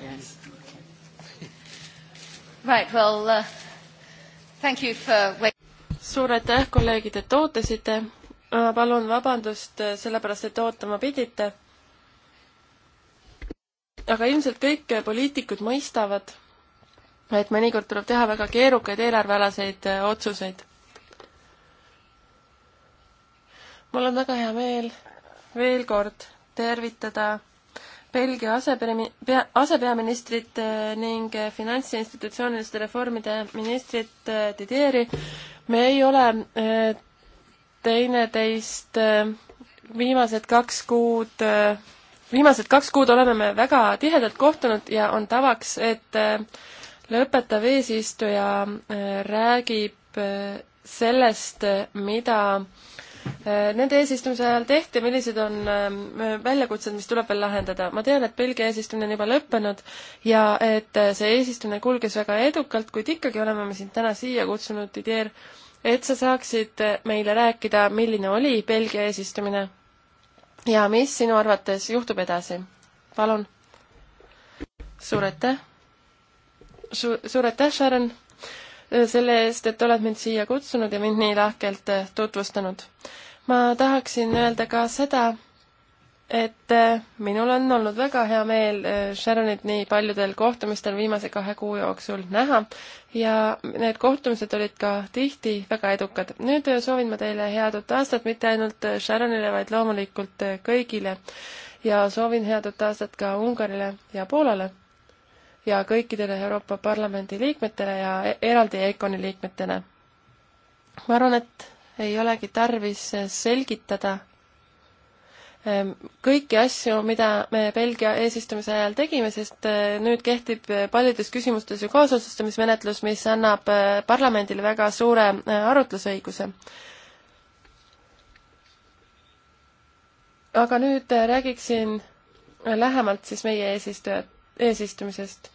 Yes. Right, well, uh, thank you for suur aitäh, kolleegid, et ootasite. Äh, palun vabandust äh, sellepärast, et ootama pidite. aga ilmselt kõik äh, poliitikud mõistavad, et mõnikord tuleb teha väga keerukaid eelarvealaseid otsuseid. mul on väga hea meel veel kord tervitada Belgia asepere-, asepeaministrit äh, ning äh, finantsinstitutsiooniliste reformide ministrit äh, Didieri. me ei ole teineteist viimased kaks kuud, viimased kaks kuud oleme me väga tihedalt kohtunud ja on tavaks, et lõpetav eesistuja räägib sellest, mida Äh, nende eesistumise ajal tehti, millised on ähm, väljakutsed, mis tuleb veel lahendada? ma tean, et Belgia eesistumine on juba lõppenud ja et äh, see eesistumine kulges väga edukalt, kuid ikkagi oleme me sind täna siia kutsunud, Didier, et sa saaksid äh, meile rääkida, milline oli Belgia eesistumine ja mis sinu arvates juhtub edasi? palun. suur aitäh. suur aitäh, Sharon selle eest, et oled mind siia kutsunud ja mind nii lahkelt tutvustanud ma tahaksin öelda ka seda, et äh, minul on olnud väga hea meel äh, Sharonit nii paljudel kohtumistel viimase kahe kuu jooksul näha ja need kohtumised olid ka tihti väga edukad. nüüd äh, soovin ma teile head uut aastat mitte ainult Sharonile, vaid loomulikult kõigile ja soovin head uut aastat ka Ungarile ja Poolale ja kõikidele Euroopa Parlamendi liikmetele ja e-, eraldi EKONi liikmetele. ma arvan, et ei olegi tarvis selgitada ehm, kõiki asju, mida me Belgia eesistumise ajal tegime, sest eh, nüüd kehtib paljudes küsimustes ju kaasotsustamismenetlus, mis annab eh, parlamendile väga suure eh, arutlusõiguse. aga nüüd räägiksin lähemalt siis meie eesistuja, eesistumisest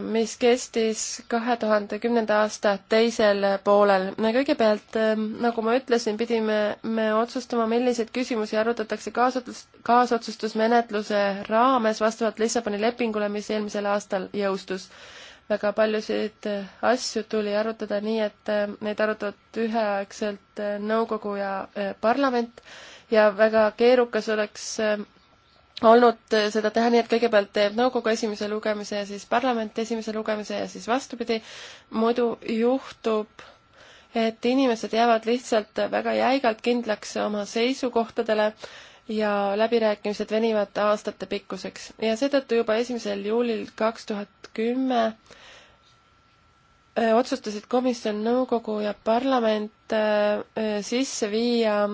mis kestis kahe tuhande kümnenda aasta teisel poolel. kõigepealt, ähm, nagu ma ütlesin, pidime me otsustama, milliseid küsimusi arutatakse kaasotus, kaasotsustusmenetluse raames vastavalt Lissaboni lepingule, mis eelmisel aastal jõustus. väga paljusid äh, asju tuli arutada nii, et äh, neid arutavad üheaegselt äh, nõukogu ja parlament ja väga keerukas oleks olnud eh, seda teha nii, et kõigepealt teeb nõukogu esimese lugemise ja siis parlament esimese lugemise ja siis vastupidi, muidu juhtub, et inimesed jäävad lihtsalt väga jäigalt kindlaks oma seisukohtadele ja läbirääkimised venivad aastate pikkuseks. ja seetõttu juba esimesel juulil kaks tuhat kümme eh, otsustasid komisjon, nõukogu ja parlament eh, sisse viia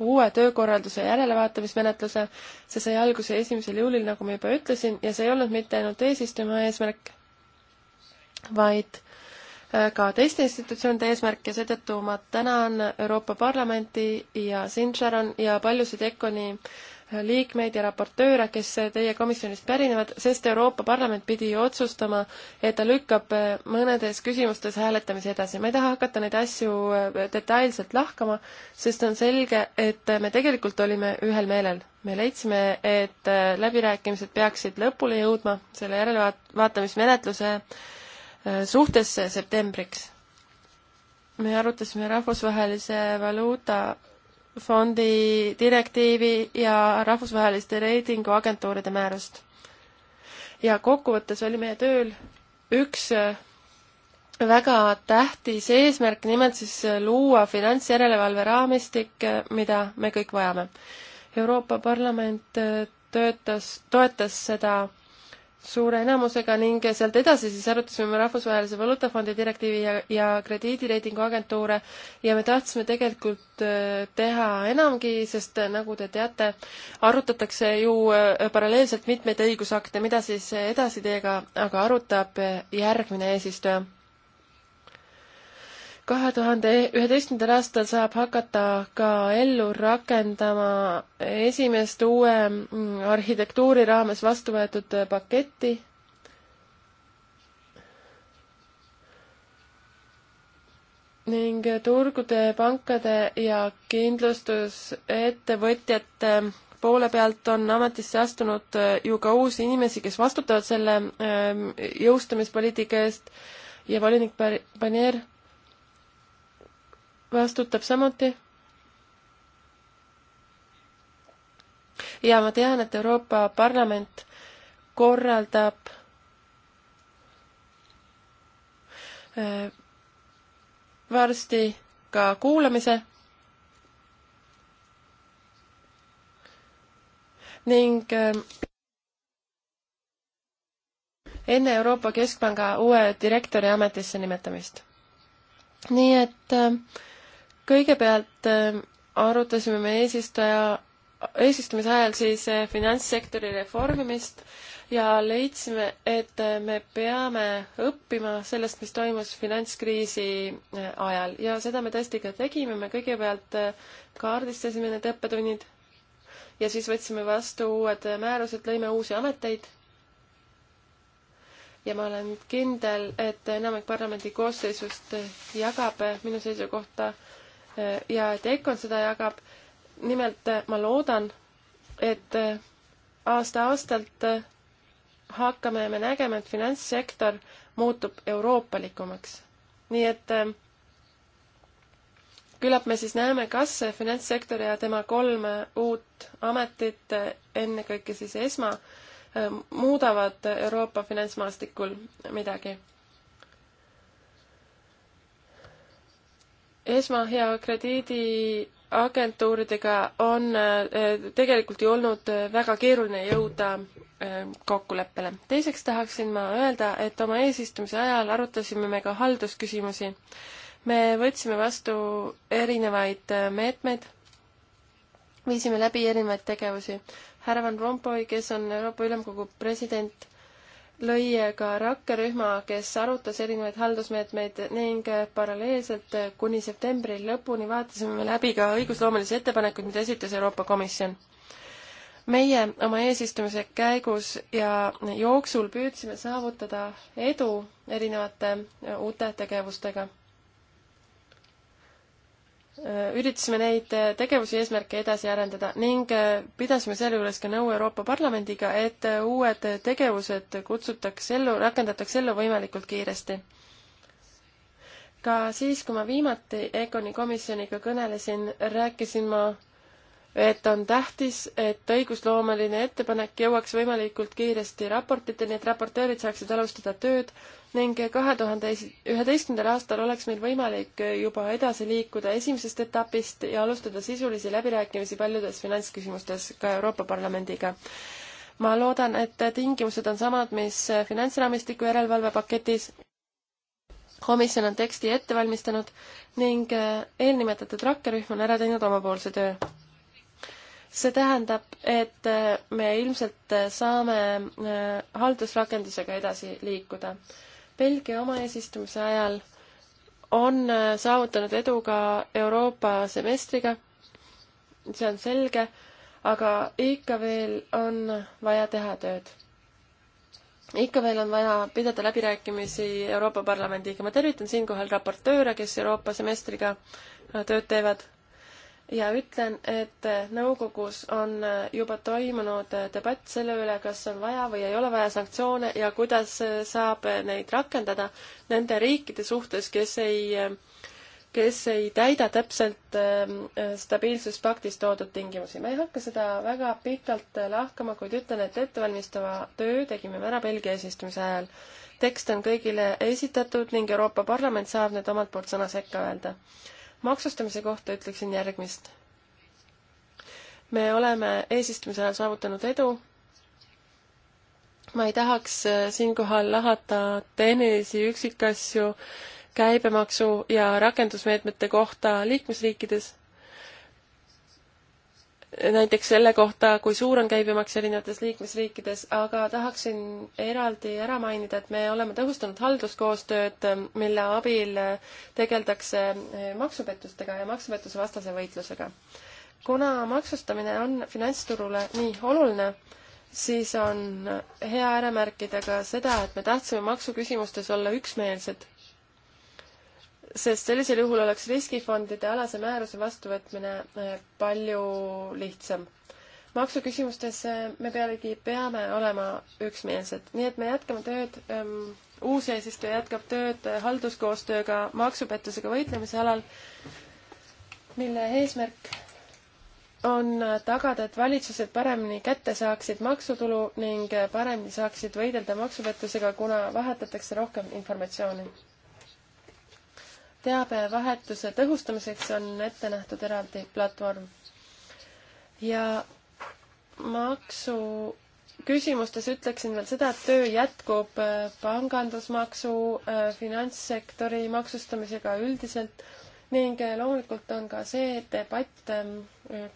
uue töökorralduse järelevaatamismenetluse. see sai alguse esimesel juulil, nagu ma juba ütlesin, ja see ei olnud mitte ainult eesistuja eesmärk, vaid äh, ka teiste institutsioonide eesmärk ja seetõttu ma tänan Euroopa Parlamenti ja sind, Sharon, ja paljusid ECONi liikmeid ja raportööre, kes teie komisjonist pärinevad, sest Euroopa Parlament pidi otsustama, et ta lükkab mõnedes küsimustes hääletamise edasi. ma ei taha hakata neid asju äh, detailselt lahkama, sest on selge, et me tegelikult olime ühel meelel. me leidsime, et äh, läbirääkimised peaksid lõpule jõudma selle järelevaatamismenetluse äh, suhtesse septembriks me arutasime Rahvusvahelise Valuuta fondi direktiivi ja rahvusvaheliste reitinguagentuuride määrust. ja kokkuvõttes oli meie tööl üks äh, väga tähtis eesmärk, nimelt siis äh, luua finantsjärelevalve raamistik, äh, mida me kõik vajame. Euroopa Parlament töötas, toetas seda suure enamusega ning sealt edasi siis arutasime Rahvusvahelise Valuutafondi direktiivi ja, ja krediidireitingu agentuure ja me tahtsime tegelikult äh, teha enamgi, sest äh, nagu te teate, arutatakse ju äh, paralleelselt mitmeid õigusakte, mida siis edasi teiega aga arutab järgmine eesistuja kahe tuhande üheteistkümnendal aastal saab hakata ka ellu rakendama esimest uue mm, arhitektuuri raames vastu võetud paketti. ning turgude, pankade ja kindlustusettevõtjate poole pealt on ametisse astunud äh, ju ka uusi inimesi, kes vastutavad selle ähm, jõustamispoliitika eest ja volinik Barnier vastutab samuti. ja ma tean, et Euroopa Parlament korraldab äh, varsti ka kuulamise ning äh, enne Euroopa Keskpanga uue direktori ametisse nimetamist. nii et äh, kõigepealt ähm, arutasime me eesistuja, eesistumise ajal siis äh, finantssektori reformimist ja leidsime, et äh, me peame õppima sellest, mis toimus finantskriisi äh, ajal ja seda me tõesti ka tegime, me kõigepealt kaardistasime need õppetunnid ja siis võtsime vastu uued määrused, lõime uusi ameteid. ja ma olen kindel, et enamik parlamendi koosseisust jagab minu seisukohta Äh, ja et EKOn seda jagab. nimelt äh, ma loodan, et äh, aasta-aastalt hakkame me nägema, et finantssektor muutub euroopalikumaks. nii et küllap me siis näeme, kas see finantssektor ja tema kolm uut ametit, ennekõike siis ESMA, muudavad Euroopa finantsmaastikul midagi esma- ja krediidiagentuuridega on äh, tegelikult ju olnud äh, väga keeruline jõuda äh, kokkuleppele. teiseks tahaksin ma öelda, et oma eesistumise ajal arutasime me ka haldusküsimusi. me võtsime vastu erinevaid meetmeid, viisime läbi erinevaid tegevusi. härra Van Rompuy, kes on Euroopa Ülemkogu president, lõi ka rakkerühma, kes arutas erinevaid haldusmeetmeid ning paralleelselt kuni septembri lõpuni vaatasime me läbi ka õigusloomelisi ettepanekuid, mida esitas Euroopa Komisjon. meie oma eesistumise käigus ja jooksul püüdsime saavutada edu erinevate uute tegevustega üritasime neid tegevusi, eesmärke edasi arendada ning äh, pidasime selle juures ka nõu Euroopa Parlamendiga, et äh, uued tegevused kutsutakse ellu, rakendatakse ellu võimalikult kiiresti. ka siis, kui ma viimati EKONi komisjoniga kõnelesin, rääkisin ma et on tähtis, et õigusloomeline ettepanek jõuaks võimalikult kiiresti raportiteni, et raportöörid saaksid alustada tööd ning kahe tuhande üheteistkümnendal aastal oleks meil võimalik juba edasi liikuda esimesest etapist ja alustada sisulisi läbirääkimisi paljudes finantsküsimustes ka Euroopa Parlamendiga ma loodan, et tingimused on samad, mis finantsraamistiku järelevalvepaketis. komisjon on teksti ette valmistanud ning eelnimetatud rakkerühm on ära teinud omapoolse töö see tähendab, et äh, me ilmselt äh, saame äh, haldusrakendusega edasi liikuda. Belgia oma eesistumise ajal on saavutanud edu ka Euroopa semestriga, see on selge, aga ikka veel on vaja teha tööd. ikka veel on vaja pidada läbirääkimisi Euroopa Parlamendiga, ma tervitan siinkohal raportööre, kes Euroopa semestriga tööd teevad ja ütlen, et äh, nõukogus on äh, juba toimunud äh, debatt selle üle, kas on vaja või ei ole vaja sanktsioone ja kuidas saab neid rakendada nende riikide suhtes, kes ei, kes ei täida täpselt ähm, stabiilsuspaktis toodud tingimusi. ma ei hakka seda väga pikalt lahkama, kuid ütlen, et ettevalmistava töö tegime me ära Belgia eesistumise ajal. tekst on kõigile esitatud ning Euroopa Parlament saab nüüd omalt poolt sõna sekka öelda maksustamise kohta ütleksin järgmist. me oleme eesistumise ajal saavutanud edu. ma ei tahaks äh, siinkohal lahata tehnilisi üksikasju käibemaksu ja rakendusmeetmete kohta liikmesriikides näiteks selle kohta, kui suur on käibemaks erinevates liikmesriikides, aga tahaksin eraldi ära mainida, et me oleme tõhustanud halduskoostööd, mille abil tegeldakse maksupettustega ja maksupettuste vastase võitlusega. kuna maksustamine on finantsturule nii oluline, siis on hea ära märkida ka seda, et me tahtsime maksuküsimustes olla üksmeelsed sest sellisel juhul oleks riskifondide alase määruse vastuvõtmine äh, palju lihtsam. maksuküsimustes äh, me pealegi peame olema üksmeelsed, nii et me jätkame tööd, ähm, uus eesistuja jätkab tööd äh, halduskoostööga maksupettusega võitlemise alal, mille eesmärk on tagada, et valitsused paremini kätte saaksid maksutulu ning paremini saaksid võidelda maksupettusega, kuna vahetatakse rohkem informatsiooni teabevahetuse tõhustamiseks on ette nähtud eraldi platvorm. ja maksu küsimustes ütleksin veel seda, et töö jätkub äh, pangandusmaksu, äh, finantssektori maksustamisega üldiselt ning äh, loomulikult on ka see debatt ähm,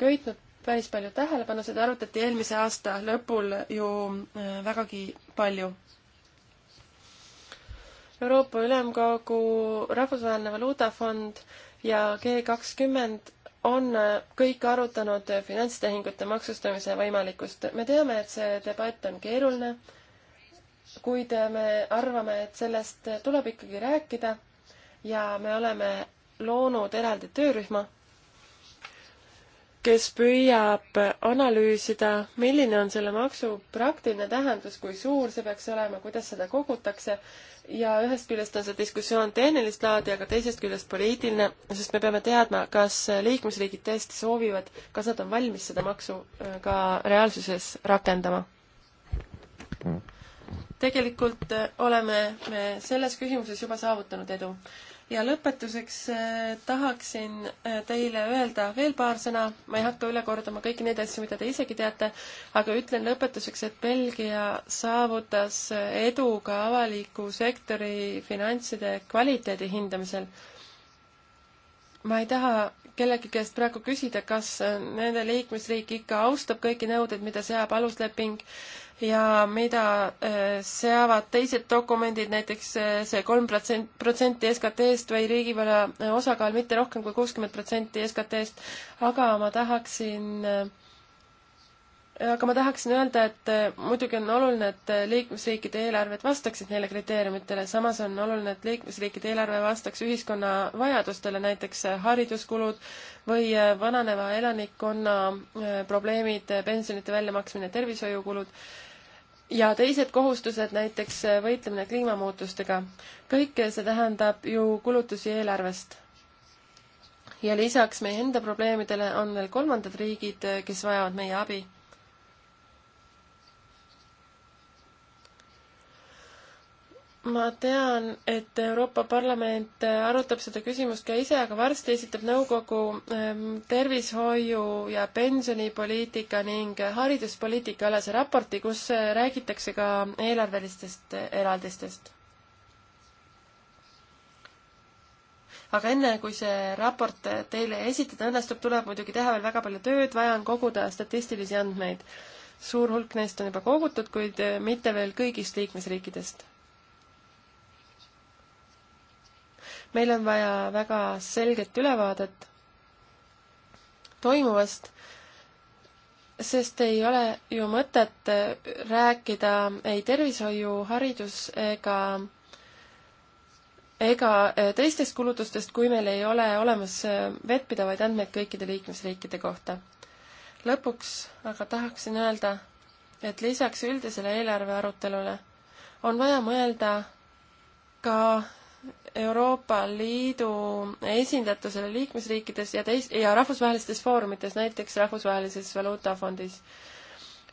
köitnud päris palju tähelepanu, seda arutati eelmise aasta lõpul ju vägagi palju Euroopa Ülemkogu, Rahvusvaheline Valuutafond ja G kakskümmend on äh, kõik arutanud äh, finantstehingute maksustamise võimalikkust. me teame, et see debatt on keeruline, kuid äh, me arvame, et sellest tuleb ikkagi rääkida ja me oleme loonud eraldi töörühma kes püüab analüüsida, milline on selle maksu praktiline tähendus, kui suur see peaks olema, kuidas seda kogutakse ja ühest küljest on see diskussioon tehnilist laadi, aga teisest küljest poliitiline, sest me peame teadma, kas liikmesriigid tõesti soovivad, kas nad on valmis seda maksu äh, ka reaalsuses rakendama. tegelikult äh, oleme me selles küsimuses juba saavutanud edu ja lõpetuseks äh, tahaksin äh, teile öelda veel paar sõna, ma ei hakka üle kordama kõiki neid asju, mida te isegi teate, aga ütlen lõpetuseks, et Belgia saavutas äh, edu ka avaliku sektori finantside kvaliteedi hindamisel. ma ei taha kellegi käest praegu küsida, kas äh, nende liikmesriik ikka austab kõiki nõudeid, mida seab alusleping ja mida äh, seavad teised dokumendid, näiteks äh, see kolm protsent, protsenti SKT-st või riigivara osakaal mitte rohkem kui kuuskümmend protsenti SKT-st, aga ma tahaksin äh, aga ma tahaksin öelda, et eh, muidugi on oluline, et eh, liikmesriikide eelarved vastaksid neile kriteeriumitele, samas on oluline, et liikmesriikide eelarve vastaks ühiskonna vajadustele, näiteks eh, hariduskulud või vananeva elanikkonna probleemid, pensionite väljamaksmine, tervishoiukulud ja teised kohustused, näiteks võitlemine kliimamuutustega. kõike see tähendab ju kulutusi eelarvest ja lisaks meie enda probleemidele on veel kolmandad riigid, kes vajavad meie abi ma tean, et Euroopa Parlament äh, arutab seda küsimust ka ise, aga varsti esitab nõukogu ähm, tervishoiu- ja pensionipoliitika ning hariduspoliitika alase raporti, kus äh, räägitakse ka eelarvelistest äh, eraldistest. aga enne, kui see raport teile esitada õnnestub, tuleb muidugi teha veel väga palju tööd, vaja on koguda statistilisi andmeid. suur hulk neist on juba kogutud, kuid mitte veel kõigist liikmesriikidest meil on vaja väga selget ülevaadet toimuvast, sest ei ole ju mõtet äh, rääkida ei tervishoiu, haridus ega ega äh, teistest kulutustest, kui meil ei ole olemas äh, vettpidavaid andmeid kõikide liikmesriikide kohta. lõpuks aga tahaksin öelda, et lisaks üldisele eelarve arutelule on vaja mõelda ka Euroopa Liidu esindatusele liikmesriikides ja teis- ja rahvusvahelistes foorumites, näiteks Rahvusvahelises Valuutafondis.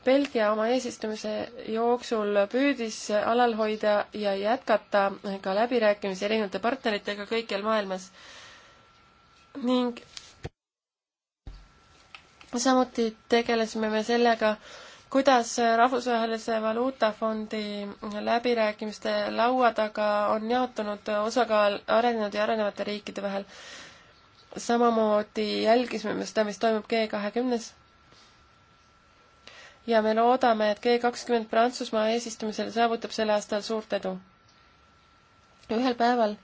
Belgia oma eesistumise jooksul püüdis alal hoida ja jätkata ka läbirääkimisi erinevate partneritega kõikjal maailmas ning samuti tegelesime me sellega, kuidas Rahvusvahelise Valuutafondi läbirääkimiste laua taga on jaotunud osakaal arenenud ja arenevate riikide vahel? samamoodi jälgisime me seda, mis toimub G kahekümnes ja me loodame, et G kakskümmend Prantsusmaa eesistumisel saavutab sel aastal suurt edu. ühel päeval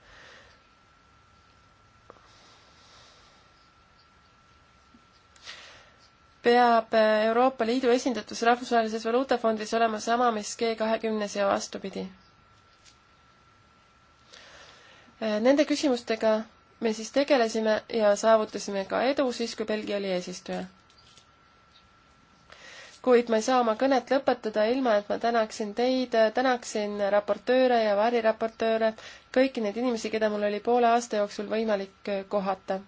peab Euroopa Liidu esindatus Rahvusvahelises Valuutafondis olema sama, mis G kahekümnes ja vastupidi. Nende küsimustega me siis tegelesime ja saavutasime ka edu siis, kui Belgia oli eesistuja. kuid ma ei saa oma kõnet lõpetada ilma, et ma tänaksin teid, tänaksin raportööre ja variraportööre, kõiki neid inimesi, keda mul oli poole aasta jooksul võimalik kohata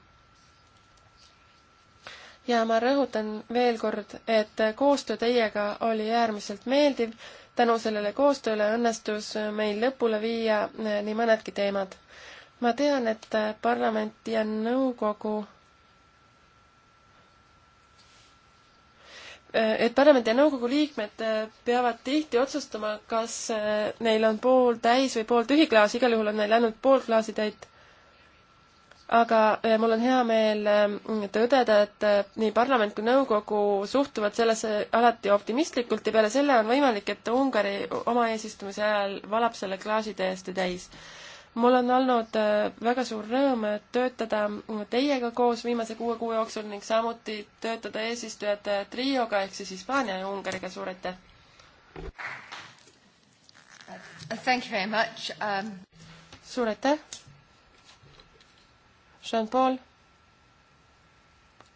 ja ma rõhutan veel kord, et koostöö teiega oli äärmiselt meeldiv. tänu sellele koostööle õnnestus meil lõpule viia eh, nii mõnedki teemad. ma tean, et parlament ja nõukogu eh, et parlamendi ja nõukogu liikmed eh, peavad tihti otsustama, kas neil on pooltäis või pooltühi klaas, igal juhul on neil ainult pool klaasitäit aga äh, mul on hea meel ähm, tõdeda, et äh, nii parlament kui nõukogu suhtuvad sellesse alati optimistlikult ja peale selle on võimalik, et Ungari oma eesistumise ajal valab selle klaasi täiesti täis. mul on olnud äh, väga suur rõõm töötada teiega koos viimase kuue kuu jooksul ning samuti töötada eesistujate trioga ehk siis Hispaania ja Ungariga, suur aitäh! Thank you very much um.... suur aitäh! Jean-Paul,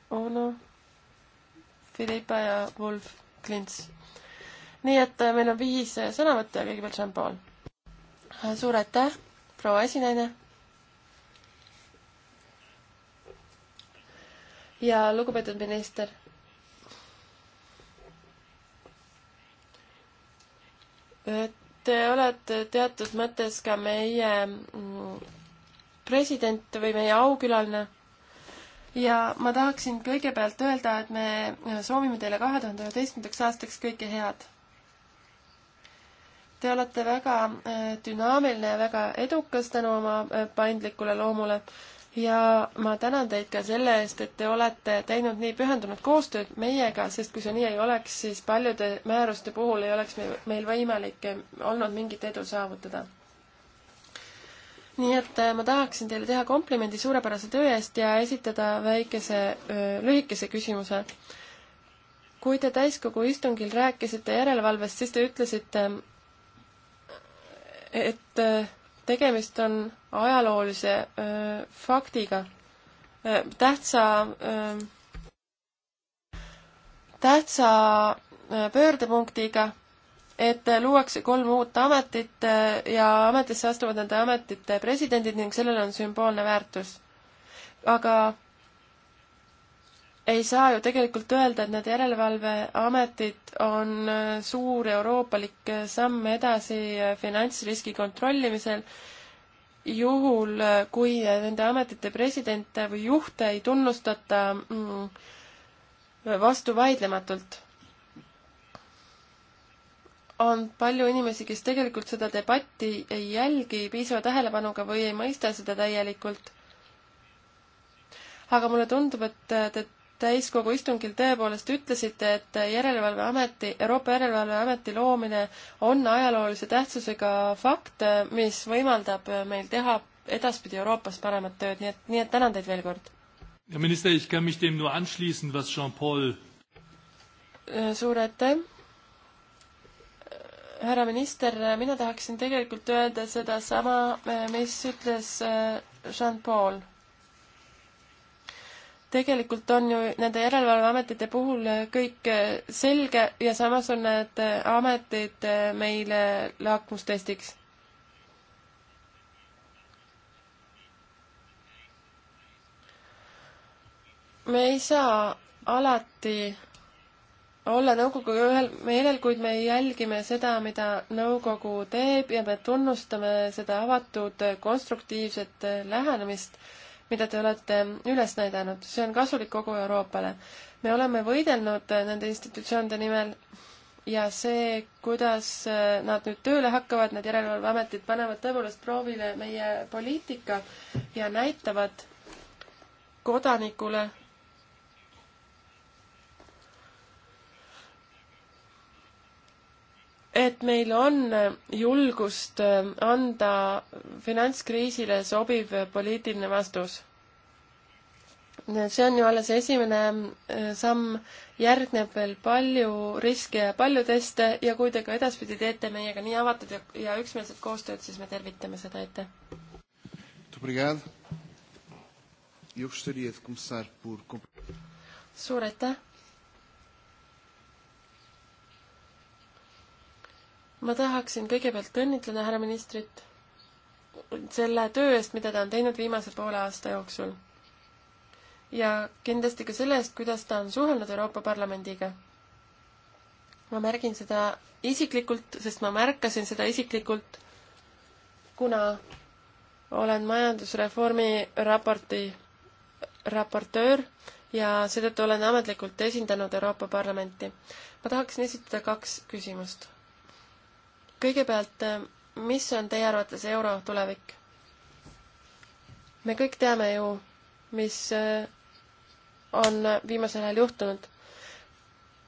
Uno, Philippa ja Wolf Klints. nii et äh, meil on viis äh, sõnavõttu ja kõigepealt Jean-Paul. Äh, suur aitäh, proua esinaine. ja lugupeetud minister Te olete teatud mõttes ka meie mm, president või meie aukülaline. ja ma tahaksin kõigepealt öelda, et me soovime teile kahe tuhande üheteistkümnendaks aastaks kõike head. Te olete väga äh, dünaamiline ja väga edukas tänu oma äh, paindlikule loomule ja ma tänan teid ka selle eest, et te olete teinud nii pühendunud koostööd meiega, sest kui see nii ei oleks, siis paljude määruste puhul ei oleks meil võimalik äh, olnud mingit edu saavutada nii et äh, ma tahaksin teile teha komplimendi suurepärase töö eest ja esitada väikese, lühikese küsimuse. kui te täiskogu istungil rääkisite järelevalvest, siis te ütlesite, äh, et äh, tegemist on ajaloolise öö, faktiga, tähtsa, tähtsa pöördepunktiga et luuakse kolm uut ametit äh, ja ametisse astuvad nende ametite presidendid ning sellel on sümboolne väärtus. aga ei saa ju tegelikult öelda, et need järelevalveametid on äh, suur euroopalik äh, samm edasi finantsriski kontrollimisel, juhul kui nende ametite presidente või juhte ei tunnustata mm, vastuvaidlematult on palju inimesi, kes tegelikult seda debatti ei jälgi piisava tähelepanuga või ei mõista seda täielikult. aga mulle tundub, et te täiskogu istungil tõepoolest ütlesite, et Järelevalveameti, Euroopa Järelevalveameti loomine on ajaloolise tähtsusega fakt, mis võimaldab meil teha edaspidi Euroopas paremat tööd, nii et, nii et tänan teid veel kord. minister, ich kann mich dem nur anschließen, was Jean-Paul suur aitäh! härra minister, mina tahaksin tegelikult öelda sedasama, mis ütles äh, Jean-Paul. tegelikult on ju nende järelevalveametite puhul äh, kõik äh, selge ja samas on need ametid meile lakmustestiks me ei saa alati olla nõukoguga ühel meelel, kuid me jälgime seda, mida nõukogu teeb ja me tunnustame seda avatud konstruktiivset lähenemist, mida te olete üles näidanud. see on kasulik kogu Euroopale. me oleme võidelnud nende institutsioonide nimel ja see, kuidas nad nüüd tööle hakkavad, need järelevalveametid panevad tõepoolest proovile meie poliitika ja näitavad kodanikule et meil on äh, julgust äh, anda finantskriisile sobiv äh, poliitiline vastus. see on ju alles esimene samm, järgneb veel palju riske ja palju teste ja kui te ka edaspidi teete meiega nii avatud ja, ja üksmeelset koostööd, siis me tervitame seda, aitäh! suur aitäh! ma tahaksin kõigepealt õnnitleda härra ministrit selle töö eest, mida ta on teinud viimase poole aasta jooksul. ja kindlasti ka selle eest, kuidas ta on suhelnud Euroopa Parlamendiga. ma märgin seda isiklikult, sest ma märkasin seda isiklikult, kuna olen majandusreformi raporti raportöör ja seetõttu olen ametlikult esindanud Euroopa Parlamenti. ma tahaksin esitada kaks küsimust kõigepealt, äh, mis on teie arvates euro tulevik? me kõik teame ju, mis äh, on viimasel ajal juhtunud.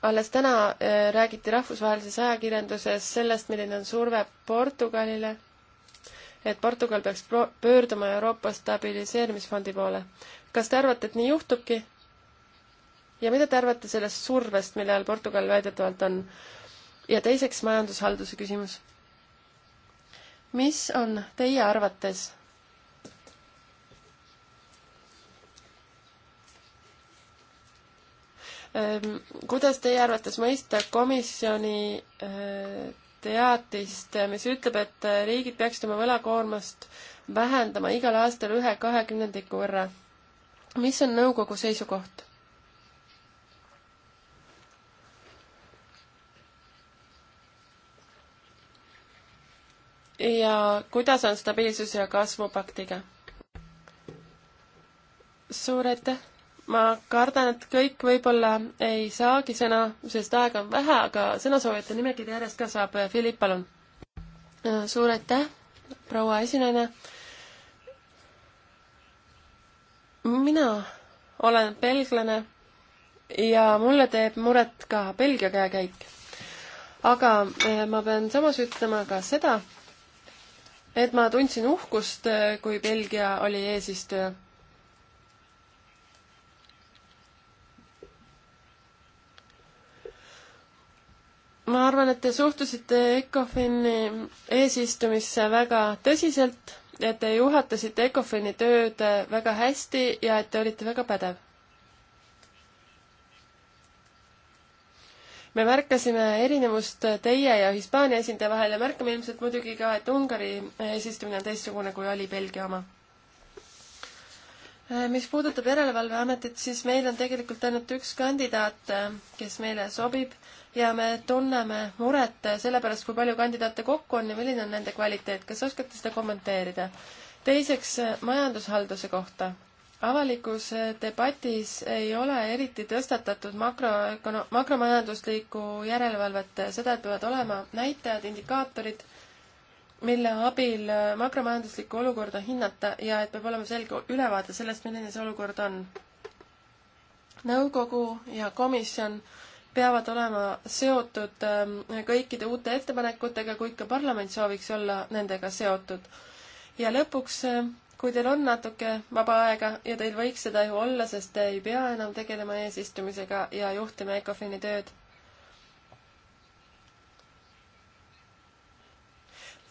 alles täna äh, räägiti rahvusvahelises ajakirjanduses sellest, milline on surve Portugalile, et Portugal peaks pöörduma Euroopa stabiliseerimisfondi poole. kas te arvate, et nii juhtubki? ja mida te arvate sellest survest, mille all Portugal väidetavalt on? ja teiseks majandushalduse küsimus. mis on teie arvates ehm, kuidas teie arvates mõista komisjoni eh, teatist, eh, mis ütleb, et eh, riigid peaksid oma võlakoormust vähendama igal aastal ühe kahekümnendiku võrra? mis on nõukogu seisukoht? ja kuidas on stabiilsus- ja kasvupaktiga? suur aitäh! ma kardan, et kõik võib-olla ei saagi sõna, sest aega on vähe, aga sõnasoovijate nimekiri järjest ka saab. Philipp, palun! suur aitäh, proua esinaine! mina olen belglane ja mulle teeb muret ka Belgia käekäik. aga eh, ma pean samas ütlema ka seda, et ma tundsin uhkust, kui Belgia oli eesistuja. ma arvan, et te suhtusite ECOFIN-i eesistumisse väga tõsiselt, et te juhatasite ECOFIN-i tööd väga hästi ja et te olite väga pädev me märkasime erinevust teie ja Hispaania esindaja vahel ja märkame ilmselt muidugi ka, et Ungari eesistumine on teistsugune, kui oli Belgia oma. mis puudutab Järelevalveametit, siis meil on tegelikult ainult üks kandidaat, kes meile sobib ja me tunneme muret selle pärast, kui palju kandidaate kokku on ja milline on nende kvaliteet. kas oskate seda kommenteerida? teiseks, majandushalduse kohta avalikus debatis ei ole eriti tõstatatud makro, makromajanduslikku järelevalvet, seda peavad olema näitajad, indikaatorid, mille abil makromajanduslikku olukorda hinnata ja et peab olema selge ülevaade sellest, milline see olukord on. nõukogu ja komisjon peavad olema seotud ähm, kõikide uute ettepanekutega, kuid ka parlament sooviks olla nendega seotud. ja lõpuks ähm, kui teil on natuke vaba aega ja teil võiks seda ju olla, sest te ei pea enam tegelema eesistumisega ja juhtima ECOFIN-i tööd,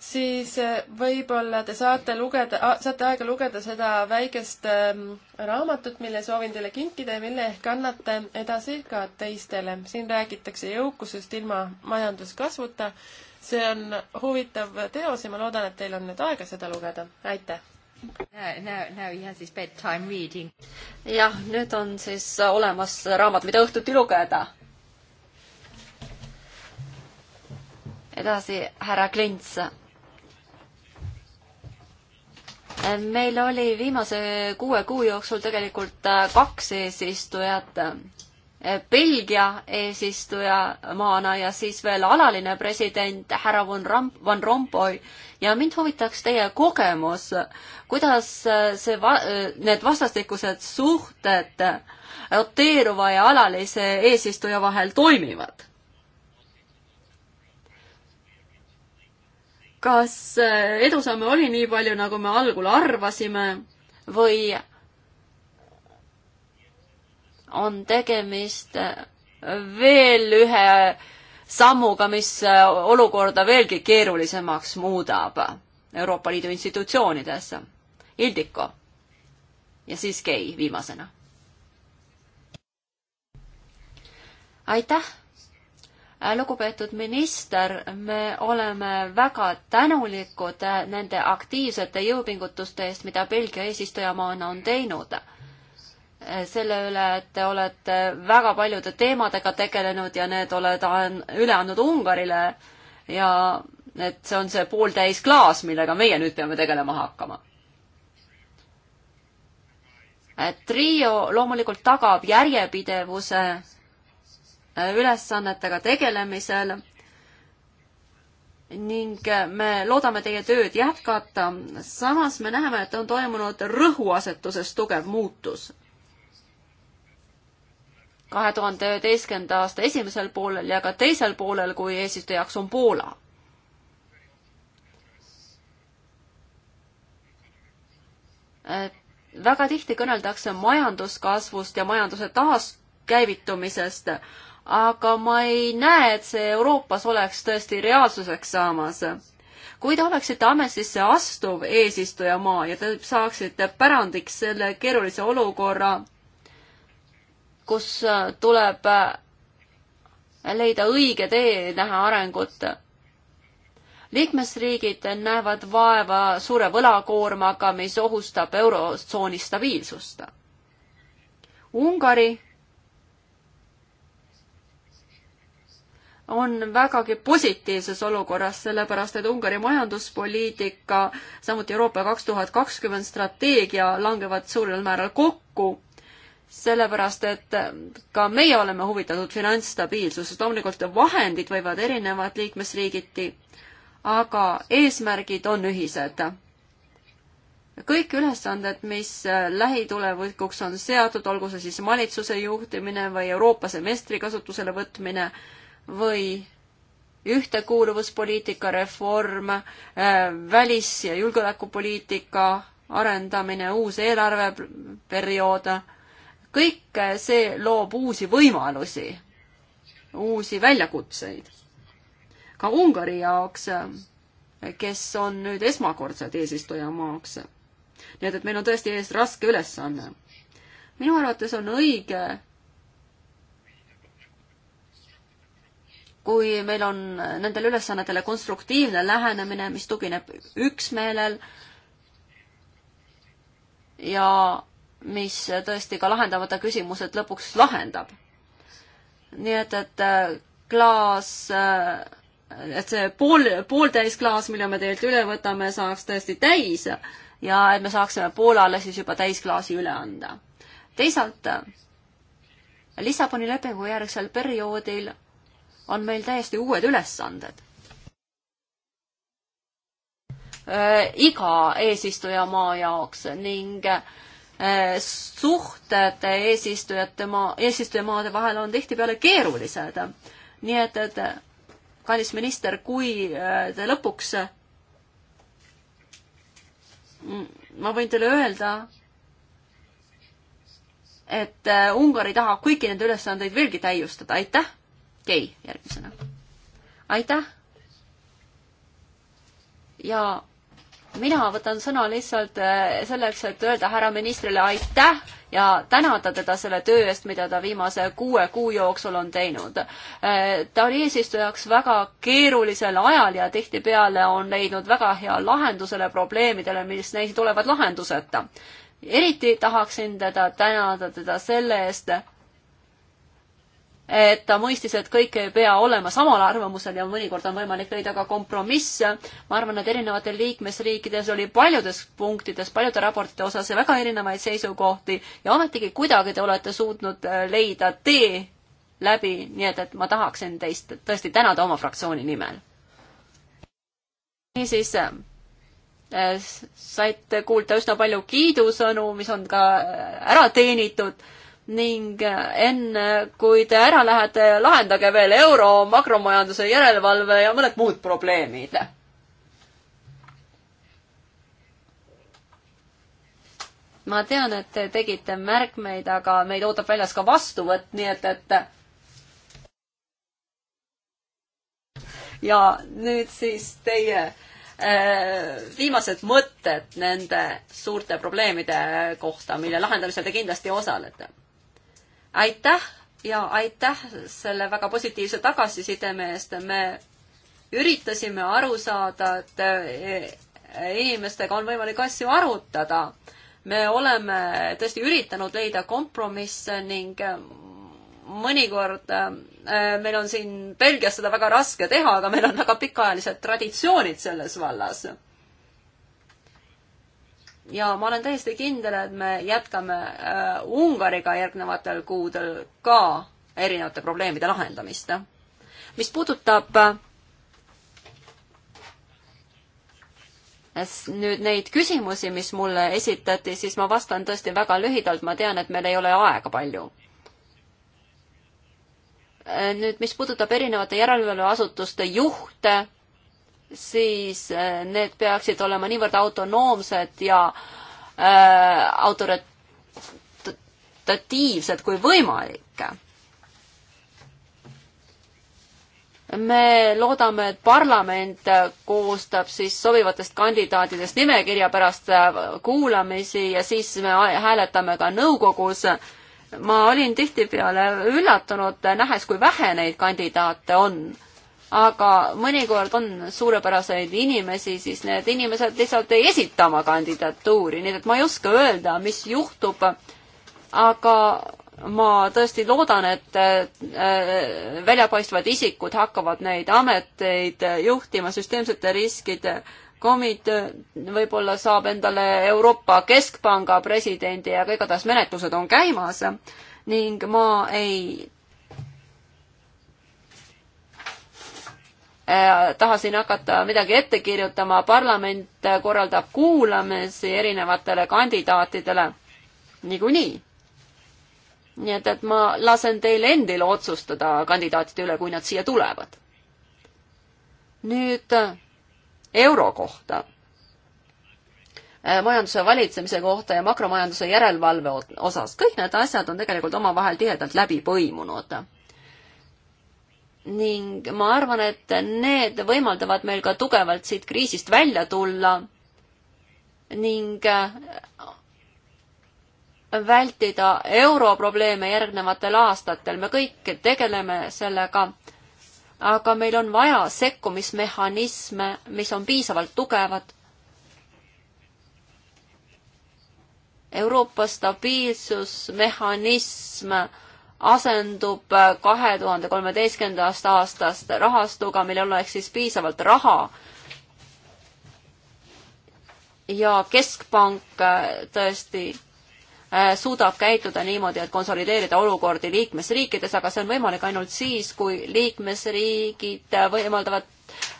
siis eh, võib-olla te saate lugeda, saate aega lugeda seda väikest ehm, raamatut, mille soovin teile kinkida ja mille ehk annate edasi ka teistele. siin räägitakse jõukusest ilma majanduskasvuta. see on huvitav teos ja ma loodan, et teil on nüüd aega seda lugeda. aitäh! jah, nüüd on siis olemas raamat, mida õhtuti lugeda. edasi, härra Klints. meil oli viimase kuue kuu jooksul tegelikult kaks eesistujat Belgia eesistuja maana ja siis veel alaline president härra Von Ramp-, Van Rompuy ja mind huvitaks teie kogemus, kuidas see va-, need vastastikused suhted roteeruva ja alalise eesistuja vahel toimivad? kas edusamme oli nii palju, nagu me algul arvasime või on tegemist veel ühe sammuga, mis olukorda veelgi keerulisemaks muudab Euroopa Liidu institutsioonides. Ildiko ja siis Kei viimasena. aitäh, lugupeetud minister, me oleme väga tänulikud nende aktiivsete jõupingutuste eest, mida Belgia eesistujamaana on teinud selle üle, et te olete väga paljude teemadega tegelenud ja need oled üle andnud Ungarile ja et see on see pooltäis klaas, millega meie nüüd peame tegelema hakkama. trio loomulikult tagab järjepidevuse ülesannetega tegelemisel ning me loodame teie tööd jätkata. samas me näeme, et on toimunud rõhuasetuses tugev muutus kahe tuhande üheteistkümnenda aasta esimesel poolel ja ka teisel poolel, kui eesistujaks on Poola. väga tihti kõneldakse majanduskasvust ja majanduse taaskäivitumisest, aga ma ei näe, et see Euroopas oleks tõesti reaalsuseks saamas kui te oleksite ametisse astuv eesistujamaa ja te saaksite pärandiks selle keerulise olukorra, kus äh, tuleb äh, leida õige tee, näha arengut. liikmesriigid näevad vaeva suure võlakoormaga, mis ohustab eurotsooni stabiilsust. Ungari on vägagi positiivses olukorras, sellepärast et Ungari majanduspoliitika, samuti Euroopa kaks tuhat kakskümmend strateegia langevad suurel määral kokku sellepärast et ka meie oleme huvitatud finantsstabiilsusest, loomulikult vahendid võivad erinevad liikmesriigiti, aga eesmärgid on ühised. kõik ülesanded, mis lähitulevikuks on seatud, olgu see siis valitsuse juhtimine või Euroopa semestri kasutusele võtmine või ühtekuuluvuspoliitika reform, välis- ja julgeolekupoliitika arendamine, uus eelarveperiood kõik see loob uusi võimalusi, uusi väljakutseid. ka Ungari jaoks, kes on nüüd esmakordselt eesistujamaaks. nii et, et meil on tõesti ees raske ülesanne. minu arvates on õige, kui meil on nendele ülesannetele konstruktiivne lähenemine, mis tugineb üksmeelel ja mis tõesti ka lahendamata küsimused lõpuks lahendab. nii et, et äh, klaas, äh, et see pool, pooltäis klaas, mille me teilt üle võtame, saaks tõesti täis ja et me saaksime Poolale siis juba täisklaasi üle anda. teisalt, Lissaboni lepingu järgsel perioodil on meil täiesti uued ülesanded äh, iga eesistujamaa jaoks ning Äh, suhted eesistujate maa, eesistujamaade vahel on tihtipeale keerulised. nii et, et kallis minister, kui äh, te lõpuks, mm, ma võin teile öelda, et äh, Ungari tahab kõiki neid ülesandeid veelgi täiustada, aitäh! Kei järgmisena. aitäh! ja mina võtan sõna lihtsalt eh, selleks, et öelda härra ministrile aitäh ja tänada teda selle töö eest, mida ta viimase kuue kuu jooksul on teinud. Eh, ta oli eesistujaks väga keerulisel ajal ja tihtipeale on leidnud väga hea lahendusele probleemidele, mis neil tulevad lahenduseta. eriti tahaksin teda tänada teda selle eest, et ta mõistis, et kõik ei pea olema samal arvamusel ja mõnikord on võimalik leida ka kompromisse. ma arvan, et erinevatel liikmesriikides oli paljudes punktides, paljude raportite osas väga erinevaid seisukohti ja ometigi kuidagi te olete suutnud äh, leida tee läbi, nii et, et ma tahaksin teist tõesti tänada oma fraktsiooni nimel. niisiis äh, saite kuulda üsna palju kiidusõnu, mis on ka äh, ära teenitud ning äh, enne, kui te ära lähete, lahendage veel euro, makromajanduse järelevalve ja mõned muud probleemid. ma tean, et te tegite märkmeid, aga meid ootab väljas ka vastuvõtt, nii et, et ja nüüd siis teie äh, viimased mõtted nende suurte probleemide kohta, mille lahendamisel te kindlasti osalete aitäh ja aitäh selle väga positiivse tagasisideme eest, me üritasime aru saada, et e, e, inimestega on võimalik asju arutada. me oleme tõesti üritanud leida kompromisse ning mõnikord e, meil on siin Belgias seda väga raske teha, aga meil on väga pikaajalised traditsioonid selles vallas ja ma olen täiesti kindel, et me jätkame äh, Ungariga järgnevatel kuudel ka erinevate probleemide lahendamist. mis puudutab äh, nüüd neid küsimusi, mis mulle esitati, siis ma vastan tõesti väga lühidalt, ma tean, et meil ei ole aega palju. Äh, nüüd, mis puudutab erinevate järelevalveasutuste juhte, siis äh, need peaksid olema niivõrd autonoomsed ja äh, autoritatiivsed kui võimalik. me loodame, et parlament koostab siis sobivatest kandidaatidest nimekirja pärast äh, kuulamisi ja siis me hääletame ka nõukogus ma olin tihtipeale üllatunud, nähes, kui vähe neid kandidaate on aga mõnikord on suurepäraseid inimesi, siis need inimesed lihtsalt ei esita oma kandidatuuri, nii et ma ei oska öelda, mis juhtub. aga ma tõesti loodan, et äh, väljapaistvad isikud hakkavad neid ameteid juhtima süsteemsete riskide komitee võib-olla saab endale Euroopa Keskpanga presidendi, aga igatahes menetlused on käimas ning ma ei Äh, tahasin hakata midagi ette kirjutama, parlament äh, korraldab kuulamisi erinevatele kandidaatidele niikuinii. nii et, et ma lasen teil endil otsustada kandidaatide üle, kui nad siia tulevad. nüüd äh, euro kohta, majanduse valitsemise kohta ja makromajanduse järelevalve osas, kõik need asjad on tegelikult omavahel tihedalt läbi põimunud ning ma arvan, et need võimaldavad meil ka tugevalt siit kriisist välja tulla ning äh, vältida europrobleeme järgnevatel aastatel. me kõik tegeleme sellega, aga meil on vaja sekkumismehhanisme, mis on piisavalt tugevad. Euroopa stabiilsusmehhanism asendub kahe tuhande kolmeteistkümnendast aastast rahastuga, millel oleks siis piisavalt raha. ja keskpank äh, tõesti äh, suudab käituda niimoodi, et konsolideerida olukordi liikmesriikides, aga see on võimalik ainult siis, kui liikmesriigid äh, võimaldavad,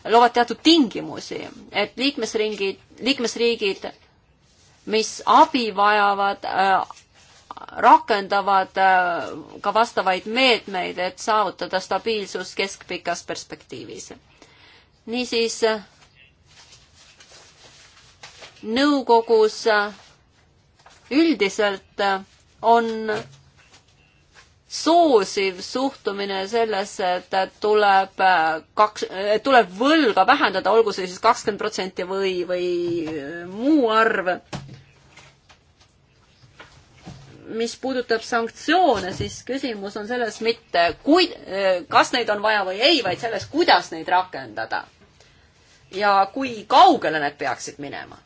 loovad teatud tingimusi, et liikmesringid, liikmesriigid, mis abi vajavad, rakendavad äh, ka vastavaid meetmeid, et saavutada stabiilsus keskpikas perspektiivis. niisiis nõukogus äh, üldiselt äh, on soosiv suhtumine sellesse, et tuleb kaks, tuleb võlga vähendada, olgu see siis kakskümmend protsenti või, või muu arv mis puudutab sanktsioone, siis küsimus on selles mitte, kui, kas neid on vaja või ei, vaid selles, kuidas neid rakendada. ja kui kaugele need peaksid minema.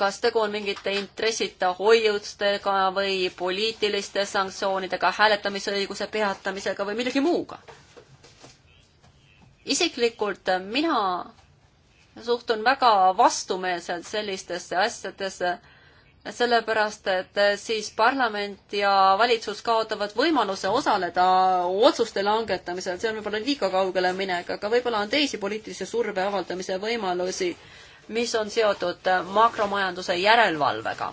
kas tegu on mingite intressita hoiustega või poliitiliste sanktsioonidega, hääletamisõiguse peatamisega või millegi muuga? isiklikult mina suhtun väga vastumeelselt sellistesse asjadesse, sellepärast et siis parlament ja valitsus kaotavad võimaluse osaleda otsuste langetamisel, see on võib-olla liiga kaugele minek, aga võib-olla on teisi poliitilise surve avaldamise võimalusi, mis on seotud makromajanduse järelevalvega.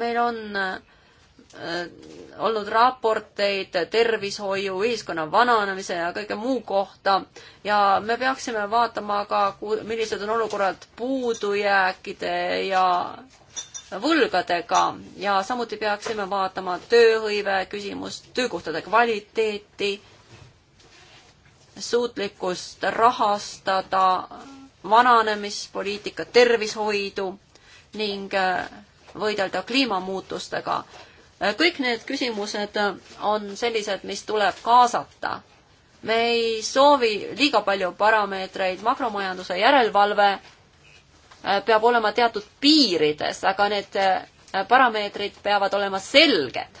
meil on äh, Äh, olnud raporteid tervishoiu, ühiskonna vananemise ja kõige muu kohta ja me peaksime vaatama ka, millised on olukorrad puudujääkide ja võlgadega ja samuti peaksime vaatama tööhõive küsimust, töökohtade kvaliteeti, suutlikkust rahastada vananemispoliitika, tervishoidu ning äh, võidelda kliimamuutustega kõik need küsimused on sellised, mis tuleb kaasata. me ei soovi liiga palju parameetreid, makromajanduse järelevalve äh, peab olema teatud piirides, aga need äh, parameetrid peavad olema selged.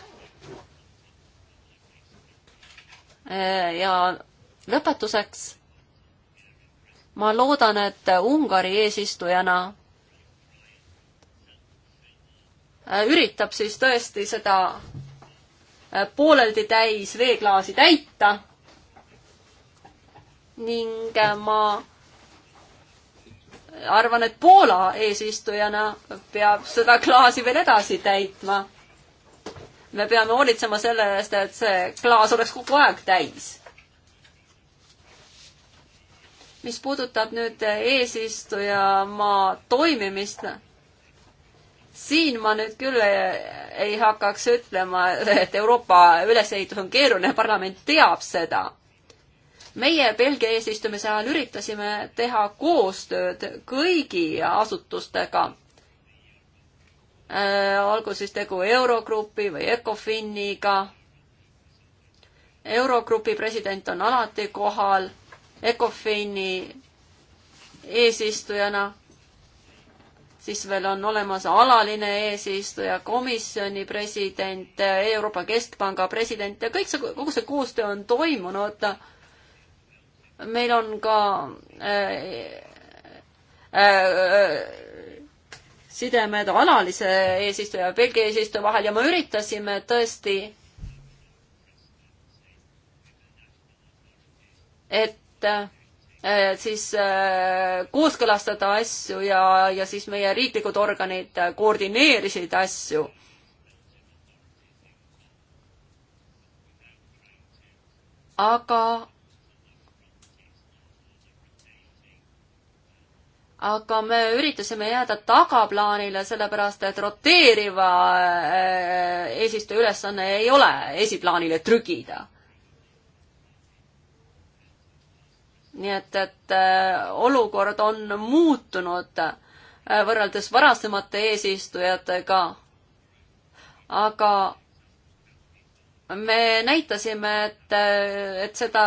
Äh, ja lõpetuseks ma loodan, et Ungari eesistujana Äh, üritab siis tõesti seda äh, pooleldi täis veeklaasi täita. ning äh, ma arvan, et Poola eesistujana peab seda klaasi veel edasi täitma. me peame hoolitsema selle eest, et see klaas oleks kogu aeg täis. mis puudutab nüüd eesistujamaa toimimist siin ma nüüd küll ei hakkaks ütlema, et Euroopa ülesehitus on keeruline, parlament teab seda. meie Belgia eesistumise ajal üritasime teha koostööd kõigi asutustega. Äh, olgu siis tegu Eurogrupi või Ecofiniga. Eurogrupi president on alati kohal, Ecofini eesistujana siis veel on olemas alaline eesistuja, komisjoni president, Euroopa Keskpanga president ja kõik see, kogu see koostöö on toimunud. meil on ka äh, äh, sidemed alalise eesistuja ja Belgia eesistuja vahel ja me üritasime tõesti, et äh, Eh, siis eh, kooskõlastada asju ja, ja siis meie riiklikud organid eh, koordineerisid asju. aga aga me üritasime jääda tagaplaanile, sellepärast et roteeriva eesistuja ülesanne ei ole esiplaanile trügida nii et, et äh, olukord on muutunud äh, võrreldes varasemate eesistujatega. aga me näitasime, et, äh, et seda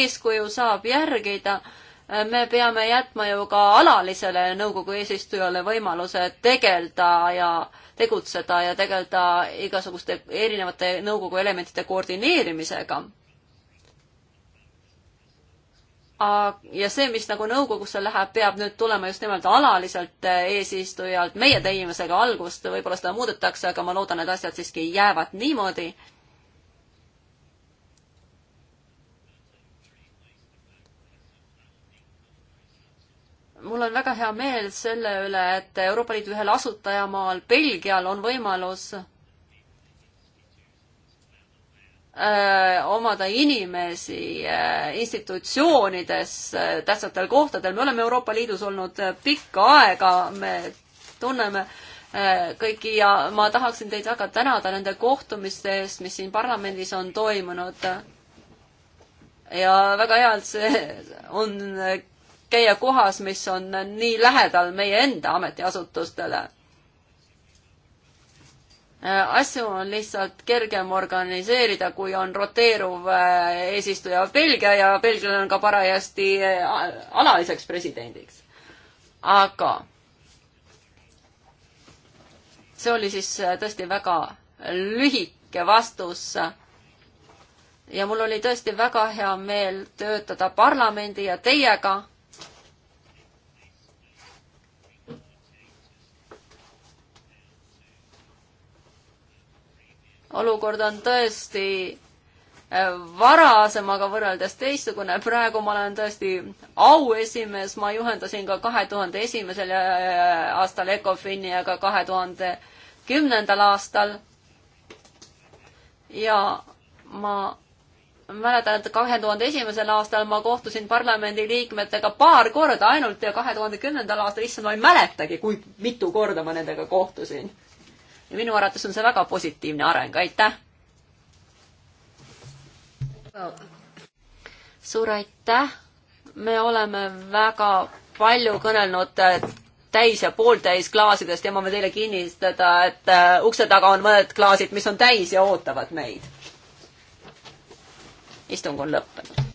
eeskuju saab järgida. me peame jätma ju ka alalisele nõukogu eesistujale võimaluse tegeleda ja tegutseda ja tegeleda igasuguste erinevate nõukogu elementide koordineerimisega ja see, mis nagu nõukogusse läheb, peab nüüd tulema just nimelt alaliselt eh, eesistujalt. meie tegime seega algust, võib-olla seda muudetakse, aga ma loodan, et asjad siiski jäävad niimoodi. mul on väga hea meel selle üle, et Euroopa Liidu ühel asutajamaal, Belgial, on võimalus Äh, omada inimesi äh, institutsioonides äh, tähtsatel kohtadel. me oleme Euroopa Liidus olnud pikka aega, me tunneme kõiki ja ma tahaksin teid väga tänada nende kohtumiste eest, mis siin parlamendis on toimunud. ja väga hea, et see on käia kohas, mis on nii lähedal meie enda ametiasutustele Äh, asju on lihtsalt kergem organiseerida, kui on roteeruv äh, eesistuja Belgia ja Belgial on ka parajasti äh, alaliseks presidendiks. aga see oli siis tõesti väga lühike vastus. ja mul oli tõesti väga hea meel töötada parlamendi ja teiega olukord on tõesti äh, varasemaga võrreldes teistsugune, praegu ma olen tõesti auesimees, ma juhendasin ka kahe tuhande esimesel äh, aastal Ecofini ja ka kahe tuhande kümnendal aastal. ja ma mäletan, et kahe tuhande esimesel aastal ma kohtusin parlamendiliikmetega paar korda ainult ja kahe tuhande kümnendal aastal, issand, ma ei mäletagi, kui mitu korda ma nendega kohtusin ja minu arvates on see väga positiivne areng, aitäh! suur aitäh! me oleme väga palju kõnelnud äh, täis ja pooltäis klaasidest ja ma võin teile kinnitada, et äh, ukse taga on mõned klaasid, mis on täis ja ootavad meid. istung on lõppenud.